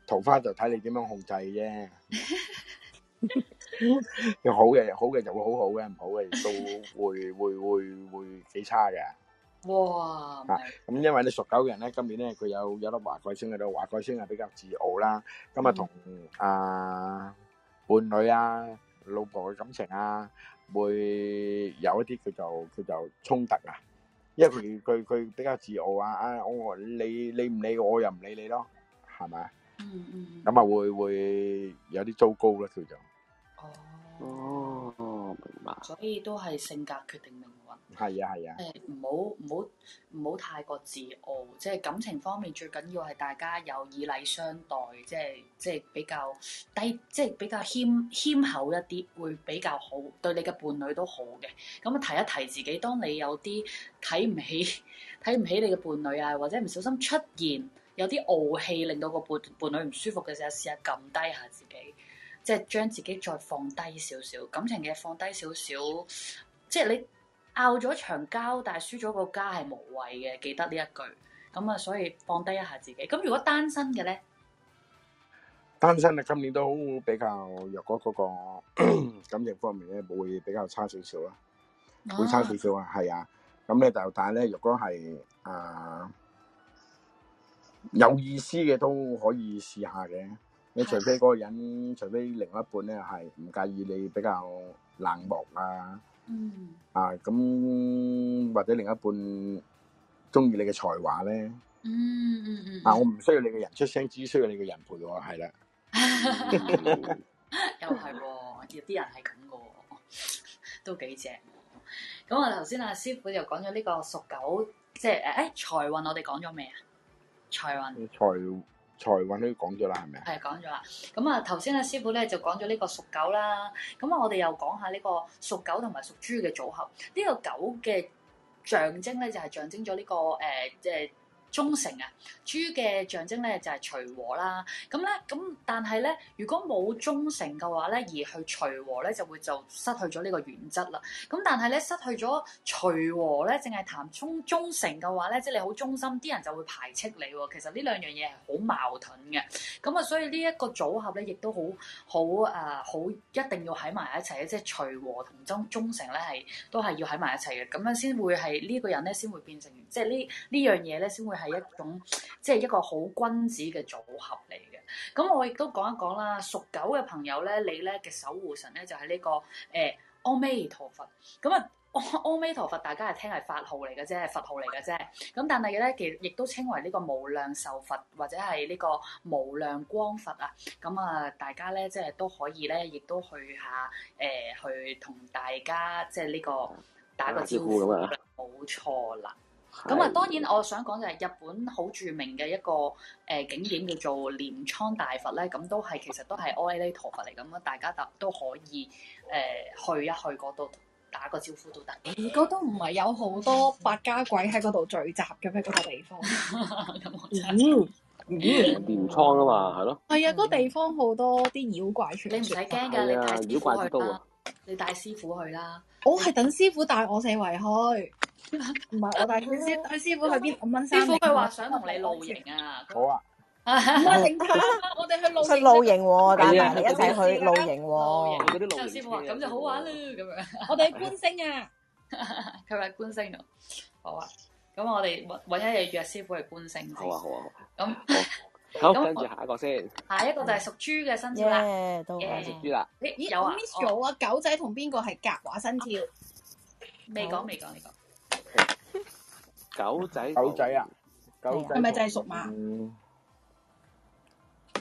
桃花就睇你點樣控制啫。 又好嘅，好嘅就會好好嘅，唔好嘅都會會會會幾差嘅。哇！咁因為你屬狗嘅人咧，今年咧佢有有粒華蓋星喺度，華蓋星係比較自傲啦。咁啊，同啊伴侶啊、老婆嘅感情啊，會有一啲佢就佢就衝突啊，因為佢佢佢比較自傲啊。啊，我你你唔理我，我又唔理你咯，係咪？嗯嗯。咁啊，會會有啲糟糕咯，佢就。哦，哦，明白。所以都係性格決定命運，係啊 Yes, yes.、呃，係啊。誒唔好唔好唔好太過自傲，即係感情方面最緊要係大家有以禮相待，即係即係比較低，即係比較謙謙厚一啲會比較好，對你嘅伴侶都好嘅。咁啊提一提自己，當你有啲睇唔起睇唔 起你嘅伴侶啊，或者唔小心出現有啲傲氣令到個伴伴侶唔舒服嘅時候，試下撳低下。即係將自己再放低少少，感情嘅放低少少，即係你拗咗場交，但係輸咗個家係無謂嘅，記得呢一句。咁啊，所以放低一下自己。咁如果單身嘅咧，單身啊，今年都比較若果嗰、嗰個 感情方面咧，會比較差少少啦，啊、會差少少啊，係啊。咁咧，但係咧，若果係啊有意思嘅，都可以試下嘅。你除非嗰個人，除非另一半咧係唔介意你比較冷漠啊，嗯，啊咁或者另一半鍾意你嘅才華咧，嗯嗯嗯，啊我唔需要你嘅人出聲，只需要你嘅人陪我，係啦，又係喎、哦，有啲人係咁嘅喎，都幾正。咁我頭先阿師傅又講咗呢個屬狗，即係誒財運，我哋講咗未啊？財運。財。財運都講咗啦，係咪啊？係講咗啦。咁啊，頭先啊師傅咧就講咗呢個屬狗啦。咁、嗯、啊，我哋又講下呢個屬狗同埋屬豬嘅組合。呢、這個狗嘅象徵咧，就係、是、象徵咗呢、這個誒，即、呃、係。呃忠誠啊，豬嘅象徵咧就係隨和啦，咁咧咁但係咧，如果冇忠誠嘅話咧，而去隨和咧就會就失去咗呢個原則啦。咁但係咧失去咗隨和咧，淨係談忠忠誠嘅話咧，即係你好忠心，啲人就會排斥你喎。其實呢兩樣嘢係好矛盾嘅。咁啊，所以呢一個組合咧，亦都好好誒，好一定要喺埋一齊咧，即係隨和同忠忠誠咧係都係要喺埋一齊嘅，咁樣先會係呢個人咧先會變成，即係呢呢樣嘢咧先會係。係一種即係一個好君子嘅組合嚟嘅。咁我亦都講一講啦。屬狗嘅朋友咧，你咧嘅守護神咧就係、是、呢、這個誒阿彌陀佛。咁啊，阿彌陀佛，大家係聽係法號嚟嘅啫，佛號嚟嘅啫。咁但係咧，其實亦都稱為呢個無量壽佛，或者係呢個無量光佛啊。咁啊，大家咧即係都可以咧，亦都去下誒、欸、去同大家即係呢、這個打個招呼咁、哎、啊。冇錯啦。咁啊，當然我想講就係日本好著名嘅一個誒景點叫做鐮倉大佛咧，咁都係其實都係阿彌陀佛嚟，咁啊，大家就都可以誒去一去嗰度打個招呼都得。嗰都唔係有好多百家鬼喺嗰度聚集嘅咩個地方，地方？嗯，嗯，鐮倉啊嘛，係咯了。係啊，嗰、嗰個、地方好多啲妖怪出嚟，你唔使驚㗎，了你帶師傅去啦，你帶師傅去啦。我係等師傅帶我四圍去，唔係我帶佢師佢師傅去邊，我問師傅。師傅佢話想同你露營啊。好啊。我哋去露營，我哋一齊去露營。師傅話咁就好玩啦，咁樣。我哋係觀星啊。佢話觀星啊。好啊。咁我哋搵搵一日約師傅去觀星。好啊，好啊。咁。好，跟住下一個先。下一個就係屬豬嘅生肖啦，誒，屬豬啦。咦，有啊？咁 miss 咗啊？狗仔同邊個係夾話生肖？未講未講，你講。狗仔狗仔啊，狗仔。係咪就係屬馬？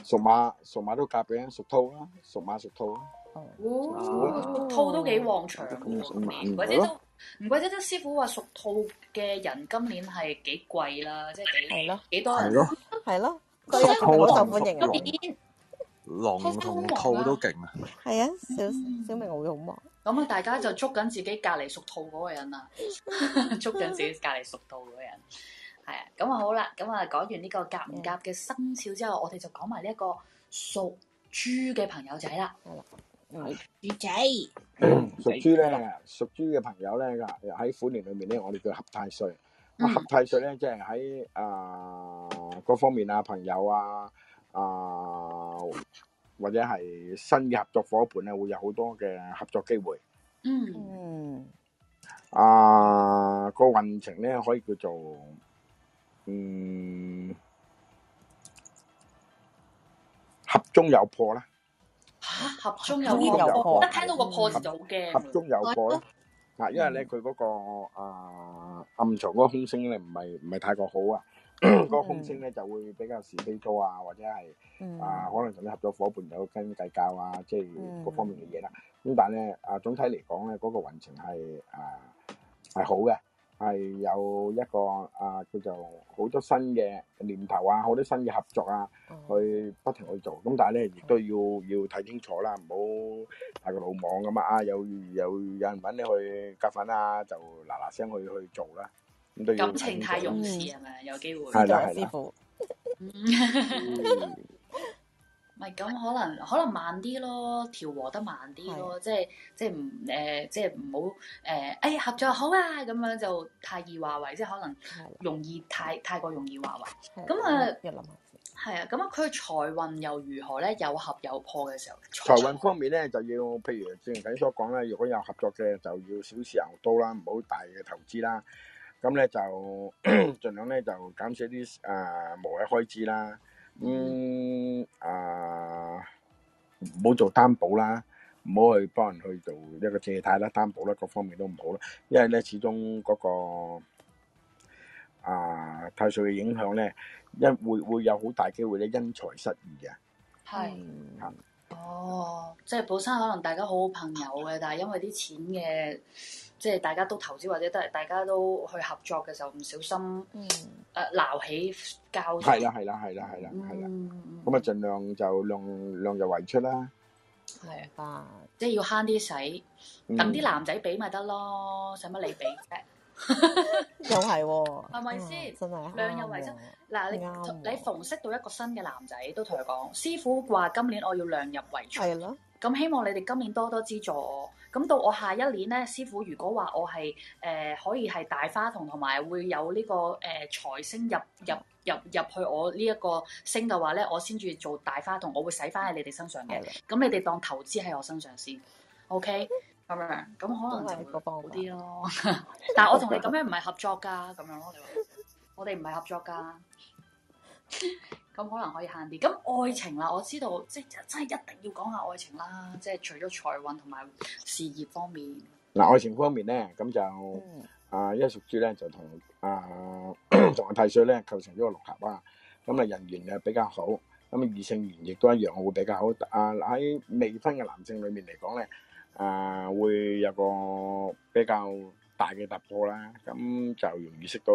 屬馬屬馬都嫁俾屬兔啦，屬馬屬兔啦。哦。哦。屬兔都幾旺場，今年，或者都，唔怪之得師傅話屬兔嘅人今年係幾貴啦，即係幾幾多人，係咯。好對熟兔 受歡迎啊。龍同兔都勁啊！係啊，小，小明我會好忙。咁啊，嗯、大家就捉緊自己隔籬屬兔嗰個人啦，捉 緊自己隔籬屬兔嗰人。係啊，咁啊好啦，咁啊講完呢個夾唔夾嘅生肖之後，我哋就講埋呢一個屬豬嘅朋友仔啦。嗯，豬仔 ，屬豬咧，屬豬嘅朋友咧，喺虎年裏面咧，我哋叫合太歲。合太歲咧，即係喺啊，各方面啊，朋友啊，啊、呃，或者係新嘅合作伙伴咧，會有好多嘅合作機會。嗯。啊、呃，這個運程咧，可以叫做，嗯，合中有破啦。嚇、啊！合中有破，得聽到個破字好驚。合中有破。啊啊，因為咧佢嗰個啊、呃、暗藏嗰個空聲咧，唔係唔係太過好啊，嗰、 嗰個空聲咧就會比較是非多啊，或者係啊、嗯呃，可能甚至合作伙伴有斤計較啊，即係各方面嘅嘢啦。咁、嗯、但咧啊，總體嚟講咧，嗰、嗰個運程係啊係好嘅。係有一個啊，叫做好多新嘅念頭啊，好多新嘅合作啊，oh. 去不停去做。咁但係咧，亦都要要睇清楚啦，唔好太過魯莽咁啊！有有有人揾你去夾粉啊，就嗱嗱聲去去做啦。咁感情太用事係咪有機會？係啦，師傅。咪咁可能可能慢啲咯，調和得慢啲咯，的即係即係唔誒，即係唔好誒，誒、呃呃哎、合作好啊，咁樣就太易化為，即係可能容易太太過容易化為。咁的那麼 啊，係啊，咁、嗯、啊，佢財運又如何咧？有合有破嘅時候。財運方面咧，就要譬如正如緊所講咧，如果有合作嘅，就要少事又多啦，唔好大嘅投資啦。咁咧就儘 量咧就減少啲誒、呃、無謂開支啦。咁啊，唔好、嗯呃、做擔保啦，唔好去幫人去做一個借貸啦、擔保啦，各方面都唔好，啦，因為咧始終嗰、那個啊，太歲嘅影響咧，因會會有好大機會咧因財失義嘅。係是。嗯、哦，對即係本身可能大家好好朋友嘅，但係因為啲錢嘅。即係大家都投資或者都係大家都去合作嘅時候，唔小心誒鬧起交。係啦係啦係啦係啦係啦。咁啊，盡量就量量入為出啦。係啊，即係要慳啲使，等啲男仔俾咪得咯，使乜你俾啫？又係喎，係咪先？真係量入為出。嗱，你你逢識到一個新嘅男仔，都同佢講：師傅話今年我要量入為出。係咯。咁希望你哋今年多多資助我。咁到我下一年咧，師傅如果話我係誒、呃、可以係大花童，同埋會有呢、這個誒、呃、財星入入入入去我呢一個星嘅話咧，我先至做大花童，我會使翻喺你哋身上嘅。咁你哋當投資喺我身上先，OK 咁樣咁可能就會覺得好啲咯。 但係我同你咁樣唔係合作㗎，咁樣咯，我哋唔係合作㗎。 咁可能可以慳啲。咁愛情啦，我知道即係真係一定要講下愛情啦。即係除咗財運同埋事業方面，嗱愛情方面咧，咁就、嗯、啊，因為屬豬咧就同啊同個太歲咧構成咗個六合啊。咁、嗯、啊人緣又比較好，咁啊異性緣亦都一樣會比較好。啊喺未婚嘅男性裏面嚟講咧，啊會有個比較大嘅突破啦。咁、嗯、就容易識到。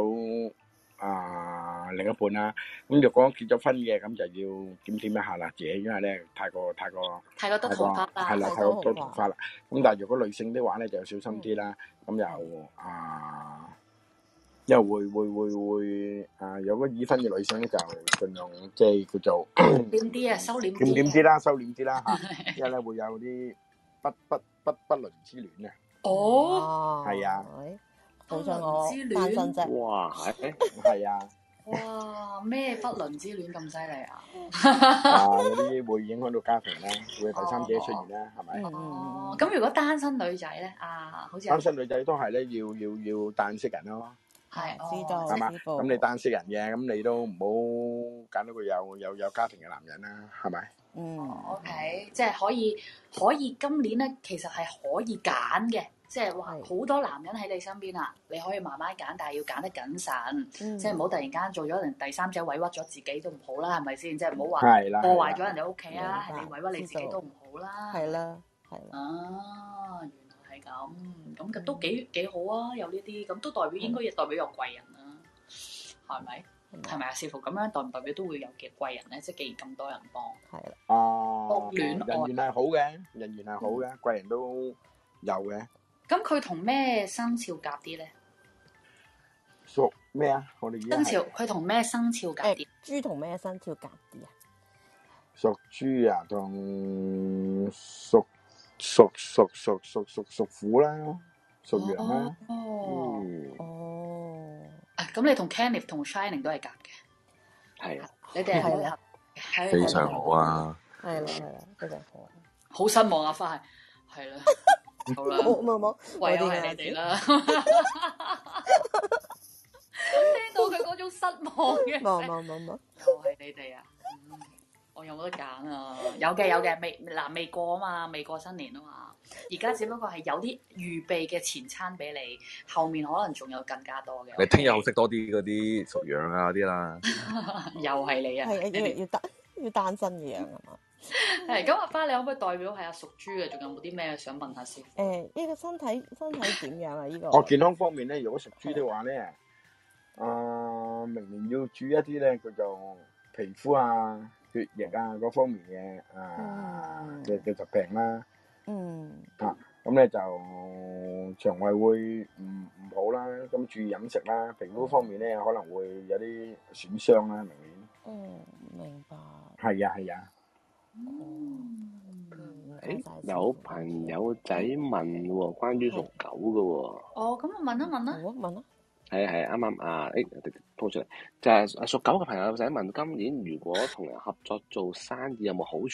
啊，另一半啦，咁若果結咗婚嘅，咁就要檢點一下啦，自己，因為咧太過太過太過得桃花啦，係啦，太過得桃花啦。咁但係如果女性的話咧，就要小心啲啦。咁又啊，又會會會會啊，有個已婚嘅女性咧，就盡量即係叫做點啲啊，收斂點，收斂啲啦，收斂啲啦吓，因為咧會有啲不不不不倫之戀啊。哦，係啊。好彩我單身啫！哇，係啊！哇，咩不倫之戀咁犀利啊！啊，啲會影響到家庭咧，會有第三者出現咧，係咪？哦，咁如果單身女仔咧，啊，好似單身女仔都係咧，要要要單識人咯。係，知道。係嘛？咁你單識人嘅，咁你都唔好揀到佢有有有家庭嘅男人啦，係咪？嗯，OK，即係可以，可以今年咧，其實係可以揀嘅。即係話好多男人喺你身邊啊，你可以慢慢揀，但係要揀得謹慎，即係唔好突然間做咗人第三者，委屈咗自己都唔好啦，係咪先？即係唔好話破壞咗人哋屋企啊，係你委屈你自己都唔好啦。係啦，係啦。啊，原來係咁，咁嘅都幾幾好啊！有呢啲咁都代表應該亦代表有貴人啦，係咪？係咪啊？師父，咁樣代唔代表都會有嘅貴人咧？即係既然咁多人幫，係啦。哦，人緣係好嘅，人緣係好嘅，貴人都有嘅。咁佢同咩生肖夾啲咧？屬咩、欸、啊？我哋生肖佢同咩生肖夾啲？豬同咩生肖夾啲啊？屬豬啊，同屬屬屬屬屬屬屬虎啦，屬羊啦、哦。哦哦。咁、嗯、你同 Kenneth 同 Shining 都係夾嘅。係啊、嗯。的你哋係啦。非常好啊。係啦，係啦，非常好。好失望啊，花係。係啦。 好啦，冇冇冇，維係你哋啦。聽到佢嗰種失望嘅，冇冇冇冇，又係你哋啊！我有冇得揀啊？有嘅有嘅，未嗱未過啊嘛，未過新年啊嘛，而家只不過係有啲預備嘅前餐俾你，後面可能仲有更加多嘅。OK？你聽日好食多啲嗰啲熟養啊啲啦，又係你啊！ 你要要單要單身嘅樣啊嘛！嗯係咁，阿花、 嗯，你可唔可以代表係啊？屬豬嘅，仲有冇啲咩想問下先？誒，呢個身體身體點樣啊？呢、這個哦、啊，健康方面咧，如果屬豬的話咧，啊、呃，明年要注意一啲咧，叫做皮膚啊、血液啊嗰方面嘅啊嘅嘅疾病啦。嗯。啊，咁咧就腸胃會唔唔好啦，咁注意飲食啦，皮膚方面咧可能會有啲損傷啦，明年。嗯，明白。係啊，係啊。誒，有朋友仔問喎，關於屬狗嘅喎。哦，咁我問一、啊、問啦、啊嗯啊啊欸。我問啦。係啊係，啱啱啊，誒，拖出嚟就係屬狗嘅朋友仔問，今年如果同人合作做生意有冇好處？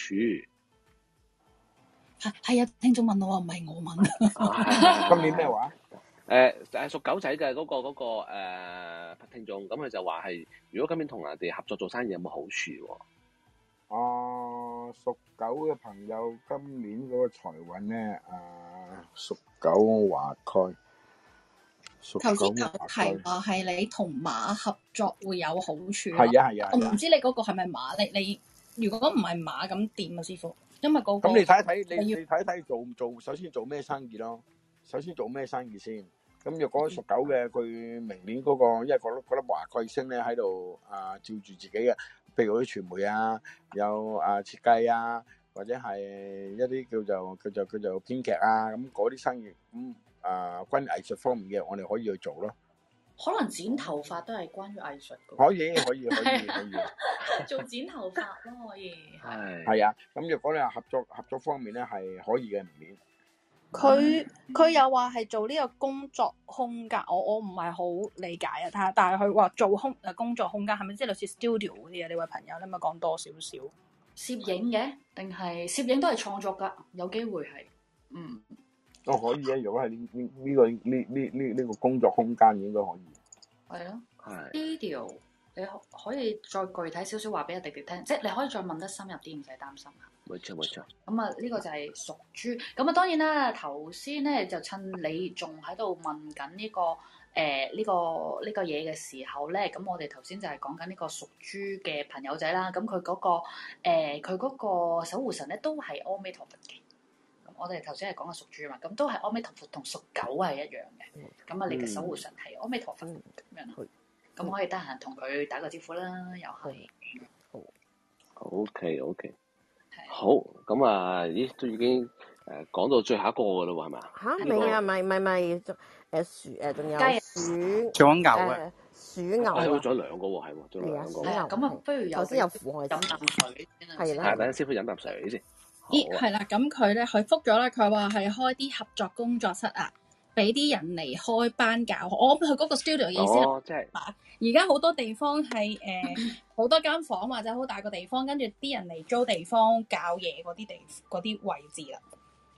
係係啊，聽眾問我唔係我問。 啊、今年咩話？誒誒、欸，屬狗仔嘅嗰、嗰個、嗰、嗰個、誒、嗰個呃、聽眾，咁佢就話，係如果今年同人哋合作做生意有冇好處？哦、嗯。我屬狗嘅朋友今年嗰個財運咧，啊，屬狗，我話開，屬狗係話係你同馬合作會有好處。係啊係啊，我唔知你嗰個係咪馬咧？你如果唔係馬咁掂啊？師傅，因為嗰個咁你睇一睇，你你睇一睇做做，首先做咩生意咯？首先做咩生意先？咁若、嗯、果熟狗嘅，MM.，佢明年嗰個，因為覺得覺得華貴星咧喺度啊，照住自己嘅，啊，譬如啲傳媒啊，有啊設計啊，或者係一啲叫做叫做叫做編劇啊，咁嗰啲生意咁啊，嗯呃，關於藝術方面嘅，我哋可以去做咯，啊。可能剪頭髮都係關於藝術。可以可以可以可以。可以可以 做剪頭髮都可以。係。係啊，咁，嗯、若果你話合作合作方面咧，係 uk man, 了，嗯、可以嘅明年。佢佢又話係做呢個工作空間，我我唔係好理解啊。但係但係佢話做空誒工作空間係咪即係類似 studio 嗰啲啊？你位朋友咧咪講多少少攝影嘅，定係攝影都係創作㗎，有機會係嗯，都可以啊。如果係呢呢個呢呢呢呢個工作空間應該可以係咯。studio，你可以再具體少少話俾阿迪迪聽，即係你可以再問得深入啲，唔使擔心。冇錯，冇錯。咁啊，呢、嗯這個就係屬豬。咁啊，當然啦，頭先咧就趁你仲喺度問緊、這、呢個誒呢、呃這個呢、這個嘢嘅時候咧，咁我哋頭先就係講緊呢個屬豬嘅朋友仔啦。咁佢嗰個誒佢嗰個守護神咧都係阿彌陀佛嘅。咁我哋頭先係講緊屬豬啊嘛，咁都係阿彌陀佛同屬狗係一樣嘅。咁啊、嗯，你嘅守護神係阿彌陀佛咁、嗯、樣咯。咁可以得閒同佢打個招呼啦，又係。好。O K，O K。好，咁啊，咦，都已經誒講、嗯、到最後一個噶啦喎，係咪啊？嚇，未啊，咪咪咪，誒鼠，誒仲有鼠，仲有牛啊、呃，鼠牛。我睇到咗兩個喎，係，仲有兩個。咁啊，有不如頭先有副愛子飲啖水先啦。係啦，係咪先？師傅飲啖水先。啲係啦，咁佢咧，佢覆咗啦，佢話係開啲合作工作室啊。俾啲人嚟開班教，我估係嗰個 studio 嘅意思。哦，即係，而家好多地方係誒，好多間房或者好大個地方，跟住啲人嚟租地方教嘢嗰啲地啲位置啦。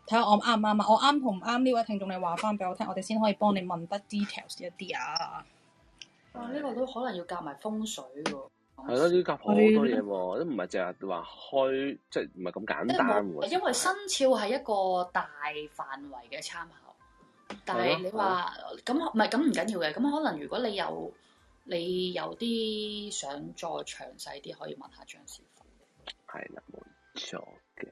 睇下我啱唔啱啊？我啱同唔啱呢位聽眾，你話翻俾我聽，我哋先可以幫你問得 details 一啲啊。啊，呢個都可能要夾埋風水噶。係咯，要夾好多嘢，都唔係淨係話開，即係唔係咁簡單。因為生肖係一個大範圍嘅參考。但係你話咁唔係咁唔緊要嘅，咁可能如果你有、嗯、你有啲想再詳細啲，可以問下張師傅。係啦，冇錯嘅，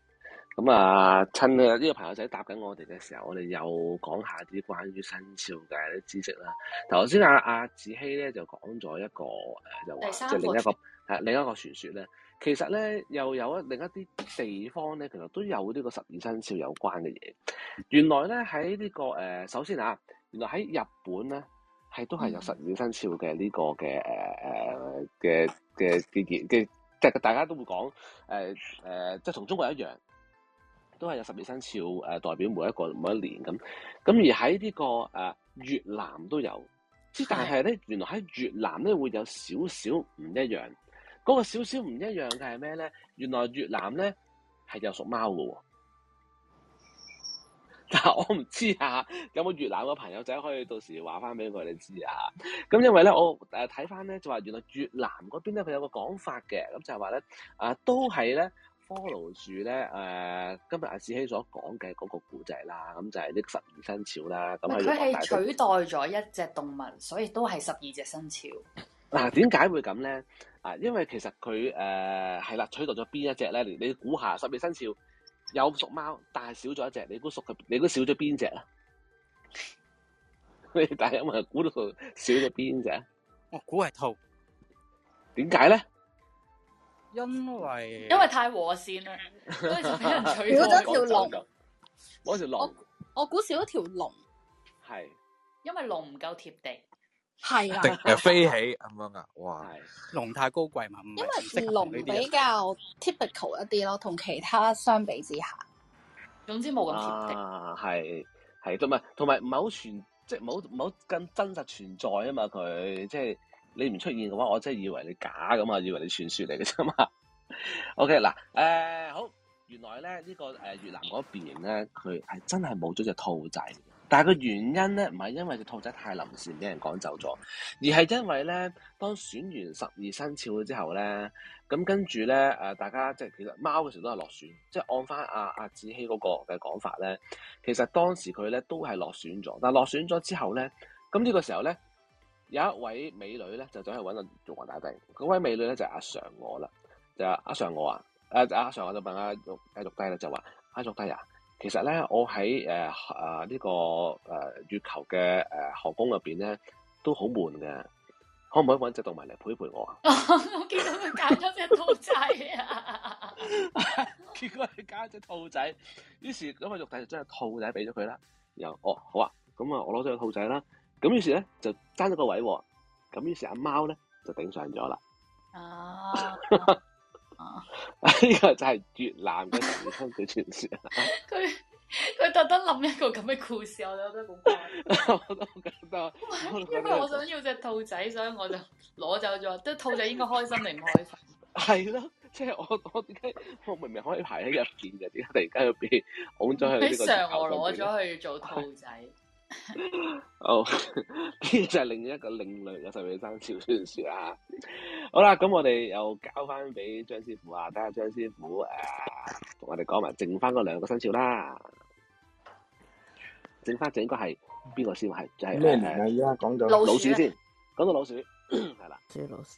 咁啊，趁呢個朋友仔答緊我哋嘅時候，我哋又講下啲關於生肖嘅知識啦。頭先阿阿子希咧，就講咗一個誒，就話即係另一個誒，另一個傳說咧。其實咧，又有一另一啲地方咧，其實都有呢個十二生肖有關嘅嘢。原來咧喺呢、這個誒、呃，首先啊，原來喺日本咧，係都係有十二生肖嘅呢、這個嘅誒誒嘅嘅嘅嘅，即、呃、係大家都會講誒誒，即係同中國一樣，都係有十二生肖誒、呃，代表每一個每一年咁。咁而喺呢、這個誒、呃、越南都有，之但係咧，的原來喺越南咧會有少少唔一樣。嗰個少少唔一樣嘅係咩咧？原來越南咧係有屬貓嘅喎、哦，但係我唔知啊。有冇越南嘅朋友仔可以到時話翻俾我哋知啊？咁因為咧，我誒睇翻咧就話原來越南嗰邊咧佢有個講法嘅，咁就係話咧啊都係咧 follow 住咧誒今日阿紫僖所講嘅嗰個古仔啦，咁、嗯、就係呢十二生肖啦。咁佢係取代咗一隻動物，所以都係十二隻生肖。嗱、嗯，點解會咁咧？啊，因為其實佢誒係啦，取代咗邊一隻咧？你你估下，十二生肖有屬貓，但係少咗一隻，你估屬嘅，你估少咗邊隻啊？你大家咪估到少咗邊隻？我估係兔，點解咧？因為因為太和善啦，俾人取代咗條龍。我我估少咗條龍，係因為龍唔夠貼地。係啊，又、啊、飛起咁樣噶，哇！龍太高貴嘛，不不因為龍比較 typical 一啲咯，同其他相比之下，總之冇咁貼。啊，係係同埋同埋唔係好存，即係唔好唔好咁真實存在啊嘛。佢即係你唔出現嘅話，我真係以為你假咁啊，以為你傳說嚟嘅啫嘛。O K 嗱，誒、呃、好，原來咧呢、這個誒越南嗰邊咧，佢係真係冇咗隻兔仔。但係個原因咧，唔係因為隻兔仔太臨時唔俾人趕走咗，而係因為咧，當選完十二生肖之後咧，咁跟住咧，誒大家即係其實貓嘅時候都係落選，即係按返阿阿紫僖嗰個嘅講法咧，其實當時佢咧都係落選咗。但係落選咗之後咧，咁呢個時候咧，有一位美女咧就走去揾個玉皇大帝。嗰位美女咧就係阿嫦娥啦，就話阿嫦娥啊，阿阿嫦娥就問阿玉誒玉帝啦，就話阿玉帝啊。其實咧，我喺誒誒呢個誒月球嘅誒後宮入邊咧，都好悶嘅，可唔可以搵隻動物嚟陪陪我啊？我見到佢揀咗隻兔仔啊！結果佢揀咗隻兔仔，於是咁啊玉帝就將隻兔仔俾咗佢啦。然後哦好啊，咁啊我攞咗個兔仔啦。咁於是咧就爭咗個位喎。咁於是阿貓咧就頂上咗啦。啊！呢個就係越南嘅民間嘅傳說。佢佢特登諗一個咁嘅故事，我得好我都覺得覺得， 因為我想要隻兔仔，所以我就攞走咗。即兔仔應該開心定唔開心？係咯， 即係我我點解我明，明明可以排喺入邊嘅，點解突然間要俾拱咗去個呢個？你 上我攞咗去做兔仔。 好，呢就係另一個另類嘅十二生肖傳說啦。好啦，咁我哋又交翻俾張師傅啊，睇下張師傅誒，同我哋講埋，剩翻嗰兩個生肖啦。剩翻就應該係邊個先係？咩名啊？依家講到老鼠先，講到老鼠係啦。鼠老鼠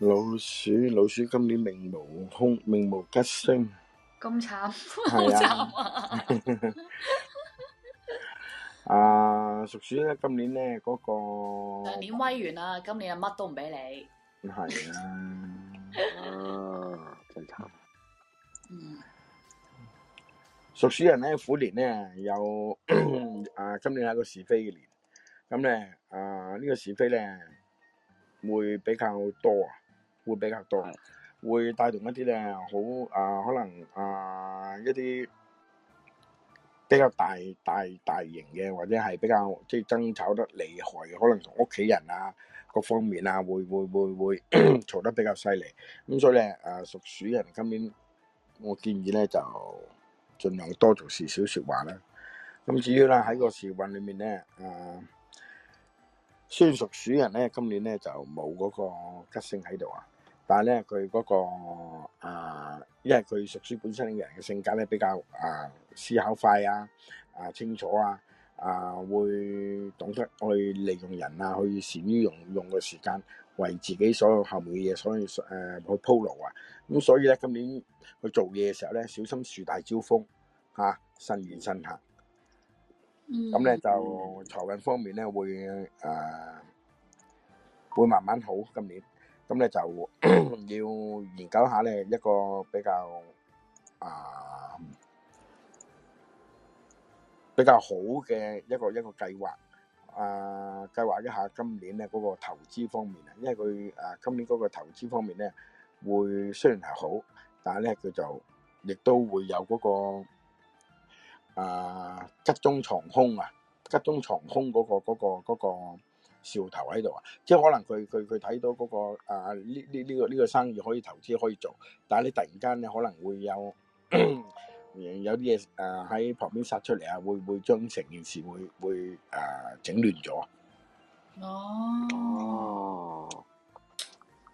老鼠老鼠今年命無空，命無吉星，咁慘，好慘啊！啊，屬鼠咧，今年咧嗰個上年威完 啊，今年啊乜都唔俾你，係啊，真慘。嗯，屬鼠人咧，虎年咧有啊，今年係一個是非嘅年，咁咧啊呢，這個是非咧會比較多啊，會比較多，會，多的會帶動一啲咧好啊，可能啊一啲。比較大大大型嘅，或者係比較即係爭吵得厲害，可能同屋企人啊，各方面啊，會會會會嘈 得比較犀利。咁所以咧，啊屬鼠人今年我建議咧就盡量多做事少說話啦。咁至於咧喺個時運裏面咧，誒、呃，雖然屬鼠人咧今年咧就冇嗰個吉星喺度啊。但係咧，佢嗰、那個啊、呃，因為佢屬鼠本身嘅人嘅性格咧，比較啊、呃、思考快啊，啊、呃、清楚啊，啊、呃、會懂得去利用人啊，去善於用用嘅時間為自己所有後面嘅嘢、呃啊嗯，所以誒去鋪路啊。咁所以咧，今年去做嘢嘅時候咧，小心樹大招風，吓慎言慎行。咁咧就財運方面咧會誒、呃、會慢慢好，今年。咁咧就要研究下咧，一個比較啊，比較好嘅一個一個計劃啊，計劃一下今年咧嗰個投資方面啊，因為佢啊今年嗰個投資方面咧會雖然係好，但係咧佢就亦都會有嗰個啊吉中藏凶啊，吉中藏凶嗰個嗰個嗰個。兆頭喺度、那個、啊，即係可能佢佢佢睇到嗰個誒呢呢呢個呢個生意可以投資可以做，但係你突然間咧可能會有咳咳有啲嘢誒喺旁邊殺出嚟啊，會唔會將成件事會會誒、啊、整亂咗啊。哦，哦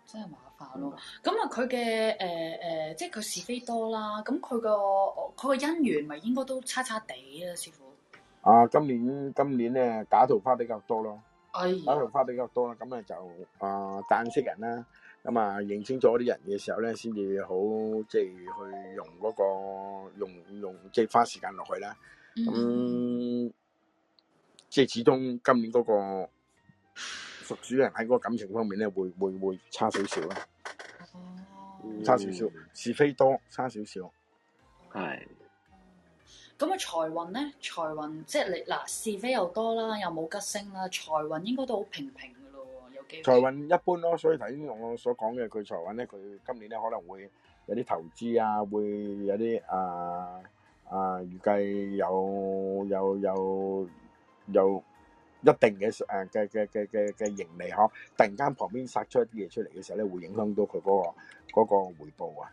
真係麻煩咯。咁啊、嗯，佢嘅誒誒，即係佢是非多啦。咁佢個佢個姻緣咪應該都差差哋啊，師傅。啊，今年今年咧假桃花比較多咯。打電、哎、花比較多啦，咁咧就、呃、啊，單識人啦，咁啊認清楚啲人嘅時候咧，先至好，即係去用嗰、那個用用，用即係花時間落去啦。咁、嗯嗯、即係始終今年嗰個屬豬人喺嗰個感情方面咧，會會會差少少啦，差少少、嗯、是非多，差少少，係。咁啊，財運咧，財運即係你嗱、啊、是非又多啦，又冇吉星啦，財運應該都好平平嘅咯，有機會。財運一般咯，所以睇我所講嘅佢財運咧，佢今年咧可能會有啲投資啊，會有啲啊啊預計有有有有一定嘅誒嘅嘅嘅嘅嘅盈利嗬、啊，突然間旁邊殺出一啲嘢出嚟嘅時候咧，會影響到佢嗰、嗰個嗯、個回報啊。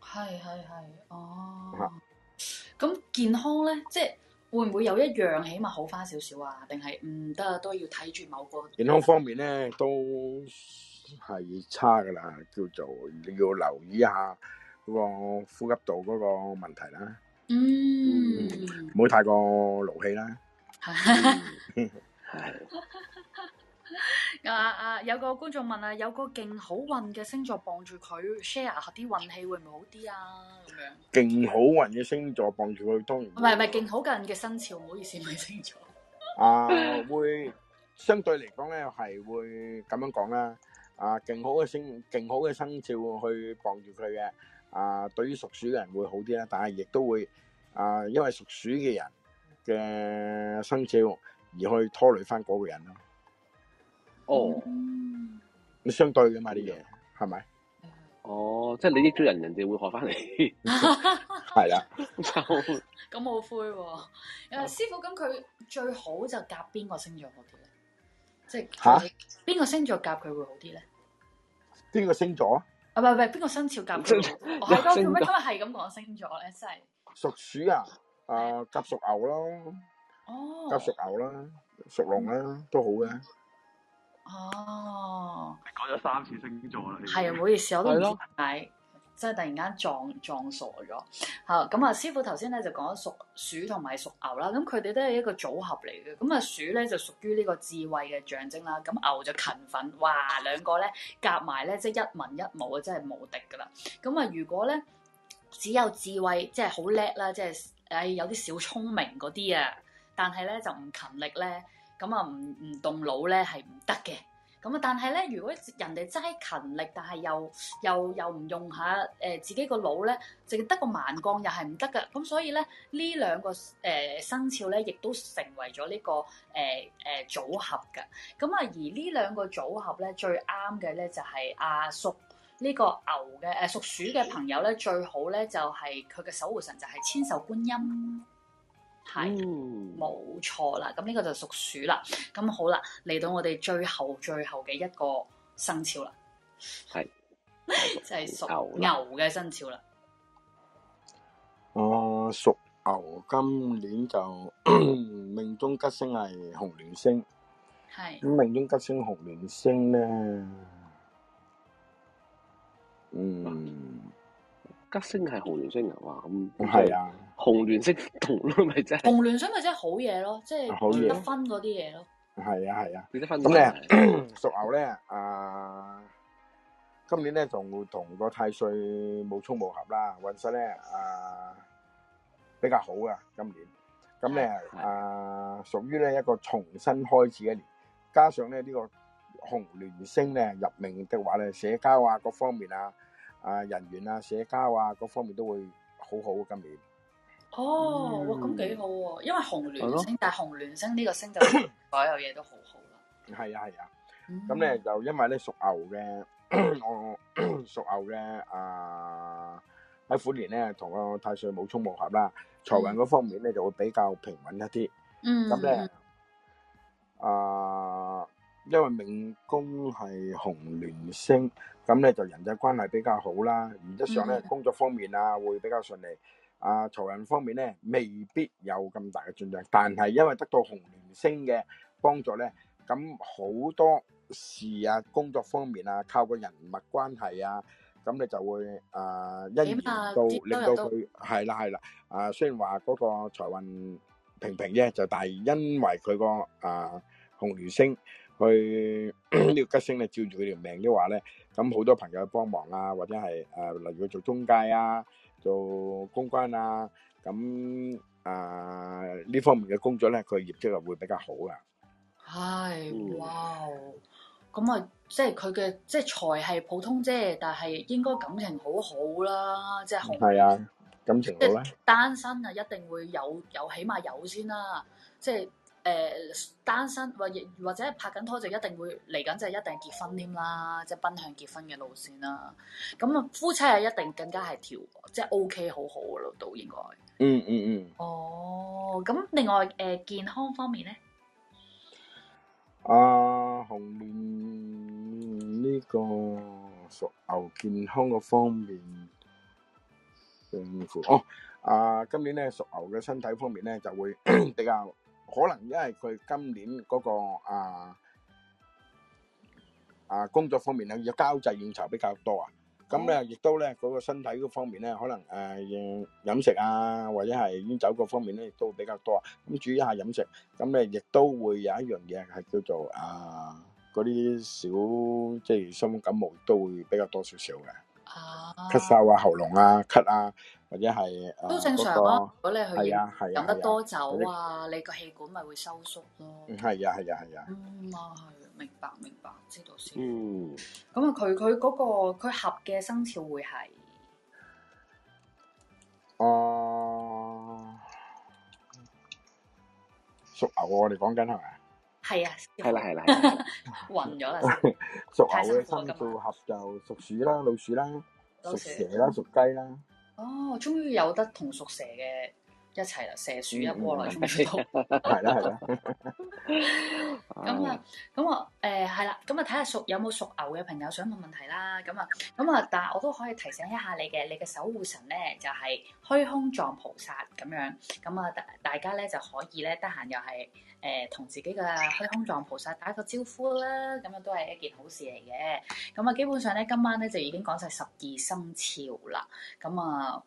係係係，哦。咁健康咧，即係會唔會有一樣起碼好翻少少啊？定係唔得都要睇住某個健康方面咧，都係差噶啦，叫做你要留意一下嗰個呼吸道嗰個問題啦。嗯，唔好、嗯、太過勞氣啦。係。 啊啊！有個觀眾問啊，有個勁好運嘅星座傍住佢，share 下啲運氣會唔會好啲啊？咁樣勁好運嘅星座傍住佢，當然唔係唔係勁好嘅人嘅生肖，唔好意思唔係星座 啊。會相對嚟講咧，係會咁樣講啦。啊，勁好嘅星，勁好嘅生肖去傍住佢嘅啊，對於屬鼠嘅人會好啲啦。但係亦都會啊，因為屬鼠嘅人嘅生肖而去拖累翻嗰個人咯。哦，你相對嘅買啲嘢，係咪？哦，即係你益咗人，人哋會學翻你，係啦。咁好，咁好灰。誒，師傅，咁佢最好就夾邊個星座好啲咧？即係吓，邊個星座夾佢會好啲咧？邊個星座？啊，唔係唔係，邊個生肖夾佢？我係講咩？今日係咁講星座咧，即係屬鼠啊，啊，夾屬牛咯，哦，夾屬牛啦，屬龍啦，都好嘅。哦，講咗、oh. 三次星座啦，係唔好意思，我都唔知點解，即係的突然間撞撞傻咗。嚇，咁啊，師傅頭先咧就講咗屬鼠同埋屬牛啦，咁佢哋都係一個組合嚟嘅。咁啊，鼠咧就屬於呢個智慧嘅象徵啦，咁牛就勤奮，哇，兩個咧夾埋咧，即一文一武啊，真係冇敵噶啦。咁啊，如果咧只有智慧，即係好叻啦，即係誒有啲小聰明嗰啲啊，但係咧就唔勤力咧。咁啊，唔唔、嗯、動腦咧，係唔得嘅。咁、嗯、啊，但係咧，如果人哋齋勤力，但係又又又唔用下誒、呃、自己腦呢個腦咧，淨得個慢降又係唔得噶。咁所以咧，呢兩個誒、呃、生肖咧，亦都成為咗呢、這個誒誒、呃呃、組合噶。咁、嗯、啊，而呢兩個組合咧，最啱嘅咧就係啊，屬呢個牛嘅誒屬鼠嘅朋友咧，最好咧就係佢嘅守護神就係千手觀音。係，冇錯啦。咁、hmm. 呢個就屬鼠啦。咁好啦，嚟到我哋最後最後嘅一個生肖啦，係是， 就係屬牛嘅生肖啦。我屬、呃、牛，今年就命中吉星係紅鸞星。係咁 命中吉星紅鸞星咧是，嗯。吉星係紅鸞星啊！哇、嗯，咁係啊，嗯嗯、紅鸞星同咯，咪即係紅鸞星咪即係好嘢咯，即係得分嗰啲嘢咯。係啊，係啊。點得分嘅？咁咧，屬牛咧，啊，今年咧同同個太歲冇衝冇合啦，運勢咧啊比較好啊，今年。咁咧啊，啊啊屬於咧一個重新開始嘅年，加上咧呢個紅鸞星咧入命的話咧，社交啊，各方面啊。啊，人緣啊，社交啊，各方面都會好好今年。哦，咁幾好喎，因為紅鸞星，但係紅鸞星呢個星就所有嘢都好好啦。係啊係，啊，咁咧就因為咧屬牛嘅，我屬牛嘅啊，喺虎年咧同個太歲冇衝冇合啦，財運嗰方面咧就會比較平穩一啲。嗯，咁咧啊。因為命宮係紅鸞星，咁咧就人際關係比較好啦。原則上咧，的工作方面啊會比較順利。啊，財運方面咧未必有咁大嘅進章，但係因為得到紅鸞星嘅幫助咧，咁好多事啊，工作方面啊，靠個人脈關係啊，咁你就會啊姻緣到、啊、令到佢係啦，係啦。啊，雖然話嗰個財運平平啫，就但係因為佢個啊紅鸞星。去呢個吉星咧，照住佢條命嘅話咧，咁好多朋友幫忙啊，或者係誒，例如佢做中介啊，做公關啊，咁誒呢方面嘅工作咧，佢業績係會比較好噶。係哇，咁啊，即係佢嘅即係財係普通啫，但係應該感情好好啦，即係紅。係啊，感情好咧。單身啊，一定會有有，起碼有先啦，即係。誒、呃、單身或者或者拍緊拖就一定會嚟緊，就一定結婚添啦，即、就、係、是、奔向結婚嘅路線啦。咁啊，夫妻啊一定更加係調，即係 O K，好好嘅咯，都應該。嗯嗯嗯。嗯嗯哦，咁另外誒、呃、健康方面咧，啊、呃，紅蓮呢、這個屬牛健康嘅方面，辛苦哦。啊、呃，今年咧屬牛嘅身體方面咧就會 比較。可能因為佢今年嗰個啊啊工作方面咧要交際應酬比較多啊，咁咧亦都咧嗰個身體嗰方面咧可能誒飲食啊或者係煙酒嗰方面咧亦都比較多啊，咁注意下飲食，咁咧亦都會有一樣嘢係叫做啊嗰啲小即係傷風感冒都會比較多少少嘅，咳嗽啊喉嚨啊咳啊。或者係都正常咯。如果你去飲得多酒啊，你個氣管咪會收縮咯。係啊，係啊，係啊。咁啊，係明白明白，知道先。嗯。咁啊，佢佢嗰個佢合嘅生肖會係哦，屬牛。我哋講緊係咪啊？係啊，係啦，係啦，暈咗啦。屬牛嘅生肖合就屬鼠啦、老鼠啦、屬蛇啦、屬雞啦。哦，oh，終於有得同屬蛇嘅一齊啦，蛇鼠一窩嚟。係係啦。咁啊，咁啊，誒係啦，咁啊睇下屬有冇屬牛嘅朋友想問問題啦。咁啊，咁啊，但係我都可以提醒一下你嘅，你嘅守護神咧就係、是、虛空藏菩薩咁樣。咁啊，大大家咧就可以咧得閒又係誒同自己嘅虛空藏菩薩打個招呼啦。咁啊，都係一件好事嚟嘅。咁啊，基本上咧今晚咧就已經講晒十二生肖啦。咁啊，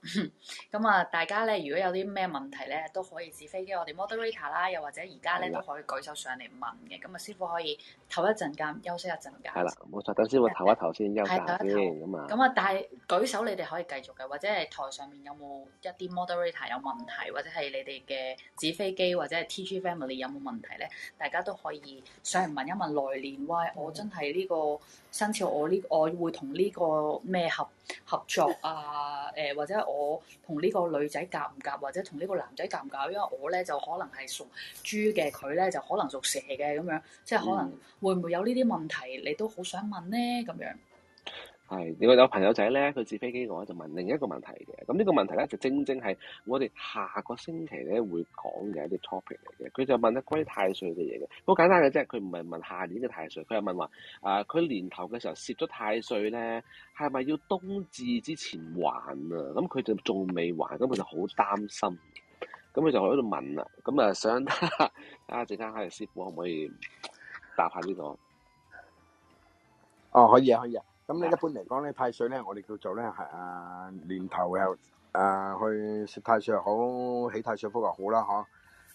咁啊，大家咧如果有啲咩問題咧都可以紙飛機我哋 moderator 啦，又或者而家咧都可以舉手上嚟問嘅，咁啊師傅可以唞一陣間休息一陣間，係啦的，冇錯，等先我唞一唞先，休息一的先休息一。咁啊的的，但係舉手你哋可以繼續嘅，或者係台上面有冇一啲 moderator 有問題，或者係你哋嘅紙飛機或者係 TG family 有冇問題咧？大家都可以上嚟問一問來年喂，嗯、我真係呢、這個生肖我呢、這個，我會同呢個咩合合作啊？誒 或者我同呢個女仔夾唔夾或者同呢？呢個男仔搞唔搞，因為我咧就可能係屬豬嘅，佢咧就可能屬蛇嘅咁樣，即係可能會唔會有呢啲問題？你都好想問咧咁樣。係，我有朋友仔咧，佢折飛機嘅話就問另一個問題嘅。咁呢個問題咧就正正係我哋下個星期咧會講嘅一啲 topic 嚟嘅。佢就問一關於太歲嘅嘢嘅，好簡單嘅啫。佢唔係問下年嘅太歲，佢係問話，啊、呃、佢年頭嘅時候攝咗太歲咧，係咪要冬至之前還啊？咁佢就仲未還，咁佢就好擔心。咁佢就喺度問啦，咁啊想睇下啊，陣間阿師傅可唔可以答下呢、呢個？哦，可以啊，可以啊。咁咧一般嚟講咧，太歲咧，我哋叫做咧係啊年頭又啊去食太歲又好，起太歲福又好啦嗬。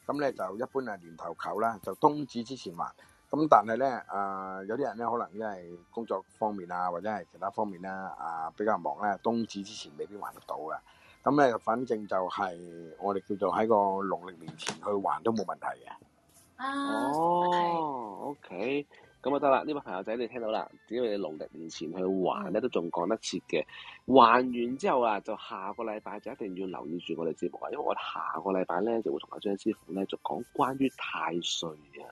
咁咧就一般係年頭求啦，就冬至之前還。咁但係咧啊有啲人咧可能因為工作方面啊，或者係其他方面啦啊、呃、比較忙咧，冬至之前未必還得到嘅。咁咧反正就係我哋叫做喺個農曆年前去還都冇問題嘅。哦、oh, OK。咁就得啦，呢位朋友仔你聽到啦，只要你農曆年前去還咧，都仲講得切嘅。還完之後啊，就下個禮拜就一定要留意住我哋節目啊，因為我下個禮拜咧就會同阿張師傅咧就講關於太歲嘅。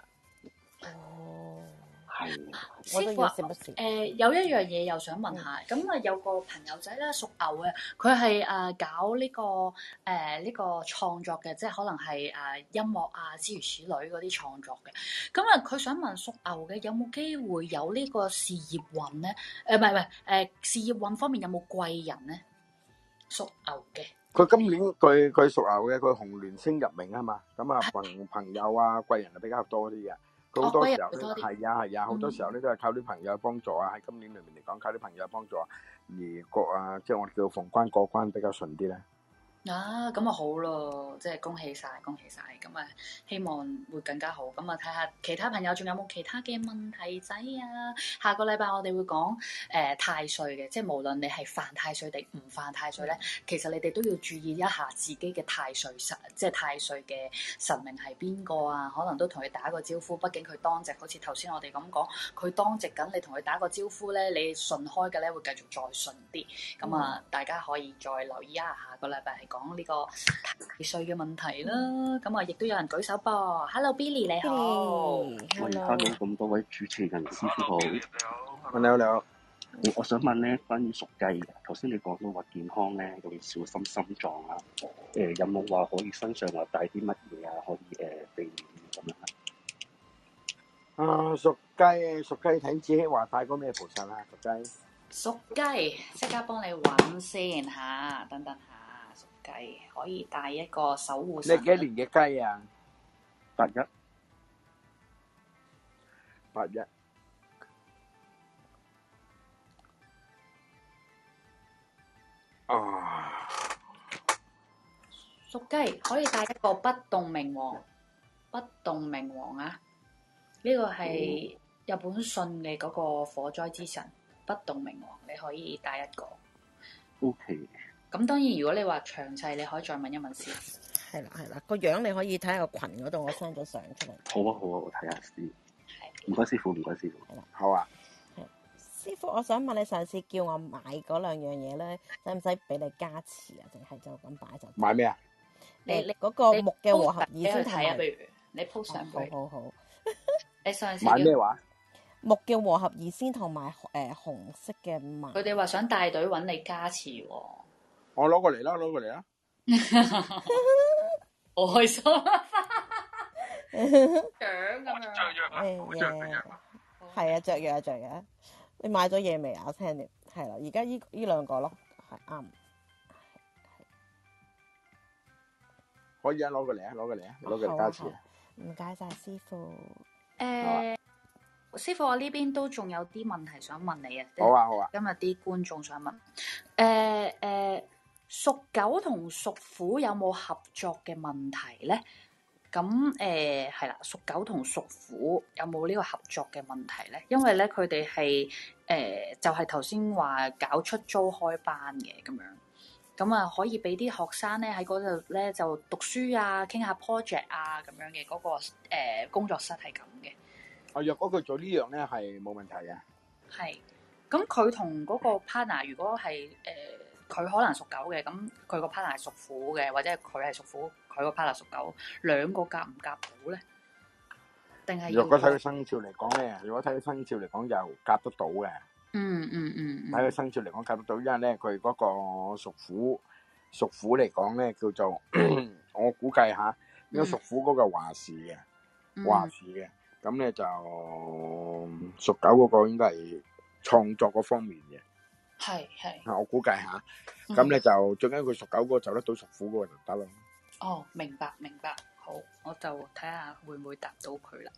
師父，有一樣嘢又想問下，咁啊有個朋友仔咧屬牛嘅，佢係誒搞呢、這個誒呢、呃這個創作嘅，即係可能係誒、呃、音樂啊諸如此類嗰啲創作嘅。咁啊佢想問屬牛嘅有冇機會有呢個事業運咧？誒唔係唔係誒事業運方面有冇貴人咧？屬牛嘅，佢今年佢佢屬牛嘅，佢紅鸞星入命啊嘛，咁啊朋朋友啊貴人啊比較多啲嘅。好多時候，係啊係啊，好、啊、多時候咧都係靠啲朋友幫助啊！喺、嗯、今年裏面嚟講，靠啲朋友幫助而過啊，即係我哋叫逢關過關比較順啲咧。啊，咁啊好咯，即係恭喜晒，恭喜晒。咁啊希望會更加好，咁啊睇下其他朋友仲有冇其他嘅問題仔啊？下個禮拜我哋會講誒、呃、太歲嘅，即係無論你係犯太歲定唔犯太歲咧，嗯、其實你哋都要注意一下自己嘅太歲神，即係太歲嘅神明係邊個啊？可能都同佢打個招呼，畢竟佢當值，好似頭先我哋咁講，佢當值緊，你同佢打個招呼咧，你順開嘅咧會繼續再順啲，咁、嗯、啊大家可以再留意一下，下個禮拜。講呢個契稅嘅問題啦，咁啊，亦都有人舉手噃。Hello，Billy 你好。Hey, hello. 我而家有咁多位主持人，師傅好 hello, Billy, 你好，你好，你好，你好、哦。我想問咧，關於屬雞，頭先你講到話健康咧，要小心心臟啊。誒、呃，有冇話可以身上話帶啲乜嘢啊？可以誒、呃，避免咁樣咧？啊，屬雞屬雞，睇自己話帶個咩菩薩啦、啊。屬雞屬雞，即刻幫你揾先嚇，等等。可以帶一個守護神。你幾幾年嘅雞啊？八一，八一。啊！屬雞可以帶一個不動明王，不動明王啊！呢個係日本信嘅嗰個火災之神不動明王，你可以帶一個。O K。咁當然，如果你話詳細，你可以再問一問先。係啦，係啦，個樣你可以睇下個群嗰度，我 send 咗相出嚟。好啊，好啊，我睇下先。唔該，師傅，唔該，師傅。好啊。係師傅，我想問你上次叫我買嗰兩樣嘢咧，使唔使俾你加持啊？定係就咁擺就？買咩啊？你你嗰個木嘅和合二仙睇啊，譬如你鋪上佢，好好好。你上次叫買咩話？木嘅和合二仙同埋誒紅色嘅墨。佢哋話想帶隊揾你加持。我攞過嚟啦，攞過嚟啊！我開心，獎咁、欸、樣，着藥啊，係啊，着藥啊，着藥！你買咗嘢未啊？我聽你！係啦，而家依依兩個咯，係啱。可以啊，攞過嚟啊，攞過嚟啊，攞過嚟加錢。唔該晒師傅。誒，師傅，我呢邊都仲有啲問題想問你啊。好啊，好啊。今日啲觀眾想問，誒誒。屬狗同屬虎有冇合作嘅問題咧？咁誒係啦，屬狗同屬虎有冇呢個合作嘅問題咧？因為咧佢哋係誒就係頭先話搞出租開班嘅咁樣，咁、嗯、啊、嗯、可以俾啲學生咧喺嗰度咧就讀書啊，傾下 project 啊咁樣嘅嗰、嗰個誒、嗯、工作室係咁嘅。啊，若果佢做呢樣咧係冇問題嘅。係，咁佢同嗰個 partner 如果係誒。嗯佢可能屬狗嘅，咁佢個 partner 係屬虎嘅，或者佢係屬虎，佢個 partner 屬狗，兩個夾唔夾到咧？定係如果睇佢生肖嚟講咧，如果睇佢生肖嚟講就夾得到嘅、嗯。嗯嗯嗯，睇佢生肖嚟講夾得到，因為咧佢嗰個屬虎，屬虎嚟講咧叫做 我估計吓，因為屬虎嗰個話事嘅、嗯、話事嘅，咁咧就屬狗嗰個應該係創作嗰方面嘅。係係，我估計下。咁咧就、嗯、最緊要佢屬狗嗰個走得到屬虎嗰個就得咯。哦，明白明白，好，我就睇下會唔會達到佢啦。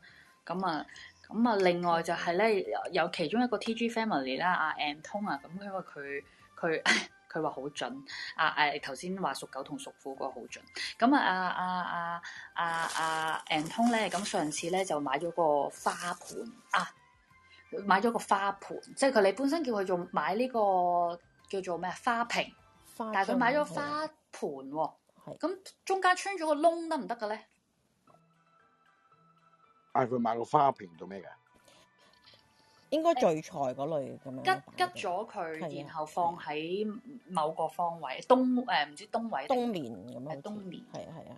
咁啊，咁啊，另外就係、是、咧，有其中一個 T G Family 啦，阿 Anton 啊，咁、啊、因為佢佢佢話好準，啊誒頭先話屬狗同屬虎嗰個好準。咁啊啊啊啊啊 Anton 咧，咁上次咧就買咗個花盆啊。買咗個花盆，即係佢你本身叫佢做買呢、呢個叫做咩花瓶，花枕，但係佢買咗花盆喎。咁的、嗯、中間穿咗個窿得唔得嘅咧？嗌佢買個花瓶做咩嘅？應該聚財嗰類咁樣，拮拮咗佢，然後放喺某個方位，冬誒唔知冬位冬眠咁樣。冬眠係啊係啊。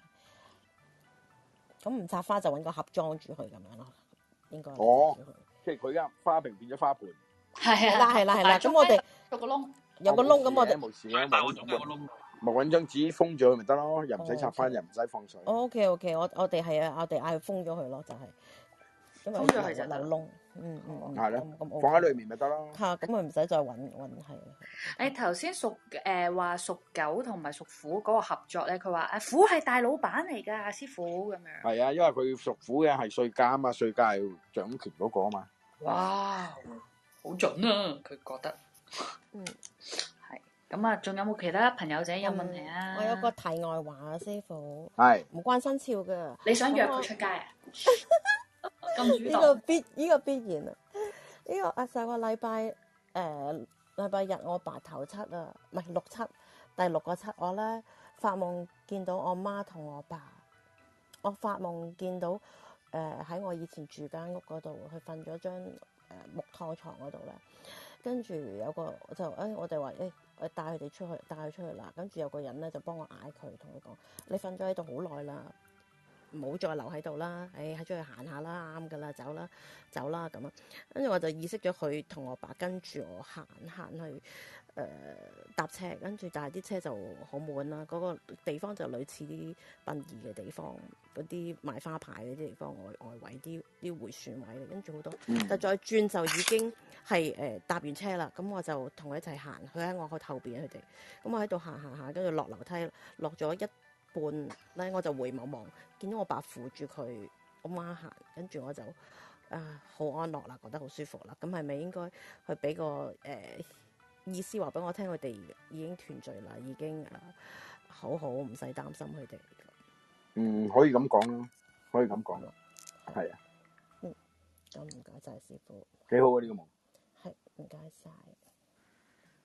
咁唔插花就揾個盒裝住佢咁樣咯，應該。哦即係佢而家花瓶變咗花盆，係啦係啦係啦。咁我哋有個窿，有個窿，咁我哋冇事啊。但係我有個窿，咪搵張紙封咗佢咪得咯，又唔使插花，又唔使放水。O K O K，我我哋係啊，我哋嗌佢封咗佢咯，就係，咁啊，係就係個窿。嗯嗯，係咧，放喺裏面咪得咯。吓，咁咪唔使再揾揾係。你頭先屬誒，話屬狗同埋屬虎嗰個合作咧，佢話誒虎係大老闆嚟噶，師傅咁樣。係啊，因為佢屬虎嘅係歲監啊嘛，歲監係掌權嗰個啊嘛。哇，好準啊！佢覺得。嗯，係。咁啊，仲有冇其他朋友仔有問題啊？我有個題外話，師傅係唔關生肖噶。你想約佢出街啊？呢個必呢，呢個必然啊！呢、呢個啊上個禮拜誒禮拜日，我爸頭七啊，唔係六七，第六個七，我咧發夢見到我媽同我爸，我發夢見到誒喺、呃、我以前住間屋嗰度，佢瞓咗張誒木拖床嗰度咧，跟住有個就誒、哎、我哋話誒我帶佢哋出去，帶佢出去啦，跟住有個人咧就幫我嗌佢，同佢講你瞓咗喺度好耐啦。唔好再留喺度啦，誒、哎，喺出去行下啦，啱噶啦，走啦，走啦咁啊，跟住我就意識咗佢同我爸跟住我行行去誒、呃、搭車，跟住但係啲車就好滿啦，嗰、那個地方就類似啲殯儀嘅地方，嗰啲賣花牌嗰啲地方外外圍啲啲迴旋位，跟住好多，但再轉就已經係誒、呃、搭完車啦，咁、嗯、我就同佢一齊行，佢喺我後頭邊佢哋，咁、嗯、我喺度行行下，跟住落樓梯，落咗一半咧我就回望望，見到我爸扶住佢，我媽行，跟住我就啊好、呃、安樂啦，覺得好舒服啦。咁係咪應該去俾個誒、呃、意思話俾我聽，佢哋已經團聚啦，已經、呃、好好唔使擔心佢哋。嗯，可以咁講，可以咁講，係啊。嗯，咁唔該晒師傅。幾好啊！呢、這個夢。係唔該晒。謝謝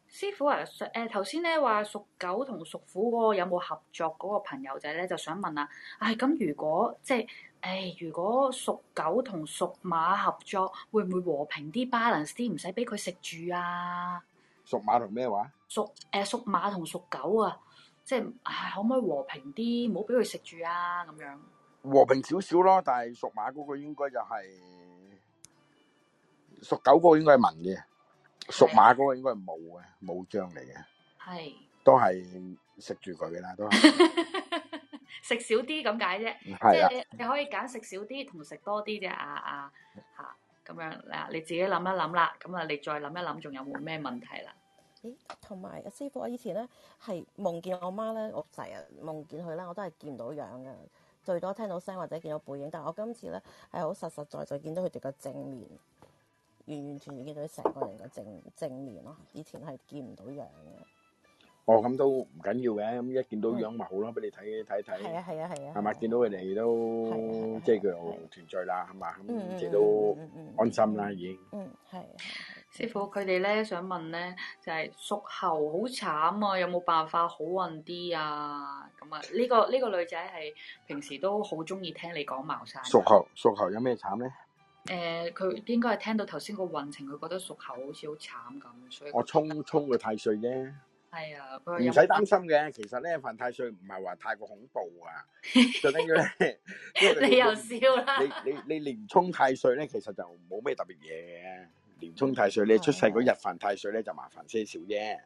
師傅啊，誒、呃，頭先咧話屬狗同屬虎嗰個有冇合作嗰個朋友仔咧，就想問啊：哎「唉，咁如果即係，唉、哎，如果屬狗同屬馬合作，會唔會和平啲、balance 啲，唔使俾佢食住啊？屬馬同咩話？屬誒，屬、呃、馬同屬狗啊，即係，唉、哎，可唔可以和平啲，唔好俾佢食住啊？咁樣和平少少咯，但係屬馬嗰個應該就係、是、屬狗嗰個應該係文嘅。屬馬嗰個應該係冇嘅，冇將嚟嘅，係是都係食住佢嘅啦，都係食少啲咁解啫，係、 啊、你可以揀食少啲同食多啲啫，啊啊、吓、啊、咁樣嗱，你自己諗一諗啦，咁啊你再諗一諗，仲有冇咩問題啦？咦、欸、同埋阿師傅，我以前咧係夢見我媽咧，我成日夢見佢咧，我都係見唔到樣噶，最多聽到聲或者見到背影，但我今次咧係好實實在在，在見到佢哋個正面。完完全全見到佢成個人嘅正正面咯，以前係見唔到樣嘅。哦，咁都唔緊要嘅，咁一見到樣咪好啦，俾你睇睇睇。係啊，係啊，係啊。係咪，見到佢哋都即係佢哋團聚啦，係嘛，咁自己都安心啦，已經。嗯，係。師傅佢哋咧想問咧，就係屬猴好慘啊，有冇辦法好運啲啊？咁啊，呢個呢個女仔係平時都好中意聽你講茅山。屬猴，屬猴有咩慘咧？誒，佢、呃、應該係聽到頭先個運程，佢覺得屬猴好似好慘咁，所以我沖沖個太歲啫。係啊、哎，唔使擔心嘅。其實咧，犯太歲唔係話太過恐怖啊。最緊要咧，你又笑啦。你你你連沖太歲咧，其實就冇咩特別嘢嘅。連沖太歲，你出世嗰日犯太歲咧， 就麻煩些少啫。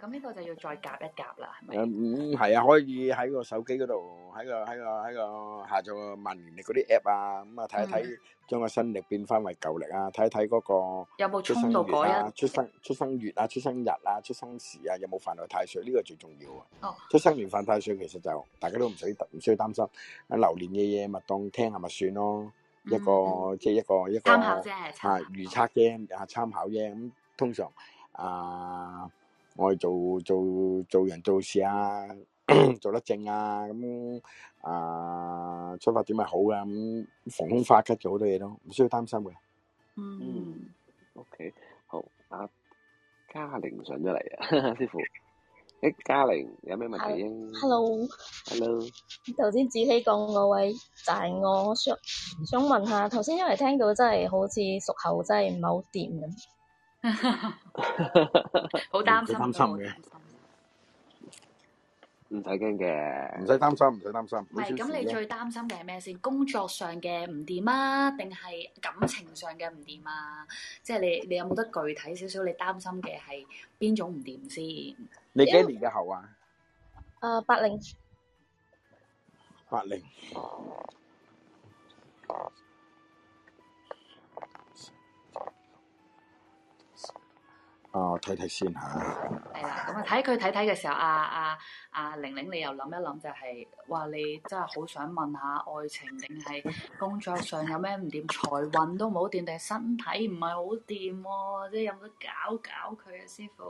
咁呢個就要再夾一夾啦，係咪？嗯，係啊，可以喺個手機嗰度，喺個喺個喺個下載個萬年歷嗰啲 app 啊，咁啊睇一睇，將個新曆變翻為舊曆啊，睇一睇嗰個有冇出生月啊，出生出生月啊，出生日啊，出生時啊，有冇犯到太歲呢個最重要啊。哦。出生年犯太歲，其實就大家都唔使唔需要擔心啊。流年嘅嘢咪當聽係咪算咯，一個即係一個一個參考啫，係預測嘅嚇參考啫。咁通常啊。.我哋做做做人做事啊， 做得正啊，咁、嗯、啊出發點係好噶、啊，咁逢凶化吉做好多嘢咯，唔需要擔心嘅。嗯，OK，好啊，嘉玲上咗嚟啊， 師傅，哎，嘉玲有咩問題？Hello，Hello，頭先紫僖講嗰位就係我想想問下，頭先因為聽到真係好似熟口真係唔係好掂咁。好擔心嘅，唔使驚嘅，唔使擔心，唔使擔心。唔係，咁你最擔心嘅係咩先？工作上嘅唔掂啊，定係感情上嘅唔掂啊？即係你，你有冇得具體少少？你擔心嘅係邊種唔掂先？你幾年嘅猴啊？誒，八零八零。啊、我睇睇先吓。係、啊、啦，咁啊睇佢睇睇嘅時候，阿阿阿玲玲，你又諗一諗，就係、是，哇！你真係好想問下愛情定係工作上有咩唔掂，財運都冇掂，定係身體唔係好掂？即、啊、係有冇得搞搞佢啊，師父？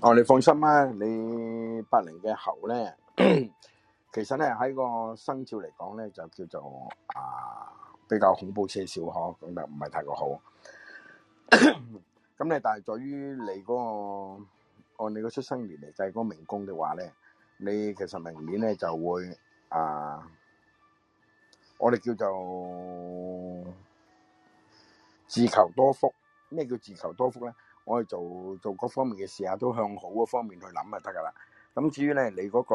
哦、啊，你放心啊，你八零嘅猴咧， 其實咧喺個生肖嚟講咧，就叫做啊比較恐怖、些少嗬，講得唔係太過好。 咁你但係在於你嗰、嗰個按你個出生年嚟計嗰個命宮嘅話咧，你其實明年咧就會啊，我哋叫做自求多福。咩叫自求多福咧？我哋做做各方面嘅事啊，都向好嗰方面去諗就得噶啦。咁、嗯、至於咧你嗰個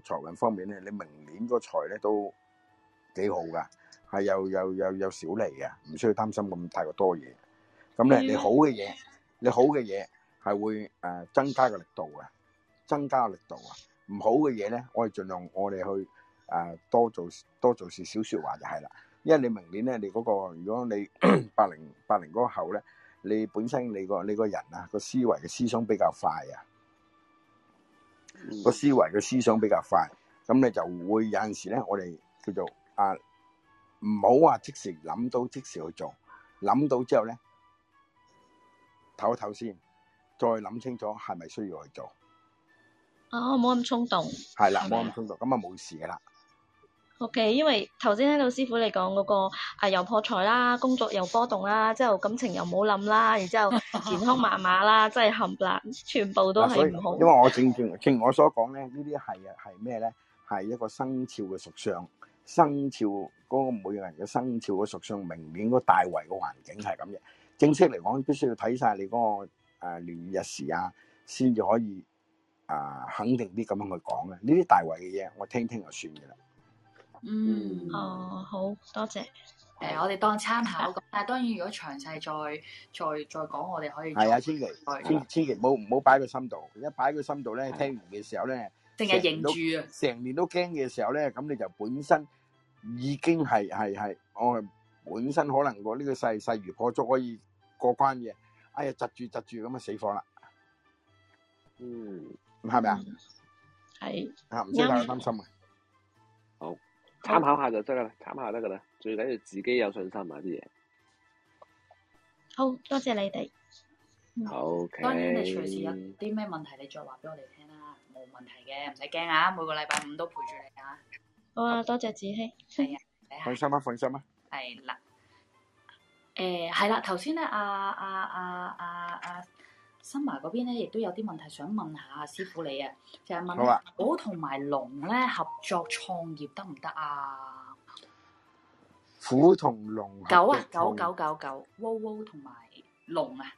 財運方面咧，你明年個財咧都幾好噶，係又又又又少嚟嘅，唔需要擔心咁太過多嘢。咁咧、嗯，你好嘅嘢，你好嘅嘢係會誒增加個力度嘅，增加個力度啊。唔好嘅嘢咧，我哋盡量我哋去誒多做多做事少說話就係啦。因為你明年咧，你嗰、嗰個如果你八零八零嗰個後咧，你本身你、個你個人啊個思維嘅思想比較快啊，個思維嘅思想比較快，咁、嗯、你就會有陣時咧，我哋叫做啊唔好話即時諗到即時去做，諗到之後咧。唞一唞先，再諗清楚係咪需要去做。哦，冇咁衝動。係啦，冇咁衝動，咁啊冇事噶啦。OK，因為頭先聽到師傅你講嗰個啊，又破財啦，工作又波動啦，之後感情又冇冧啦，然之後健康麻麻啦， 真係冚唪唥，全部都係唔好，啊。因為我正正正如我所講咧，呢啲係啊係咩咧？係一個生肖嘅屬相，生肖嗰、嗰個每個人嘅生肖嘅屬相明明顯都，明年個大圍個環境係咁嘅。正式嚟講，必須要睇晒你嗰個誒連日時啊，先至可以啊、呃、肯定啲咁樣去講嘅。呢啲大圍嘅嘢，我聽聽就算嘅啦。嗯，哦，好多謝。誒好、呃，我哋當參考咁，但係當然如果詳細再再再講，我哋可以點點。係啊，千祈千千祈冇唔好擺喺心度，一擺喺心度咧，啊、聽完嘅時候咧，成年都成年都驚嘅時候咧，咁你就本身已經係係係我。本身可能我呢個勢勢如破竹可以過關嘅，哎呀窒住窒住咁啊，死火啦。嗯，係咪是啊？係啊，唔知點擔心嘅。好，參考下就得噶啦，參考下得噶啦。最緊要自己有信心啊啲嘢，好多謝你哋。好 Okay，當然你隨時有啲咩問題，你再話俾我哋聽啦，冇問題嘅，唔使驚啊。每個禮拜五都陪住你啊。好啊，多謝紫僖。放心啦，放心啦。係啦，誒，係、欸、啦，頭先咧，阿阿阿阿阿 Simba 嗰邊咧，亦、啊啊啊啊啊、都有啲問題想問下師傅你、就是、啊，就係問，虎同埋龍咧合作創業得唔得啊？虎同龍，狗啊狗狗狗狗，哇哇，同埋龍啊，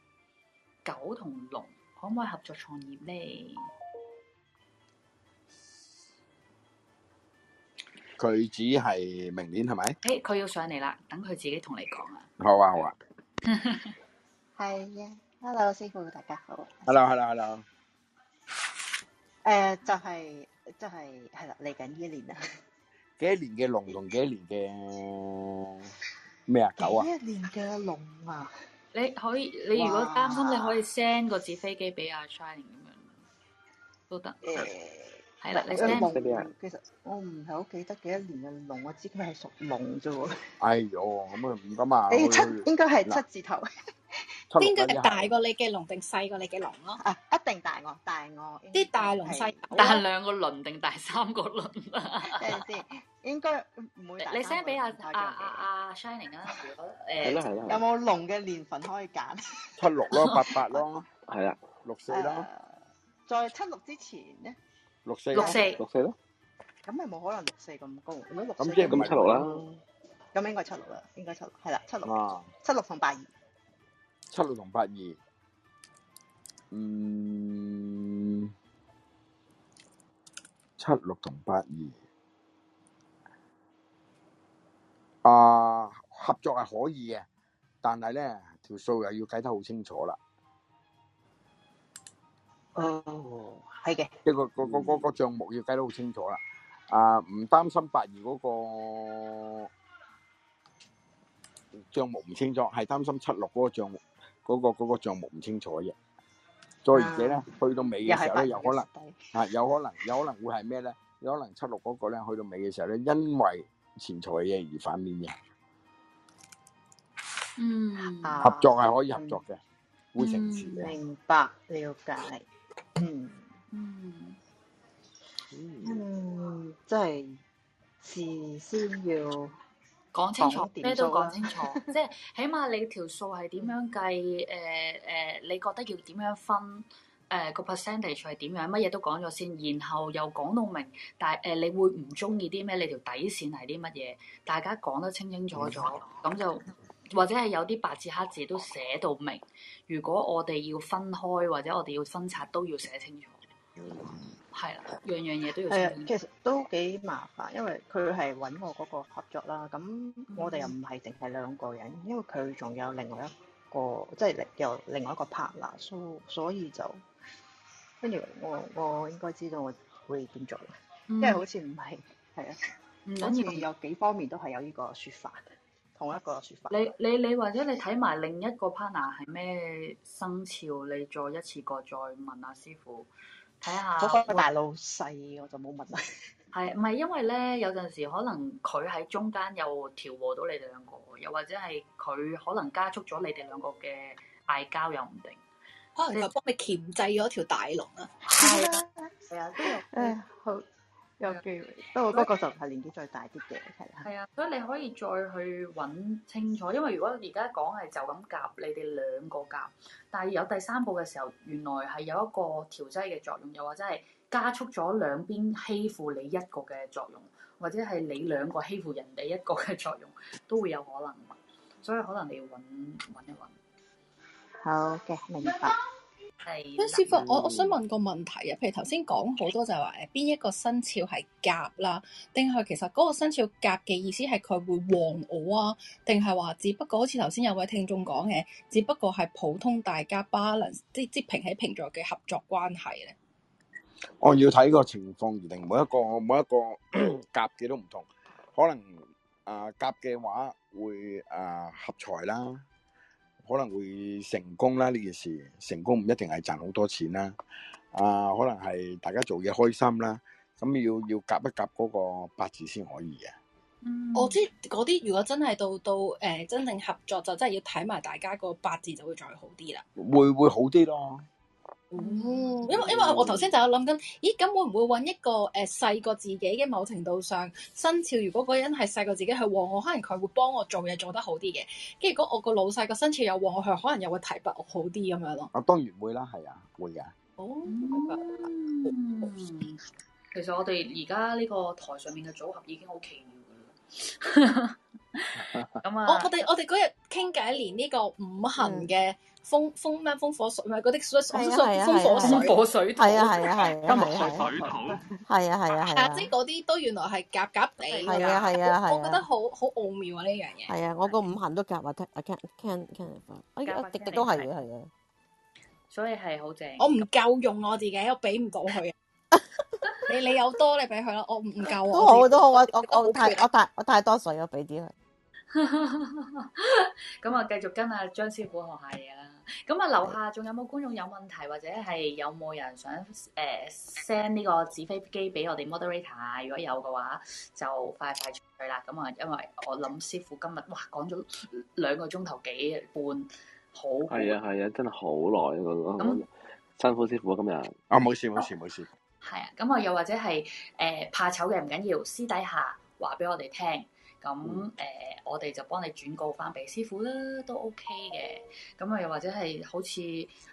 狗同龍可唔可以合作創業咧？佢只係明年係咪？哎，佢要上嚟啦，等佢自己同你講啊。好啊，好啊。係啊，Hello，師傅，大家好。Hello，Hello，Hello。誒，就係，就係，係啦，嚟緊呢一年啦。幾一年嘅龍同幾一年嘅咩啊？狗啊？幾一年嘅龍啊？你可以，你如果擔心，你可以 send 個紙飛機俾阿 Shinning 咁樣，都得。龍，其實我唔係好記得幾多年嘅龍，我知佢係屬龍啫喎。哎喲，咁啊唔得嘛。你七應該係七字頭，應該係大過你嘅龍定細過你嘅龍咯？啊，一定大我，大我。啲大龍細，但係兩個輪定大三個輪啊？先，應該唔會你 send 俾阿阿阿 Shining 啦，誒，有冇龍嘅年份可以揀？七六咯，八八咯，係啦，六四咯。在七六之前咧？六四六四六四咯，咁咪冇可能六四咁高，咁即係咁七六啦。咁應該七六啦，應該七六係啦，七六七六同八二，七六同八二，嗯，七六同八二，啊，合作係可以嘅，但係咧條數又要計得好清楚啦。哦。係嘅，即係個個個個個賬目要計得好清楚啦。啊，唔擔心八二嗰個賬目唔清楚，係擔心七六嗰個賬，嗰個嗰個賬目唔清楚啫。再而且咧，去到尾嘅時候咧，有可能啊，有可能有可能會係咩咧？有可能七六嗰個咧，去到尾嘅時候咧，因為錢財嘅嘢，而反面嘅。嗯，合作係可以合作嘅，會成事嘅。明白，了解。嗯。嗯嗯，即係事先要講清楚，咩都講清楚。即係 起碼你條數係點樣計，誒誒你覺得要點樣分？誒、呃、個 percentage 係點樣，乜嘢，都講咗先，然後又講到明。但係誒、呃、你會唔中意啲咩？你條底線係啲乜嘢？大家講得清清楚楚咁 就，或者係有啲白紙黑字都寫到明。如果我哋要分開或者我哋要分拆，都要寫清楚。係啦，嗯、樣樣嘢都要。係，其實都幾麻煩，因為佢係搵我嗰個合作啦。咁我哋又唔係淨係兩個人，嗯、因為佢仲有另外一個，即係有另外一個 partner，所以所以就跟住我，我應該知道我會點做，嗯、因為好似唔係係啊。咁而、嗯、有幾方面都係有呢個說法，同一個說法。你你你或者你睇埋另一個 partner 係咩生肖，你再一次過再問阿師傅。睇下，個、啊、大佬細我就冇問啦。係唔係因為咧？有陣時可能佢喺中間又調和到你哋兩個，又或者係佢可能加速咗你哋兩個嘅嗌交又唔定。啊就是、可能又幫你鉗制咗條大龍啊！係啊，係啊，唉，好。有機會，不過不過就係年紀再大啲嘅，係啊。係啊，所以你可以再去揾清楚，因為如果而家講係就咁夾你哋兩個夾，但係有第三步嘅時候，原來係有一個調劑嘅作用，又或者係加速咗兩邊欺負你一個嘅作用，或者係你兩個欺負人哋一個嘅作用，都會有可能。所以可能你要揾揾一揾。好嘅，明白。阿、嗯、師父，我我想問個問題啊，譬如頭先講好多就係話誒，邊一個生肖係夾啦？定係其實嗰個生肖夾嘅意思係佢會旺我啊？定係話只不過好似頭先有位聽眾講嘅，只不過係普通大家 balance，即即平起平坐嘅合作關係咧？我、哦、要睇個情況而定每，每一個每一個夾嘅都唔同，可能啊夾嘅話會啊、呃、合財啦。可能會成功啦，呢件事，成功唔一定係賺好多錢啦，啊，可能係大家做嘢開心啦，咁、啊、要要夾一夾嗰個八字先可以嘅。嗯，我知嗰啲如果真係到到誒、呃、真正合作，就真係要睇埋大家個八字就會再好啲啦。會會好啲咯。哦，因為、嗯、因為我頭先就有諗緊，咦，咁會唔會搵一個誒細、呃、過自己嘅某程度上，生肖？如果嗰人係細過自己，係旺我，可能佢會幫我做嘢做得好啲嘅。跟住，如果我個老細個生肖又旺我，佢可能又會提拔我好啲咁樣咯。啊，當然會啦，係啊，會嘅。哦、oh, mm，嗯、hmm.，其實我哋而家呢個台上面嘅組合已經好奇妙咁啊！我我哋我哋嗰日傾偈，連呢個五行嘅風，風咩，風火水，唔係啲水，水火風火水土啊，係啊，金木水，係啊，係啊，即係嗰啲都原來係夾夾地，係啊，係啊，係我覺得好好奧妙啊，呢樣嘢，係啊，我個五行都夾啊，我覺得滴滴都係嘅，係嘅，所以係好正。我唔夠用我自己，我畀唔到佢。 你你有多，你俾佢啦，我唔唔夠啊！都好都好，我我我太我太我太多水，咗俾啲佢。咁啊，繼續跟阿張師傅學下嘢啦。咁啊，樓下仲有冇觀眾有問題，或者係有冇人想誒 send 呢個紙飛機俾我哋 moderator？如果有嘅話，就快快出去啦。咁啊，因為我諗師傅今日哇講咗兩個鐘頭幾半，好，係啊，係啊，真係好耐啊，辛苦師傅今日啊，冇事冇事冇事。係啊，咁啊又或者係誒、呃、怕醜嘅唔緊要，私底下話俾我哋聽，咁、呃、誒我哋就幫你轉告翻俾師傅啦，都 OK 嘅。咁啊又或者係好似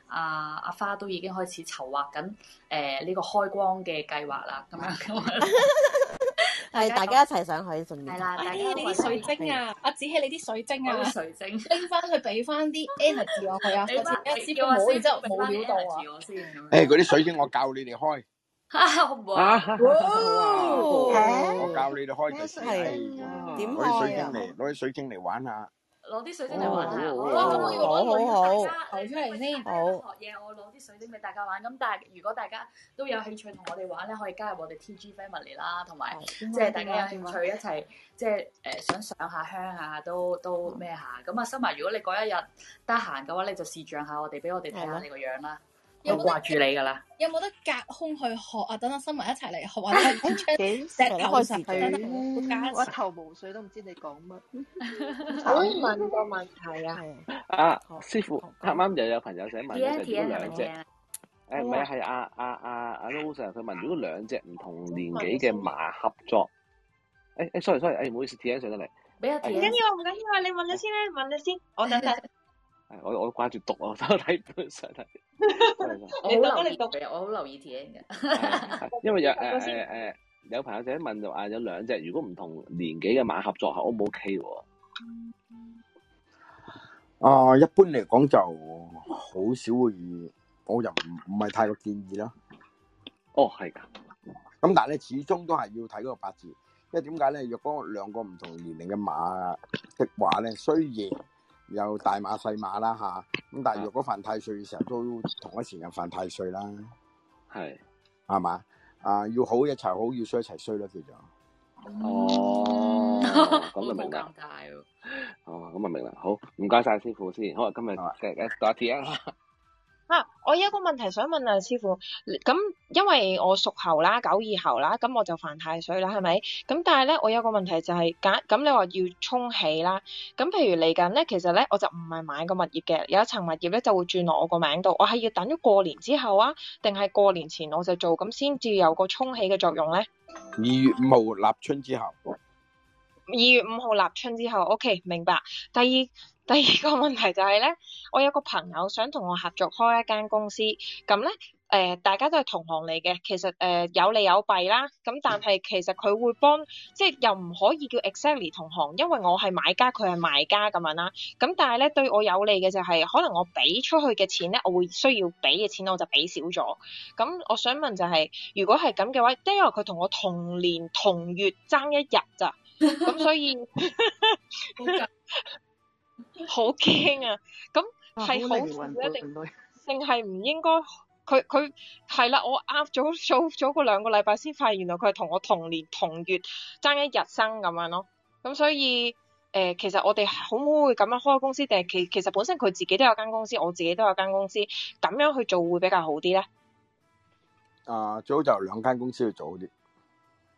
阿阿花都已經開始籌劃緊誒呢個開光嘅計劃啦，咁樣咁啊，係 大家一齊上去順係啦。 大家、哎、你啲水晶啊，阿紫僖你啲水晶啊，水晶拎翻去俾翻啲 energy 落去，係啊， 一師傅冇嘅，之後冇料到啊。誒，嗰啲沒水晶我教你哋開。 啊好唔好？我教你哋開就先，攞啲水晶嚟，攞啲水晶嚟玩下。攞啲水晶嚟玩下，好，好好好，攞出嚟先。好。學嘢，我攞啲水晶俾大家玩。咁但係如果大家都有興趣同我哋玩咧，可以加入我哋 TG family 啦，同埋即係大家有興趣一齊即係誒想上下香啊，都都咩下。咁啊，小明，如果你嗰一日得閒嘅話，你就試象下我哋，俾我哋睇下你個樣啦。又掛住你噶啦！有冇得隔空去學啊？等等新聞一齊嚟學，或者出嚟開十點。我一頭霧水，都唔知你講乜。可以問個問題啊！啊，師傅，啱啱又有朋友想問，問咗兩隻。誒，唔係啊，係阿阿阿阿 Loser，佢問如果兩隻唔同年紀嘅馬合作。誒誒，sorry sorry，誒，唔好意思，T N 上得嚟。唔緊要，唔緊要，你問得先，你問得先，我等等。係 我都掛住讀啊，睇本身睇。你好留意讀嘅，我好留意 T N 嘅。因為有誒誒有朋友仔問就話有兩隻如果唔同年紀嘅馬合作係 O 唔 O K 喎？ 啊，一般嚟講就好少會，我就唔唔係太過建議啦。 哦，係噶。咁但係咧，始終都係要睇嗰個八字，因為點解咧？若果兩個唔同年齡嘅馬嘅話咧，雖然。有大馬細馬啦吓，咁但係如果犯太歲嘅時候，都同一時間犯太歲啦，係， 係、呃、嘛，啊要好一齊好，要衰一齊衰啦叫做，哦，咁 就明啦， 啊、哦，咁啊明啦，好，唔該晒師父先，好，好啊，今日嘅多謝啦。 啊！我有一個問題想問啊師傅，咁因為我屬猴啦，九二猴啦，咁我就犯太歲啦，係咪？咁但係咧，我有個問題就係、是，咁你話要沖喜啦，咁譬如嚟緊咧，其實咧我就唔係買個物業嘅，有一層物業咧就會轉落我個名度，我係要等咗過年之後啊，定係過年前我就做咁先至有個沖喜嘅作用咧？二月五號立春之後。二月五號立春之後，OK 明白。第二第二個問題就係咧，我有個朋友想同我合作開一間公司，咁咧誒，大家都係同行嚟嘅，其實誒、呃、有利有弊啦。咁但係其實佢會幫即係又唔可以叫 exactly 同行，因為我係買家，佢係賣家咁樣啦。咁但係咧對我有利嘅就係、是、可能我俾出去嘅錢咧，我會需要俾嘅錢我就俾少咗。咁我想問就係、是，如果係咁嘅話，即係因為佢同我同年同月爭一日咋？咁所以好驚啊！咁係好一定定係唔應該？佢佢係啦，我啱早早早過兩個禮拜先發現，原來佢係同我同年同月爭一日生咁樣咯。咁所以誒、呃，其實我哋好唔好會咁樣開公司？定係其其實本身佢自己都有間公司，我自己都有間公司，咁樣去做會比較好啲咧？啊、呃，最好就兩間公司去做啲。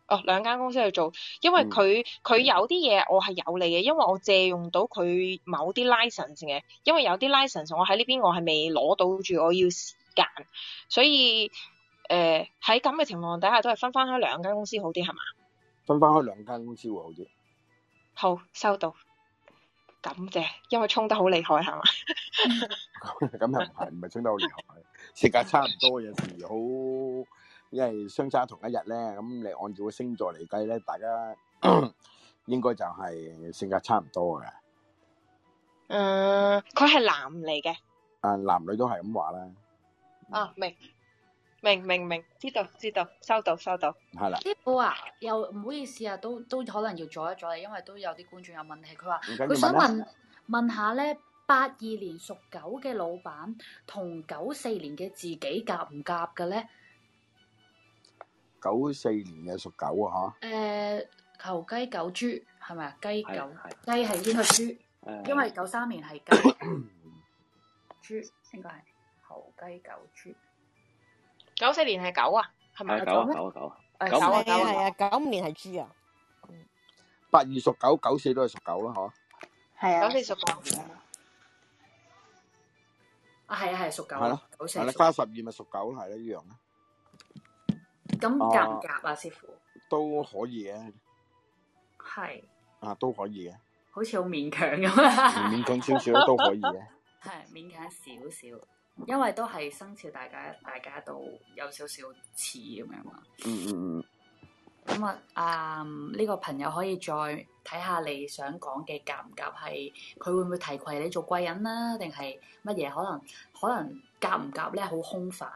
哦，兩間公司去做，因為佢佢，嗯、有啲嘢我係有利嘅，因為我借用到佢某啲 license 嘅，因為有啲 license 我喺呢邊我係未攞到住，我要時間，所以誒，喺咁嘅情況底下都係分翻開兩間公司好啲係嘛？分翻開兩間公司會好啲。好，收到，感謝，因為沖得好厲害係嘛？咁咁又唔係唔係沖得好厲害，時間差唔多，有時好。因為相差同一日咧，咁你按照個星座嚟計咧，大家應該就係性格差唔多嘅。嗯，佢係男嚟嘅。啊，男女都係咁話啦。啊，明明明明，知道知道，收到收到，係啦。師父啊，又唔好意思啊，都都可能要阻一阻你，因為都有啲觀眾有問題。佢話佢想問問下咧，八二年屬狗嘅老闆同九四年嘅自己夾唔夾嘅咧？九四年嘅屬狗啊，吓！誒，猴雞狗豬係咪啊？雞狗雞係邊個豬？因為九三年係雞豬，應該係猴雞狗豬。九四年係狗啊，係咪？係狗啊，狗啊，狗啊！九啊，係啊，九五年係豬啊。八月屬狗，九四都係屬狗啦，吓。係啊，九四屬狗。啊，係啊，係屬狗。九四，你加十二咪屬狗係啦，一樣啊。咁夾唔夾啊，師傅都可以是啊，係啊都可以啊， 好似好勉強咁，勉強少少都可以啊，係勉強少少，因為都係生肖，大家大家都有少少似咁樣嘛。嗯嗯嗯。咁啊，啊呢個朋友可以再睇下你想講嘅夾唔夾，係佢會唔會提携你做貴人啦、啊，定係乜嘢？可能可能夾唔夾咧，好空泛。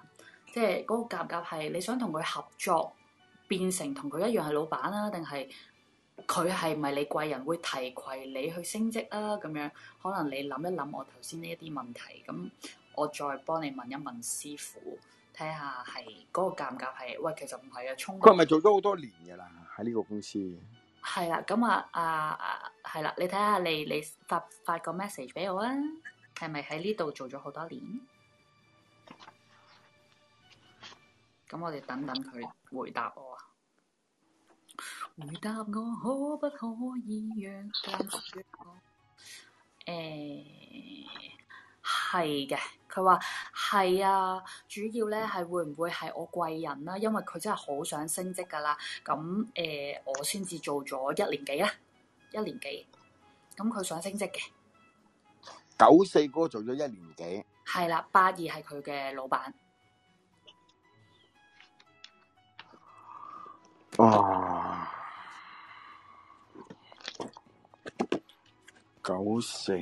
即係嗰個夾唔夾係？你想同佢合作，變成同佢一樣係老闆啦、啊？定係佢係咪你貴人會提携你去升職啦、啊？咁樣可能你諗一諗我頭先呢一啲問題，咁我再幫你問一問師傅，睇下係嗰個夾唔夾係？喂，其實唔係嘅，充佢係咪做咗好多年噶啦？喺呢個公司係啦，咁啊啊係啦，你睇下你你發發個 message 俾我啊，係咪喺呢度做咗好多年？咁我哋等等佢回答我啊！ 回答我可不可以約下我？誒、欸，係嘅，佢話係啊，主要咧係會唔會係我貴人啦？因為佢真係好想升職㗎喇。咁誒、欸，我先至做咗一年幾啦，一年幾。咁佢想升職嘅。九四哥做咗一年幾？係啦，八二係佢嘅老闆。啊！九四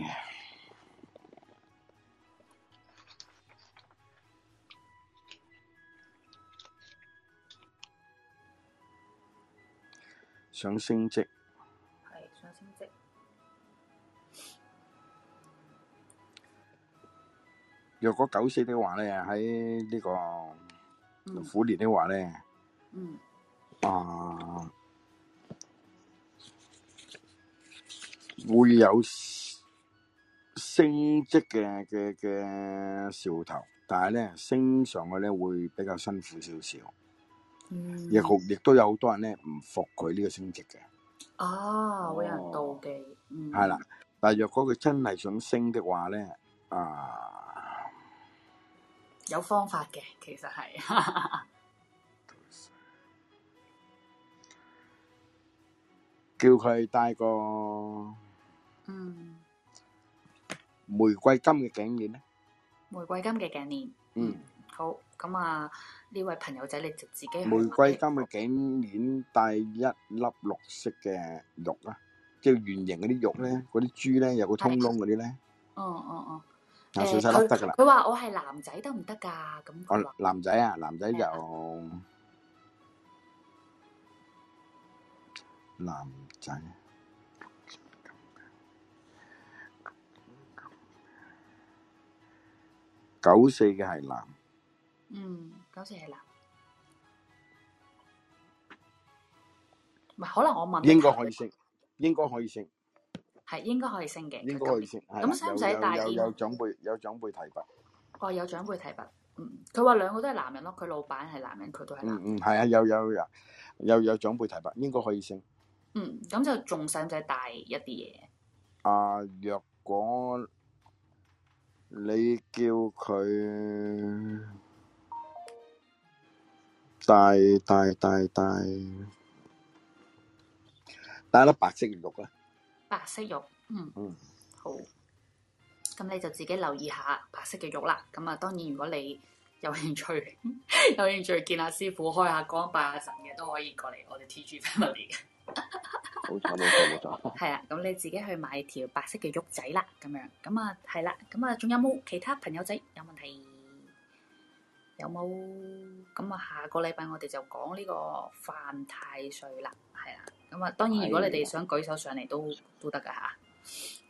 想升職，係想升職。若果九四的話呢，喺呢個虎年的話呢，嗯。啊，會有升升職嘅嘅嘅兆頭，但係咧升上去咧會比較辛苦少少，亦好亦都有好多人咧唔服佢呢個升職嘅。啊、哦，哦、會有人妒忌。係、嗯、啦，但若果佢真係想升的話咧，啊，有方法嘅，其實係。 叫佢戴個嗯玫瑰金嘅頸鏈咧，玫瑰金嘅頸鏈嗯好，咁啊呢位朋友仔，你就自己玫瑰金嘅頸鏈戴一粒綠色嘅玉啦，即係圓形嗰啲玉咧，嗰啲珠咧有個通窿嗰啲咧，哦哦哦，誒得噶啦，佢話我係男仔得唔得噶咁？哦男仔啊，男仔就男。九四嘅係男，嗯，九四係男，唔係可能我問，應該可以升，你說，應該可以升，係應該可以升嘅，應該可以升。咁使唔使帶？有有，有，有長輩有長輩提拔，哦，有長輩提拔，嗯，佢話兩個都係男人咯，佢老闆係男人，佢都係男人，嗯嗯，係啊，有有有有有長輩提拔，應該可以升。嗯，咁、mm, 就仲想唔使帶一啲嘢？啊，若果你叫佢帶帶帶帶帶粒白色嘅玉啊？白色玉，嗯，嗯，好。咁你就自己留意下白色嘅玉啦。咁啊，當然如果你有興趣，有興趣見阿師傅開下光拜下神嘅，都可以過嚟我哋 TG Family 嘅。冇錯冇錯冇錯，係 啊，咁你自己去買條白色嘅玉仔啦，咁樣，咁啊係啦，咁啊仲有冇其他朋友仔有問題？有冇？咁啊下個禮拜我哋就講呢個犯太歲啦，係啦，咁啊，咁啊當然如果你哋想舉手上嚟都了都得㗎吓。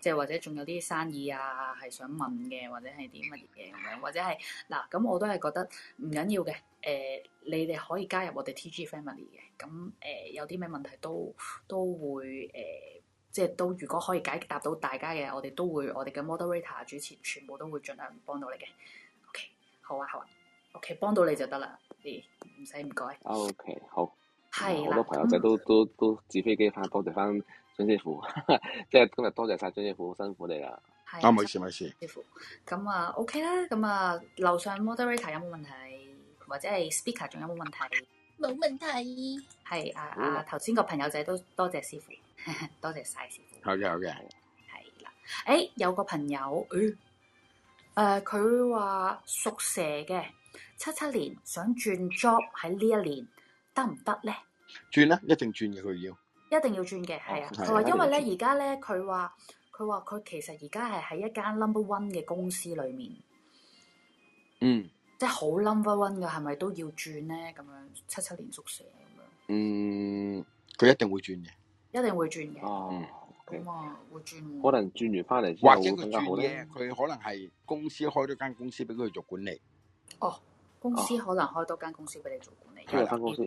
即係或者仲有啲生意啊，係想問嘅，或者係啲乜嘢咁樣，或者係嗱咁，我都係覺得唔緊要嘅。誒、呃，你哋可以加入我哋 TG family 嘅。咁、嗯、誒、呃，有啲咩問題都都會誒、呃，即係都如果可以解答到大家嘅，我哋都會我哋嘅 moderator 主持全部都會盡量幫到你嘅。OK，好啊好啊。OK，幫到你就得啦，唔使唔該。OK，好。係、嗯、啦好多朋友仔都、嗯、都都紙飛機翻，多謝翻。張師傅，即係 今日多謝晒張師傅，辛苦你啦。係、啊，唔好意思，唔好意思。咁啊，OK 啦，咁 啊，樓、okay 啊、上 moderator 有冇問題，或者係 speaker 仲有冇問題？冇問題。係啊啊，頭先個朋友仔都多謝師傅， 多謝晒師傅。好嘅 Okay, okay.，好 嘅樂。係啦、啊，誒、欸，有個朋友，誒、哎，誒、呃，佢話屬蛇嘅，七七年想轉 job 喺呢一年得唔得咧？轉啦、啊，一定轉嘅，佢要。一定要轉嘅，係啊！佢話的因為咧，而家咧，佢話佢話佢其實而家係喺一間 number one 嘅公司裏面，嗯，即係好 number one 嘅，係咪都要轉咧？咁樣七七年宿舍咁樣，嗯，佢一定會轉嘅，一定會轉嘅，嗯，咁、okay. 啊會轉，可能轉完翻嚟，或者佢佢可能係公司開咗間公司俾佢做管理、嗯，哦，公司可能開多間公司俾你做管理，開、啊、分公司，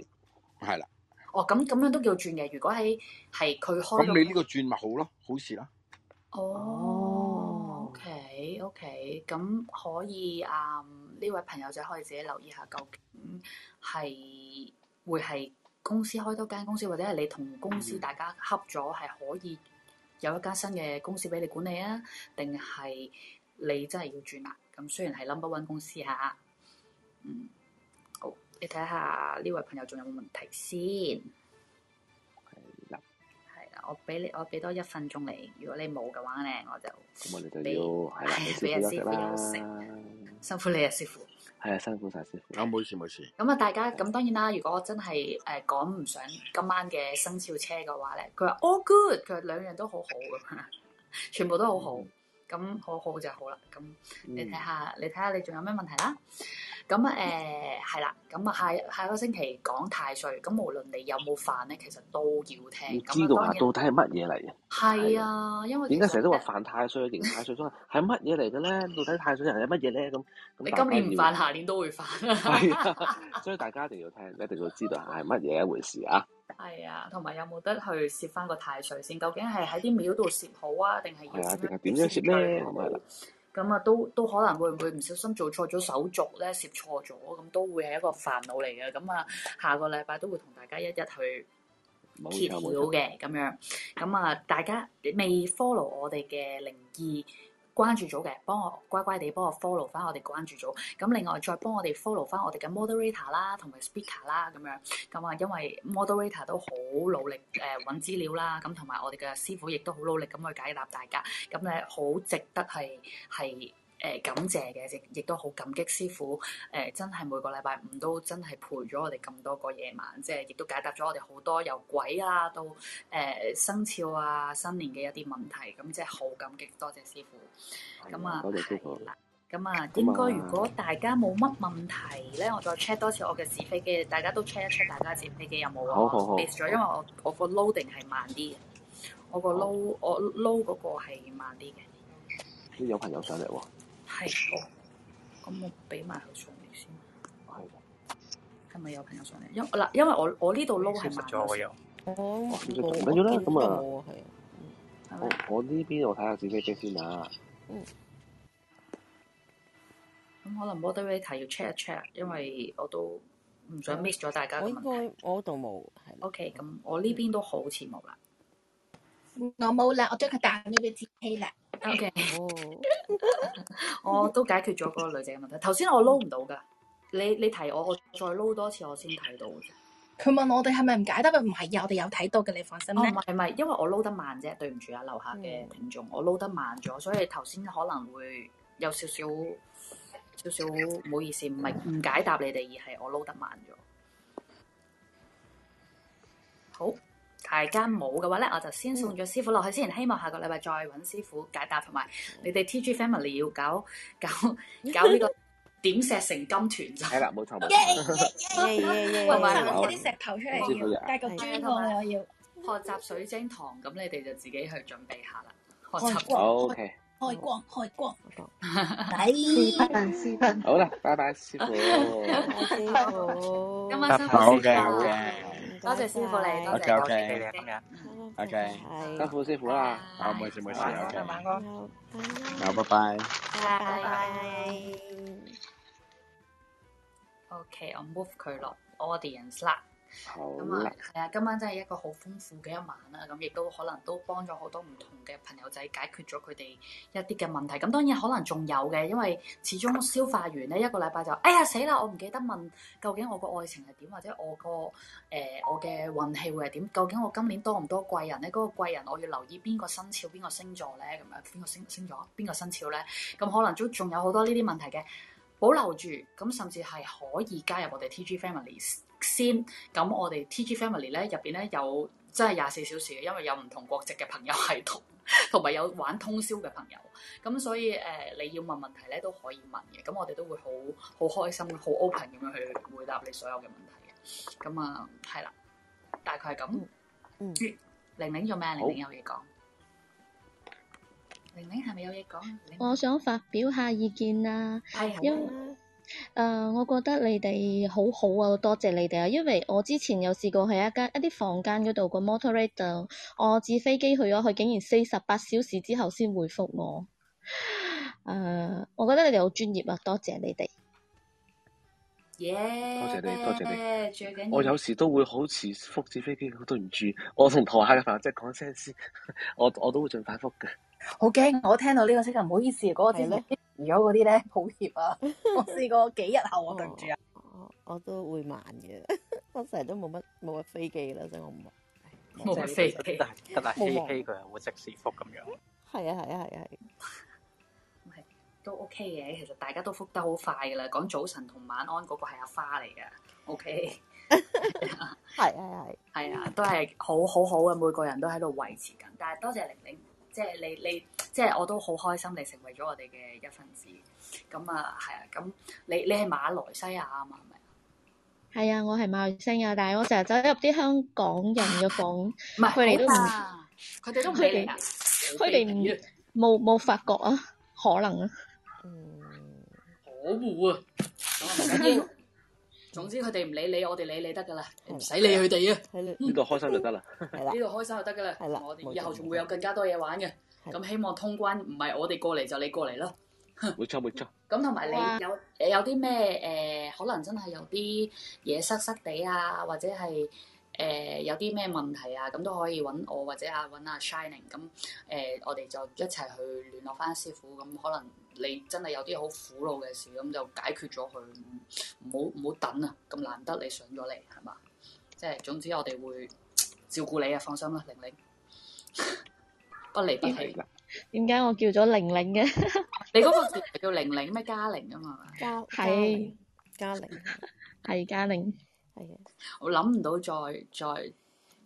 係啦。哦，咁咁樣都叫轉嘅。如果係係佢開咁，你呢個轉咪好咯，好事啦。哦，哦，OK，OK，、okay, okay, 咁可以啊。呢、嗯、位朋友就可以自己留意下，究竟係會係公司開多間公司，或者係你同公司大家洽咗，係可以有一間新嘅公司俾你管理啊？定係你真係要轉啊？咁雖然係 number one 公司嚇、啊，嗯。你睇下呢位朋友仲有冇問題先？係啦的，係啦，我俾你，我俾多一分鐘你。如果你冇嘅話咧，我就咁我哋就要係啦，俾阿師傅休息。辛苦你啊，師傅。係啊，辛苦晒，師傅。師傅唔好意思，冇事冇事。咁啊，大家咁當然啦。如果我真係誒趕唔上今晚嘅生肖車嘅話咧，佢話 all good，佢兩樣都好好嘅， 全部都好好。嗯咁好好就好啦，咁你睇、嗯呃、下，你睇下你仲有咩問題啦？咁誒係啦，咁啊，下下個星期講太歲，咁無論你有冇犯咧，其實都要聽。要知道下然到底係乜嘢嚟嘅？係啊，因為點解成日都話犯太歲、刑太歲？咁啊，係乜嘢嚟嘅咧？到底太歲係乜嘢咧？咁 你今年唔犯，下年都會犯。係 ，所以大家一定要聽，一定要知道係乜嘢一回事啊！係啊，同埋、哎、有冇得去攝翻個太歲先？究竟係喺啲廟度攝好啊，定係要定係點樣攝咧？咁啊，啊，啊，都都可能會唔會唔小心做錯咗手續咧？攝錯咗咁都會係一個煩惱嚟嘅。咁啊，下個禮拜都會同大家一一去揭曉嘅咁樣。咁啊，大家未 follow 我哋嘅靈異。關注組嘅，幫我乖乖地幫我 follow 翻我哋關注組。咁另外再幫我哋 follow 翻我哋嘅 moderator 啦，同埋 speaker 啦咁樣。咁啊，因為 moderator 都好努力誒，揾，呃、資料啦，咁同埋我哋嘅師父亦都好努力咁去解答大家。咁咧，好值得係係。誒感謝嘅，亦亦都好感激師傅。誒真係每個禮拜五都真係陪咗我哋咁多個夜晚，即係亦都解答咗我哋好多由鬼啊到誒生肖啊、新年嘅一啲問題。咁即係好感激，多謝師傅。咁啊，係啦。咁啊，應該如果大家冇乜問題咧，我再 check 多次我嘅紙飛機，大家都 check 一 check 大家嘅紙飛機有冇啊？miss 咗，因為我我個 loading 係慢啲嘅，我個 load 我 load 嗰個係慢啲嘅。有朋友上嚟喎。係，咁我俾埋佢上嚟先。好，係咪有朋友上嚟？因嗱，因為我我呢度撈係。消失咗我又。哦，冇、哦。唔緊要啦，咁啊、嗯。我我呢邊我睇下自己先啊。嗯。咁可能 Weather 係要 check 一 check，因為我都唔想 miss 咗大家嘅問題。嗯、我度冇。OK，咁我呢邊都好似冇啦。我冇啦，我將佢彈咗俾 J K 啦。O Okay . K，oh. 我都解決咗嗰個女仔嘅問題。頭先我撈唔到噶，你你提我，我再撈多次我，我先睇到。佢問我哋係咪唔解答，唔係我哋有睇到嘅，你放心。唔係唔係，因為我撈得慢啫，對唔住啊，樓下嘅聽眾，mm. 我撈得慢咗，所以頭先可能會有少少少少唔好意思，唔係唔解答你哋，而係我撈得慢咗。大家冇嘅話咧，我就先送咗師傅落去，先然希望下個禮拜再揾師傅解答，同埋你哋 T G Family 要搞搞搞呢個點石成金團。就係啦，冇錯冇錯，同埋揾嗰啲石頭出嚟，帶個鑽，我要學習水晶糖，咁你哋就自己去準備下啦。學習 OK，開光開光，拜拜師傅。好啦，拜拜師傅。今晚辛苦大家。多謝師傅你，多謝。O K O K，多謝，O K。辛苦師傅啦，冇事冇事，O K。好，拜拜。拜拜。O K，我 move 佢落 audience 啦。咁啊，係啊！今晚真係一個好豐富嘅一晚啦。咁亦都可能都幫咗好多唔同嘅朋友仔解決咗佢哋一啲嘅問題。咁當然可能仲有嘅，因為始終消化完呢一個禮拜就哎呀死啦！我唔記得問究竟我個愛情係點，或者我個誒、呃、我嘅運氣會係點？究竟我今年多唔多貴人咧？嗰、那個貴人我要留意邊個生肖、邊個星座咧？咁樣邊個星星座、邊個生肖咧？咁可能都仲有好多呢啲問題嘅，保留住咁，甚至係可以加入我哋 TG Families。先咁，我哋 TG Family 咧入邊咧有即係廿四小時嘅，因為有唔同國籍嘅朋友係同，同埋有玩通宵嘅朋友，咁所以誒、呃、你要問問題咧都可以問嘅，咁我哋都會好好開心、好 open 咁樣去回答你所有嘅問題嘅，咁啊係啦，大概係咁、嗯。嗯。玲玲做咩啊？玲玲, man, 玲玲有嘢講好。玲玲係咪有嘢講？我想發表下意見啊。係 I hope.。因誒，uh, 我覺得你哋好好啊，多謝，謝你哋啊！因為我之前有試過喺一間一啲房間嗰度個 moderator 我紙飛機去咗，佢竟然四十八小時之後先回覆我。誒、uh，我覺得你哋好專業啊，多謝你哋。耶！多謝你，多謝，謝你。最緊要我有時都會好似覆紙飛機，對唔住，我同台下嘅朋友即係講聲先，我我都會盡快覆嘅。 好驚！我聽到呢個聲，唔好意思，個 咗嗰啲咧好熱啊！ 我試過幾日後我對唔住啊！我都會慢嘅， 我成日都冇乜冇乜飛機啦，所以我唔冇乜飛但得啦，飛佢係會即時覆咁樣。係啊係啊係啊係，都 OK 嘅。其實大家都覆得好快噶啦。講早晨同晚安嗰個係阿花嚟嘅。OK 係係係係啊，都係好好好嘅，每個人都喺度維持緊。但係多謝玲玲。即係你你即係我都好開心你成為咗我哋嘅一份子，咁啊係啊，咁、啊、你你係馬來西亞啊嘛，係咪？係啊，我係馬來西亞，但係我成日走入啲香港人嘅房，佢哋 是都唔，佢哋 都唔理，佢哋唔冇冇發覺啊，可能啊，嗯，可污啊！總之佢哋唔理你，我哋理你得噶啦，唔使理佢哋啊，呢度 開心就得啦，呢度 開心就得噶啦， 我哋以後仲會有更加多嘢玩嘅。咁 錯希望通關，唔係我哋過嚟就你過嚟咯 冇錯冇錯，咁同埋你有有啲咩誒，可能真係有啲嘢塞塞地啊，或者係。誒、呃，有啲咩問題啊？咁都可以揾我或者啊揾阿 Shining，咁誒、呃，我哋就一齊去聯絡翻師傅。咁可能你真係有啲好苦惱嘅事，咁就解決咗佢。唔好唔好等啊！咁難得你上咗嚟，係嘛？即係總之，我哋會照顧你啊！放心啦，玲玲，不離不棄。點解我叫咗玲玲嘅？ 你嗰個字叫，叫玲玲咩？嘉玲啊嘛，係嘉玲，係嘉玲。是 係啊，yes. 我諗、哦、唔到再再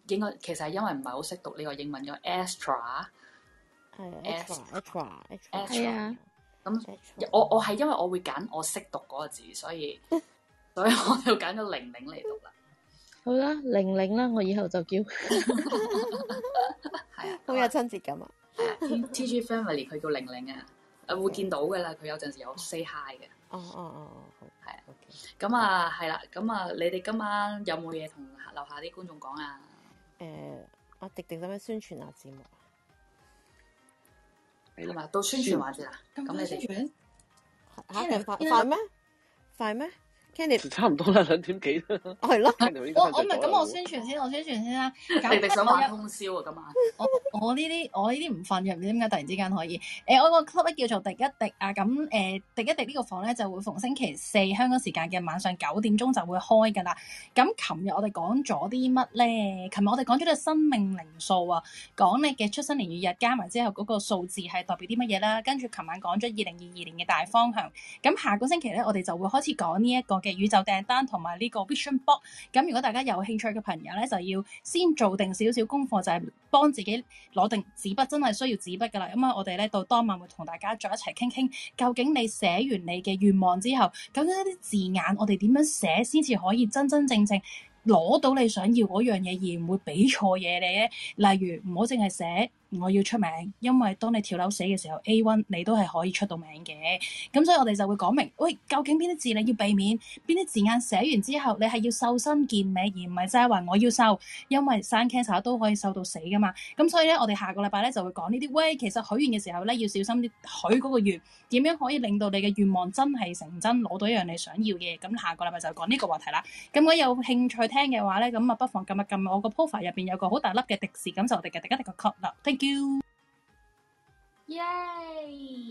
應該，其實係因為唔係好識讀呢個英文嘅 Astra，係 Astra，Astra，咁我我係因為我會揀我識讀嗰個字，所以所以我就揀咗玲玲嚟讀啦。好啦，玲玲啦，我以後就叫，係啊，好有親切感啊。係啊，T G Family 佢叫玲玲啊，啊，會見到噶啦，佢有陣時有 say hi 嘅。哦哦哦哦，好係啊，OK 咁啊係啦，咁啊你哋今晚有冇嘢同樓下啲觀眾講啊？誒，我迪迪咁樣宣傳下節目，嗯啊、下你啦嘛，到宣傳環節啦，咁你哋人唔快咩嗎？快咩？差唔多啦，兩點幾啦，係咯。 我了我咪咁，我宣傳先，我宣傳先啦。搞你想玩通宵啊，今晚？我我呢啲我呢啲唔瞓嘅，唔知點解突然之間可以。誒、欸，我個 club 咧叫做滴一滴啊，咁、啊、誒、啊、滴一滴呢個房咧就會逢星期四香港時間嘅晚上九點鐘就會開㗎啦。咁琴日我哋講咗啲乜咧？琴日我哋講咗嘅生命靈數啊，講你嘅出生年月日加埋之後嗰個數字係代表啲乜嘢啦？跟住琴晚講咗二零二二年嘅大方向。咁下個星期咧，我哋就會開始講呢一個。嘅宇宙訂單同埋呢個 vision board，咁如果大家有興趣嘅朋友咧，就要先做定少少功課，就係、是、幫自己攞定紙筆，真係需要紙筆噶啦。咁啊，我哋咧到當晚會同大家再一齊傾傾，究竟你寫完你嘅願望之後，究竟一啲字眼我哋點樣寫先至可以真真正正攞到你想要嗰樣嘢，而唔會俾錯嘢你咧？例如唔好淨係寫。我要出名，因為當你跳樓死嘅時候，A one 你都係可以出到名嘅。咁所以我哋就會講明，喂，究竟邊啲字你要避免，邊啲字眼寫完之後，你係要瘦身健美，而唔係齋話我要瘦，因為生 cancer 都可以瘦到死噶嘛。咁所以咧，我哋下個禮拜咧就會講呢啲，喂，其實許願嘅時候咧要小心啲，許嗰個願點樣可以令到你嘅願望真係成真，攞到一樣你想要嘅。咁下個禮拜就講呢個話題啦。咁如果有興趣聽嘅話咧，咁啊不妨撳一撳我個 profile 入邊有個好大粒嘅迪士尼，感受我哋嘅第一，按一按個 c l 耶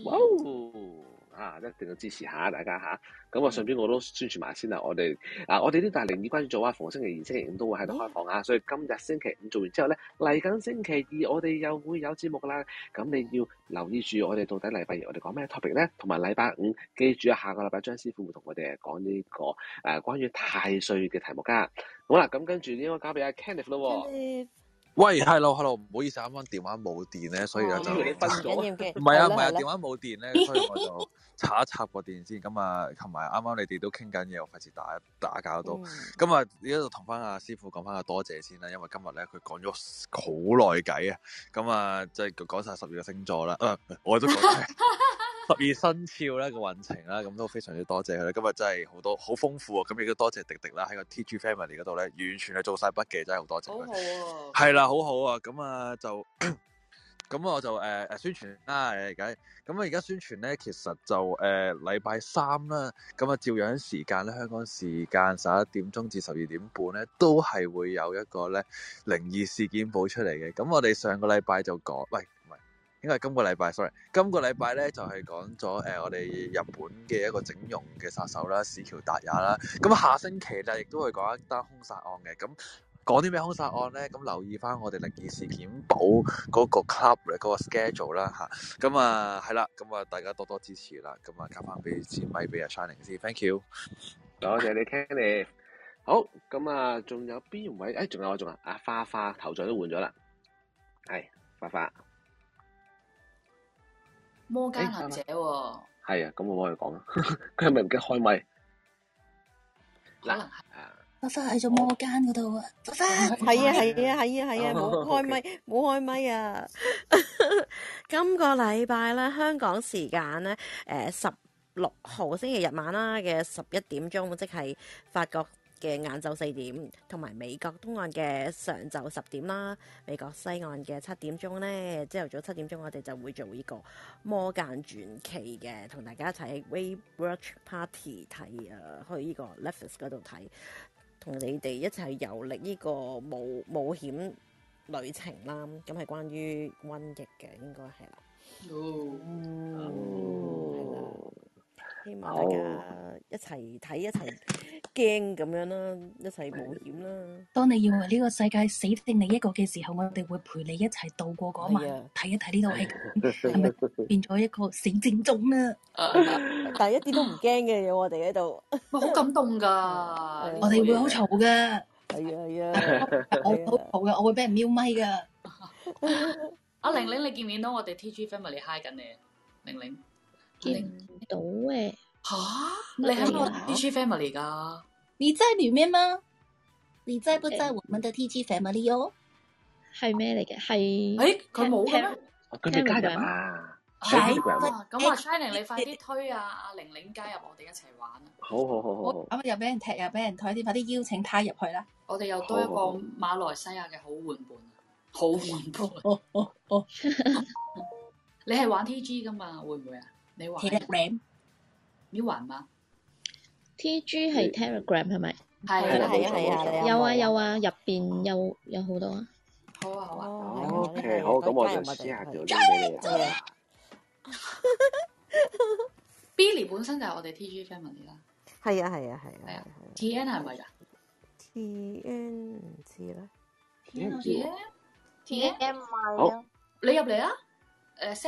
！Wow, 啊，一定要支持下大家吓，咁、啊、我上邊我都宣傳埋先啦。我哋啊，我哋啲大靈異關注組啊，逢星期二、星期五都會喺度開放啊。所以今日星期五做完之後咧，嚟緊星期二我哋又會有節目噶啦。咁你要留意住，我哋到底禮拜二我哋講咩 topic 咧？同埋禮拜五，記住啊，下個禮拜張師傅會同我哋講呢個誒關於太歲嘅題目噶、啊。好啦，咁、啊、跟住呢個交俾阿 Kenneth 咯。喂，係咯，hello，唔好意思，啱啱電話冇電咧，所以啊就分咗，唔係、嗯、 啊，唔係、啊、電話冇電咧，所以我就插一插個電先。咁啊、 嗯，同埋啱啱你哋都傾緊嘢，我費事打打攪到。咁、嗯、啊，依家同翻阿師傅講翻個多謝先啦，因為今日咧佢講咗好耐偈啊。咁啊、嗯，即係講晒十二個星座啦、呃。我都講。十二生肖咧嘅運程啦，咁都非常之多謝佢咧。今日真係好多好豐富啊！咁亦都多謝迪迪啦，喺個 T G Family 嗰度咧，完全係做晒筆記，真係好多謝。好係啦，好好啊，咁啊就咁 我就誒誒、呃、宣傳啦，而家，咁啊而家宣傳咧，其實就誒禮拜三啦，咁啊照樣時間咧，香港時間十一點鐘至十二點半咧，都係會有一個咧靈異事件播出嚟嘅。咁我哋上個禮拜就講喂。因為今個禮拜，sorry，今個禮拜咧就係講咗誒，我哋日本嘅一個整容嘅殺手啦，市橋達也啦。咁、嗯、下星期咧，亦都會講一單凶殺案嘅。咁講啲咩凶殺案咧？咁、嗯、留意翻，我哋《靈異事件簿》嗰個 club 嗰個 schedule 啦，啊、吓、嗯。咁啊係啦，咁、嗯、啊大家多多支持啦。咁啊交翻俾支咪，俾阿 Shinning 先，thank you。多謝，謝你，Kenneth。 好，咁、哎、啊，仲有邊位？誒，仲有啊，仲有阿花花，頭像都換咗啦。係花花。摩間行者喎，係啊，咁我可以講啊。佢係咪唔記得開咪？可能係啊，我翻去咗摩間嗰度啊，我翻，係啊，係啊，係啊，係啊，冇開咪。冇開咪啊！今個禮拜咧，香港時間咧，誒，十六號星期日晚啦嘅十一點鐘，即係法國嘅晏晝四點，同埋美國東岸嘅上晝十點啦，美國西岸嘅七點鐘呢，朝頭早七點鐘我哋就會做呢個魔間傳奇嘅，同大家一齊 wave watch party 睇啊，去呢個 l e f f e s 嗰度睇，同你哋一齊遊歷呢個冒冒險旅程啦。咁係關於瘟疫嘅，應該係啦。Oh. Oh. 嗯希望大家一齊睇一齊驚咁樣啦，一齊冒險啦。當你以為呢個世界死定你一個嘅時候，我哋會陪你一齊度過嗰晚。睇一睇呢度係咪變咗一個死剩種啦？Uh, no, 但係一啲都唔驚嘅，有我哋喺度。好 感動噶！ 我哋會好嘈嘅，係啊係啊，我好嘈嘅，我會俾人瞄咪噶。阿、 oh, 玲玲，你見唔見到我哋 TG family hi 緊你，玲玲。領唔到誒！吓，你喺我 T G family 噶？你在裏面嗎？你在不在我們的 T G family 哦？係咩嚟嘅？係誒，佢冇咩？佢哋加入咁，阿 Shinning 你快啲推啊！玲玲加入我哋一齊玩啊！好好好好！啱啱又俾人踢，又俾人推，快啲邀請他入去啦！我哋又多一個馬來西亞嘅好玩伴！好玩伴！你係玩 T G 噶嘛？會唔會啊？Telegram，要還嘛？TG 係 Telegram 係咪？係啊係啊，有啊有啊，入邊有有好多啊。好啊好啊，OK 好，咁我就試下條呢啲。Billy 本身就係我哋 TG family 啦。係啊係啊係啊。T N 係咪噶？T N 唔知啦，T N 好似 T N M 係啊。你入嚟啊？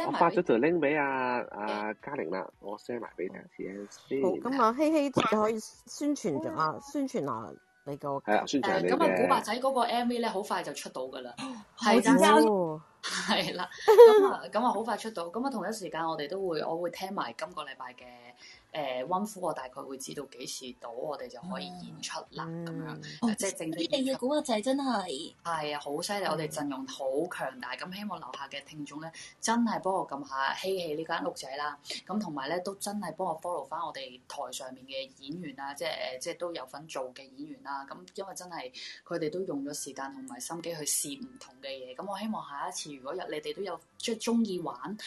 我發咗條 link 俾阿阿嘉玲啦，我 send 埋俾你先，好、yes, hey, hey,，咁啊希希你可以宣傳啊，宣傳啊，你個。係宣傳咁啊古惑仔嗰個 MV 咧，好快就出到噶啦，好緊張喎。係啦，咁啊咁啊好快出到，咁啊同一時間我哋都會，我會聽埋今個禮拜嘅。誒溫夫，我大概會知道幾時到，我哋就可以演出啦咁、嗯、樣，嗯、即係正啲嘅。啲地仔真係係啊，好犀利！嗯、我哋陣容好強大，咁希望樓下嘅聽眾咧，真係幫我撳下希氣呢間屋仔啦。咁同埋咧，都真係幫我 follow 翻我哋台上面嘅演員啦，即係誒，即係都有份做嘅演員啦。咁因為真係佢哋都用咗時間同埋心機去試唔同嘅嘢。咁我希望下一次，如果有你哋都有即係中意玩誒，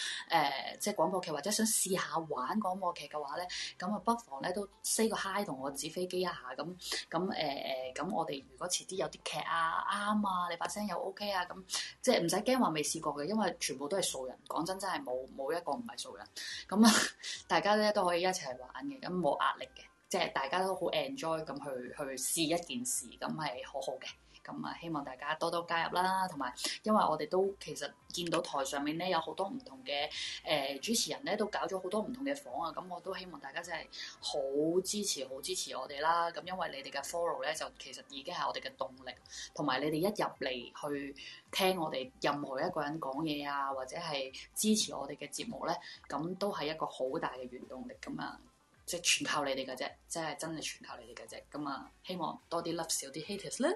即係、呃、廣播劇或者想試下玩廣播劇嘅話咧。咁啊，不妨咧都 say 個 hi 同我紙飛機一下咁，咁誒誒，咁、呃、我哋如果遲啲有啲劇啊啱啊，你把聲又 OK 啊，咁即係唔使驚話未試過嘅，因為全部都係素人，講真真係冇冇一個唔係素人，咁啊，大家咧都可以一齊玩嘅，咁冇壓力嘅，即係大家都好 enjoy 咁去去試一件事，咁係好好嘅。咁啊，希望大家多多加入啦，同埋，因為我哋都其實見到台上面咧有好多唔同嘅誒、呃、主持人咧，都搞咗好多唔同嘅房啊，咁我都希望大家真係好支持，好支持我哋啦。咁因為你哋嘅 follow 咧，就其實已經係我哋嘅動力，同埋你哋一入嚟去聽我哋任何一個人講嘢啊，或者係支持我哋嘅節目咧，咁都係一個好大嘅原動力咁啊，即係全靠你哋嘅啫，即係真係全靠你哋嘅啫。咁啊，希望多啲 love 少啲 haters 啦。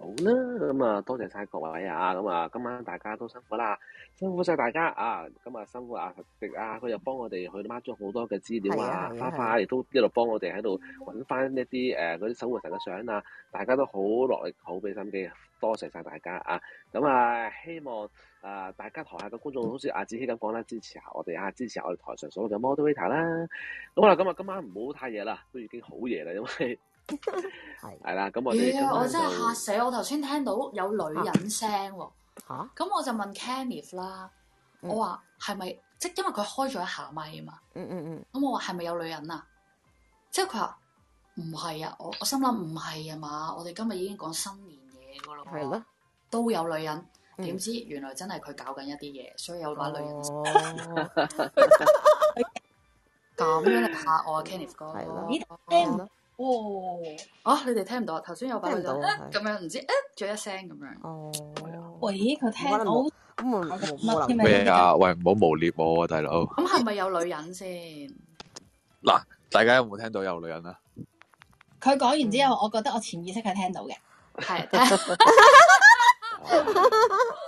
好啦，咁、嗯、啊，多謝晒各位啊，咁啊，今晚大家都辛苦啦，辛苦晒大家啊，咁啊，辛苦阿迪，迪啊，佢又幫我哋去掹咗好多嘅資料啊，啊花花亦、啊、都一路幫我哋喺度揾翻一啲誒嗰啲守護神嘅相啊，啊，啊，大家都好落力，好俾心機，多謝晒大家啊，咁啊，希望誒大家台下嘅觀眾好似阿子希咁講啦，支持下我哋啊，支持下我哋台上所有嘅 moderator、er、啦，好、啊、啦，咁啊，今晚唔好太夜啦，都已經好夜啦，因為。係係 啦，咁我哋，我真係吓死我！頭先聽到有女人聲喎，吓，咁我就問 Kenneth 啦，我話係咪即係因為佢開咗一下咪啊嘛，嗯嗯嗯，咁我話係咪有女人啊？即係佢話唔係啊，我我心諗唔係啊嘛，我哋今日已經講新年嘢噶咯，係啦，都有女人，點知原來真係佢搞緊一啲嘢，所以有把女人聲，咁嚟吓我 Kenneth 哥，你聽 哦，你哋聽唔到啊？頭先有把佢咁樣，唔知誒，再一聲咁樣。哦、嗯，喂，佢聽到，咁我我諗咩啊？喂，唔好無獵我啊，大佬。咁係咪有女人先？嗱，大家有冇聽到有女人啊？佢講完之後，我覺得我潛意識係聽到嘅，係。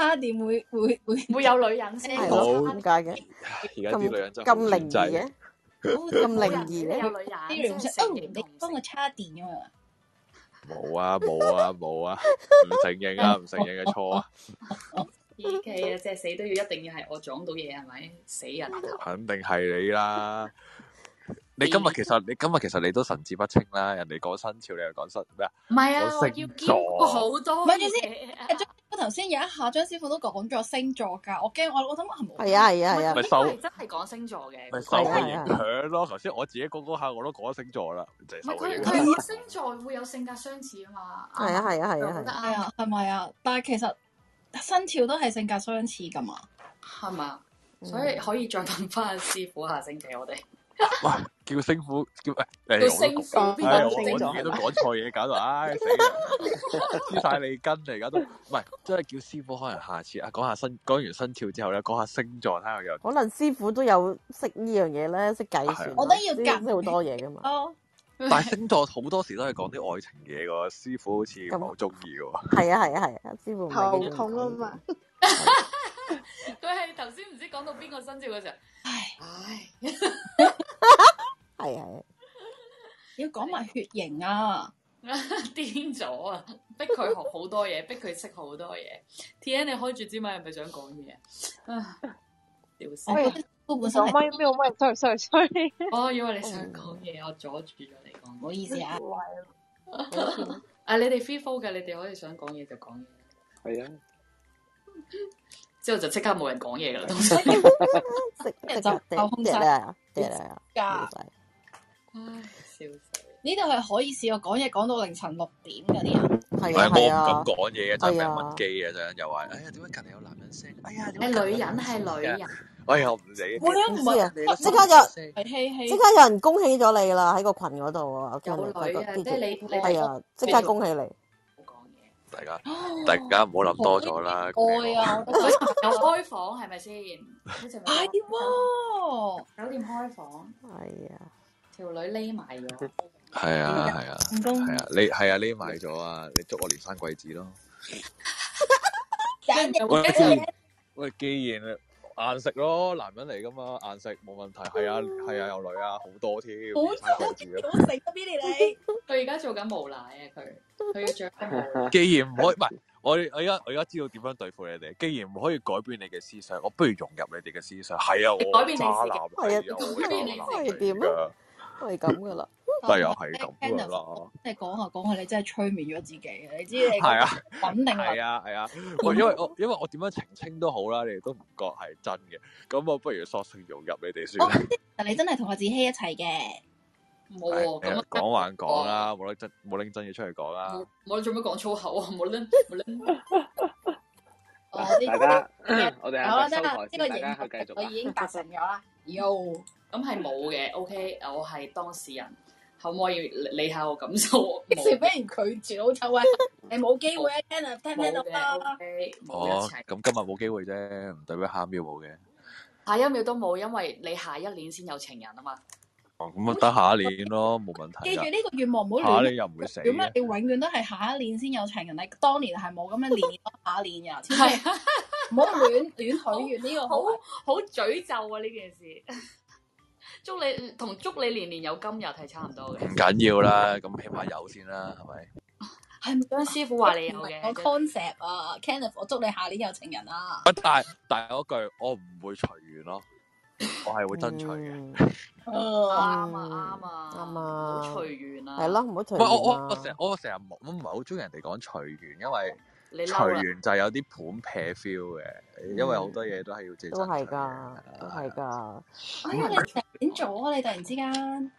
差點會會會會有女人先係咯，好尷尬嘅？而家啲女人就咁靈異，咁靈異你有女人啲女唔識，你幫我叉電咁樣？冇啊冇啊冇啊！唔承認啊，唔承認嘅錯啊！依期啊，即係死都要，一定要係我撞到嘢係咪？死人肯定係你啦！你今日其實你今日其實你都神志不清啦！人哋講新潮，你又講新咩啊？唔係啊，要左好多。唔係意思。我頭先有一下，張師傅都講咗星座噶，我驚我我諗係冇。係啊係啊係啊。唔係真係講星座嘅，受影響咯。頭先 我自己嗰嗰下我都講咗星座啦，就唔係佢佢以星座會有性格相似啊嘛。係啊係啊係啊係啊。係咪 啊，啊，啊，啊？但係其實生肖都係性格相似噶嘛，係嘛？所以可以再等翻師傅下星期我哋。喂，叫星傅叫誒，叫星座，我我自己都講錯嘢，搞到唉死啦，黐晒脷筋嚟，而家都唔係，即係叫師傅可能下次啊，講下生講完生肖之後咧，講下星座睇下有。可能師傅都有識呢樣嘢咧，識計算，我都要夾好多嘢噶嘛。 哦，但係星座好多時都係講啲愛情嘢噶，師傅好似好中意噶。係啊係啊係啊,啊,啊,啊,啊，師傅頭痛啊嘛，佢係頭先唔知講到邊個生肖嘅時候，唉唉、 哎。哎 係係， 要講埋血型啊！癲咗啊！逼佢學好多嘢， 逼佢識好多嘢。T N，你開住支咪係咪想講嘢？啊！ 屌死！我本身咩咩咩，sorry sorry sorry，哦，我以為你想講嘢， 我阻住咗你講，唔好意思啊。喂，啊，你哋 free f u r 嘅，你哋可以想講嘢就講嘢。係啊。之後就即刻冇人講嘢噶啦，食人就抽空殺，跌啦，跌啦，架，笑死！呢度係可以試我講嘢講到凌晨六點嗰啲人，係啊，冇咁講嘢，真係唔乜機啊！真係又話，哎呀，點解隔籬有男人聲？哎呀，係女人，係女人，哎呀，唔理，唔知啊！即刻有，即刻有人恭喜咗你啦！喺個群嗰度啊，好女啊，即係你，係啊，即刻恭喜你！purchased 大家，大家唔好諗多咗啦。喔、愛,愛啊，我又開房係咪先？I do 啊，酒店開房。係啊，條女匿埋咗。係啊係啊係啊，你係啊匿埋咗啊！啊啊啊啊你捉我連翻貴子咯 喂。喂，既然、啊，喂，既然。硬食咯，男人嚟噶嘛，硬食冇問題。係啊，係啊，有女啊，好多添。好正啊，好正啊，Billy 你。佢而家做緊無賴啊！佢佢要著衫。既然唔可以，唔係我我而家我而家知道點樣對付你哋。既然唔可以改變你嘅思想，我不如融入你哋嘅思想。係啊，我渣男嚟啊，佢無賴嚟噶。都係咁噶啦，係 啊，係咁噶啦。你講下講下，你真係催眠咗自己嘅，你知？係啊，肯定係啊，係啊。因為我因為我點樣澄清都好啦，你哋都唔覺係真嘅。咁我不如索性融入你哋先啦。你真係同阿子希一齊嘅？冇啊，講玩講啦，冇得冇拎真嘢出嚟講啦。冇你做咩講粗口啊？冇拎冇拎。大家、啊，我哋係咪修改？大家繼續。我已經達成咗啦。Yo 咁係冇嘅，OK，我係當事人，可唔可以理下我感受？幾時俾人拒絕好臭啊！你冇機會啊，Anna，聽唔聽到啊？冇嘅，冇一齊。咁今日冇機會啫，唔代表下一秒冇嘅。下一秒都冇，因為你下一年先有情人啊嘛。哦，咁啊，得下一年咯，冇問題。記住呢個願望，唔好亂。下一年又唔會死。做乜？你永遠都係下一年先有情人，你當年係冇，咁樣念下一年嘅。係，唔好亂亂許願呢個好，好詛咒啊呢件事。祝你同祝你年年有今日係差唔多嘅，唔緊要啦，咁起碼有先啦，係咪？係張、 啊、師傅話你有嘅，我 concept 啊的，Kenneth，我祝你下年有情人啊！但係但係句，我唔會隨緣咯，我係會爭取嘅。啱啊啱啊啱啊，唔好隨緣啊！係、啊、咯，唔好隨緣。我我我成日我成日冇，我唔係好中意人哋講隨緣，因為。隨緣就係有啲盤撇 feel 嘅，因為好多嘢都係要自己、嗯、都係㗎，係㗎。因為你變咗，你突然之間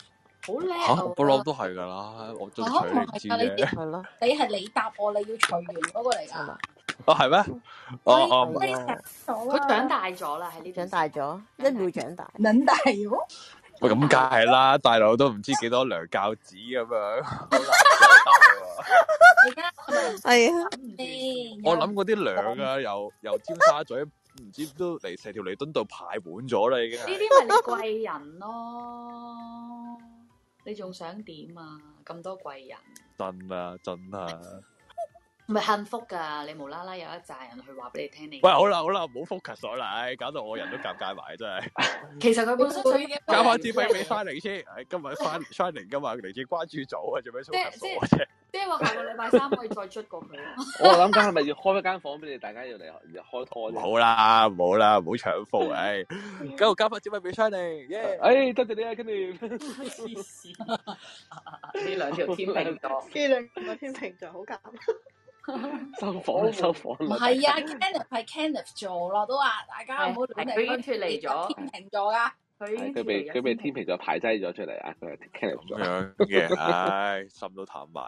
好靚啊！不嬲都係㗎啦，我進取你變係啦。第一 了你係你答我，你要隨緣嗰個嚟㗎。哦嗎，係咩、啊？哦哦，唔係。佢長大咗啦，係你長大咗，你唔會長大，長大咗。咁梗係啦，大佬都唔知幾多糧教子咁樣，係啊，我諗嗰啲糧啊，又又尖沙咀，唔知都嚟成條彌敦道排滿咗啦，已經。呢啲咪係貴人咯，你仲想點啊？咁多貴人，真啊，真啊。咪幸福㗎！你無啦啦有一紮人去你，你話俾你聽你喂，好啦好啦，唔好 focus 咗啦，搞到我人都尷尬埋真係。 其實佢本身佢交翻支筆俾 Shining 先，今日 Shining 今日嚟自關注組啊，做咩蘇格傻啊？即係即話下個禮拜三可以再出過佢 我諗緊係咪要開一間房俾你大家要嚟開拖？唔好啦唔好啦唔好搶貨唉！咁我交翻支筆俾 Shining，哎多、嗯、謝你啊！跟住呢兩條天秤座，呢兩條天秤座好夾。 收火，收火，唔係啊！Kenneth 係 Kenneth 做咯，都話大家唔好突然間脫離咗天秤座噶，佢佢俾，佢俾天秤座排擠咗出嚟啊！Kenneth 咁樣嘅，唉，心都坦白，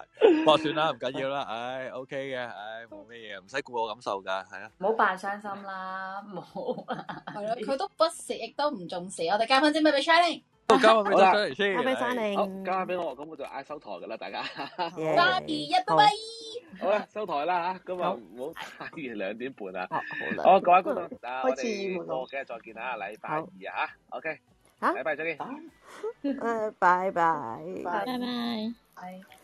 哇，算啦，唔緊要啦，唉，OK 嘅，唉，冇咩嘢，唔使顧我感受噶，係啊，唔好扮傷心啦，冇係咯，佢都不屑，亦都唔重視，我哋交份證據俾 Shinning。交俾我先，交俾我，咁我就嗌收台噶啦，大家。三二一拜拜。好啦，收台啦嚇，今日冇，係兩點半啊。好，好，好。好，各位觀眾，啊，我哋過幾日再見啊，禮拜二嚇。OK。嚇？禮拜再見。誒，拜拜。拜拜。拜。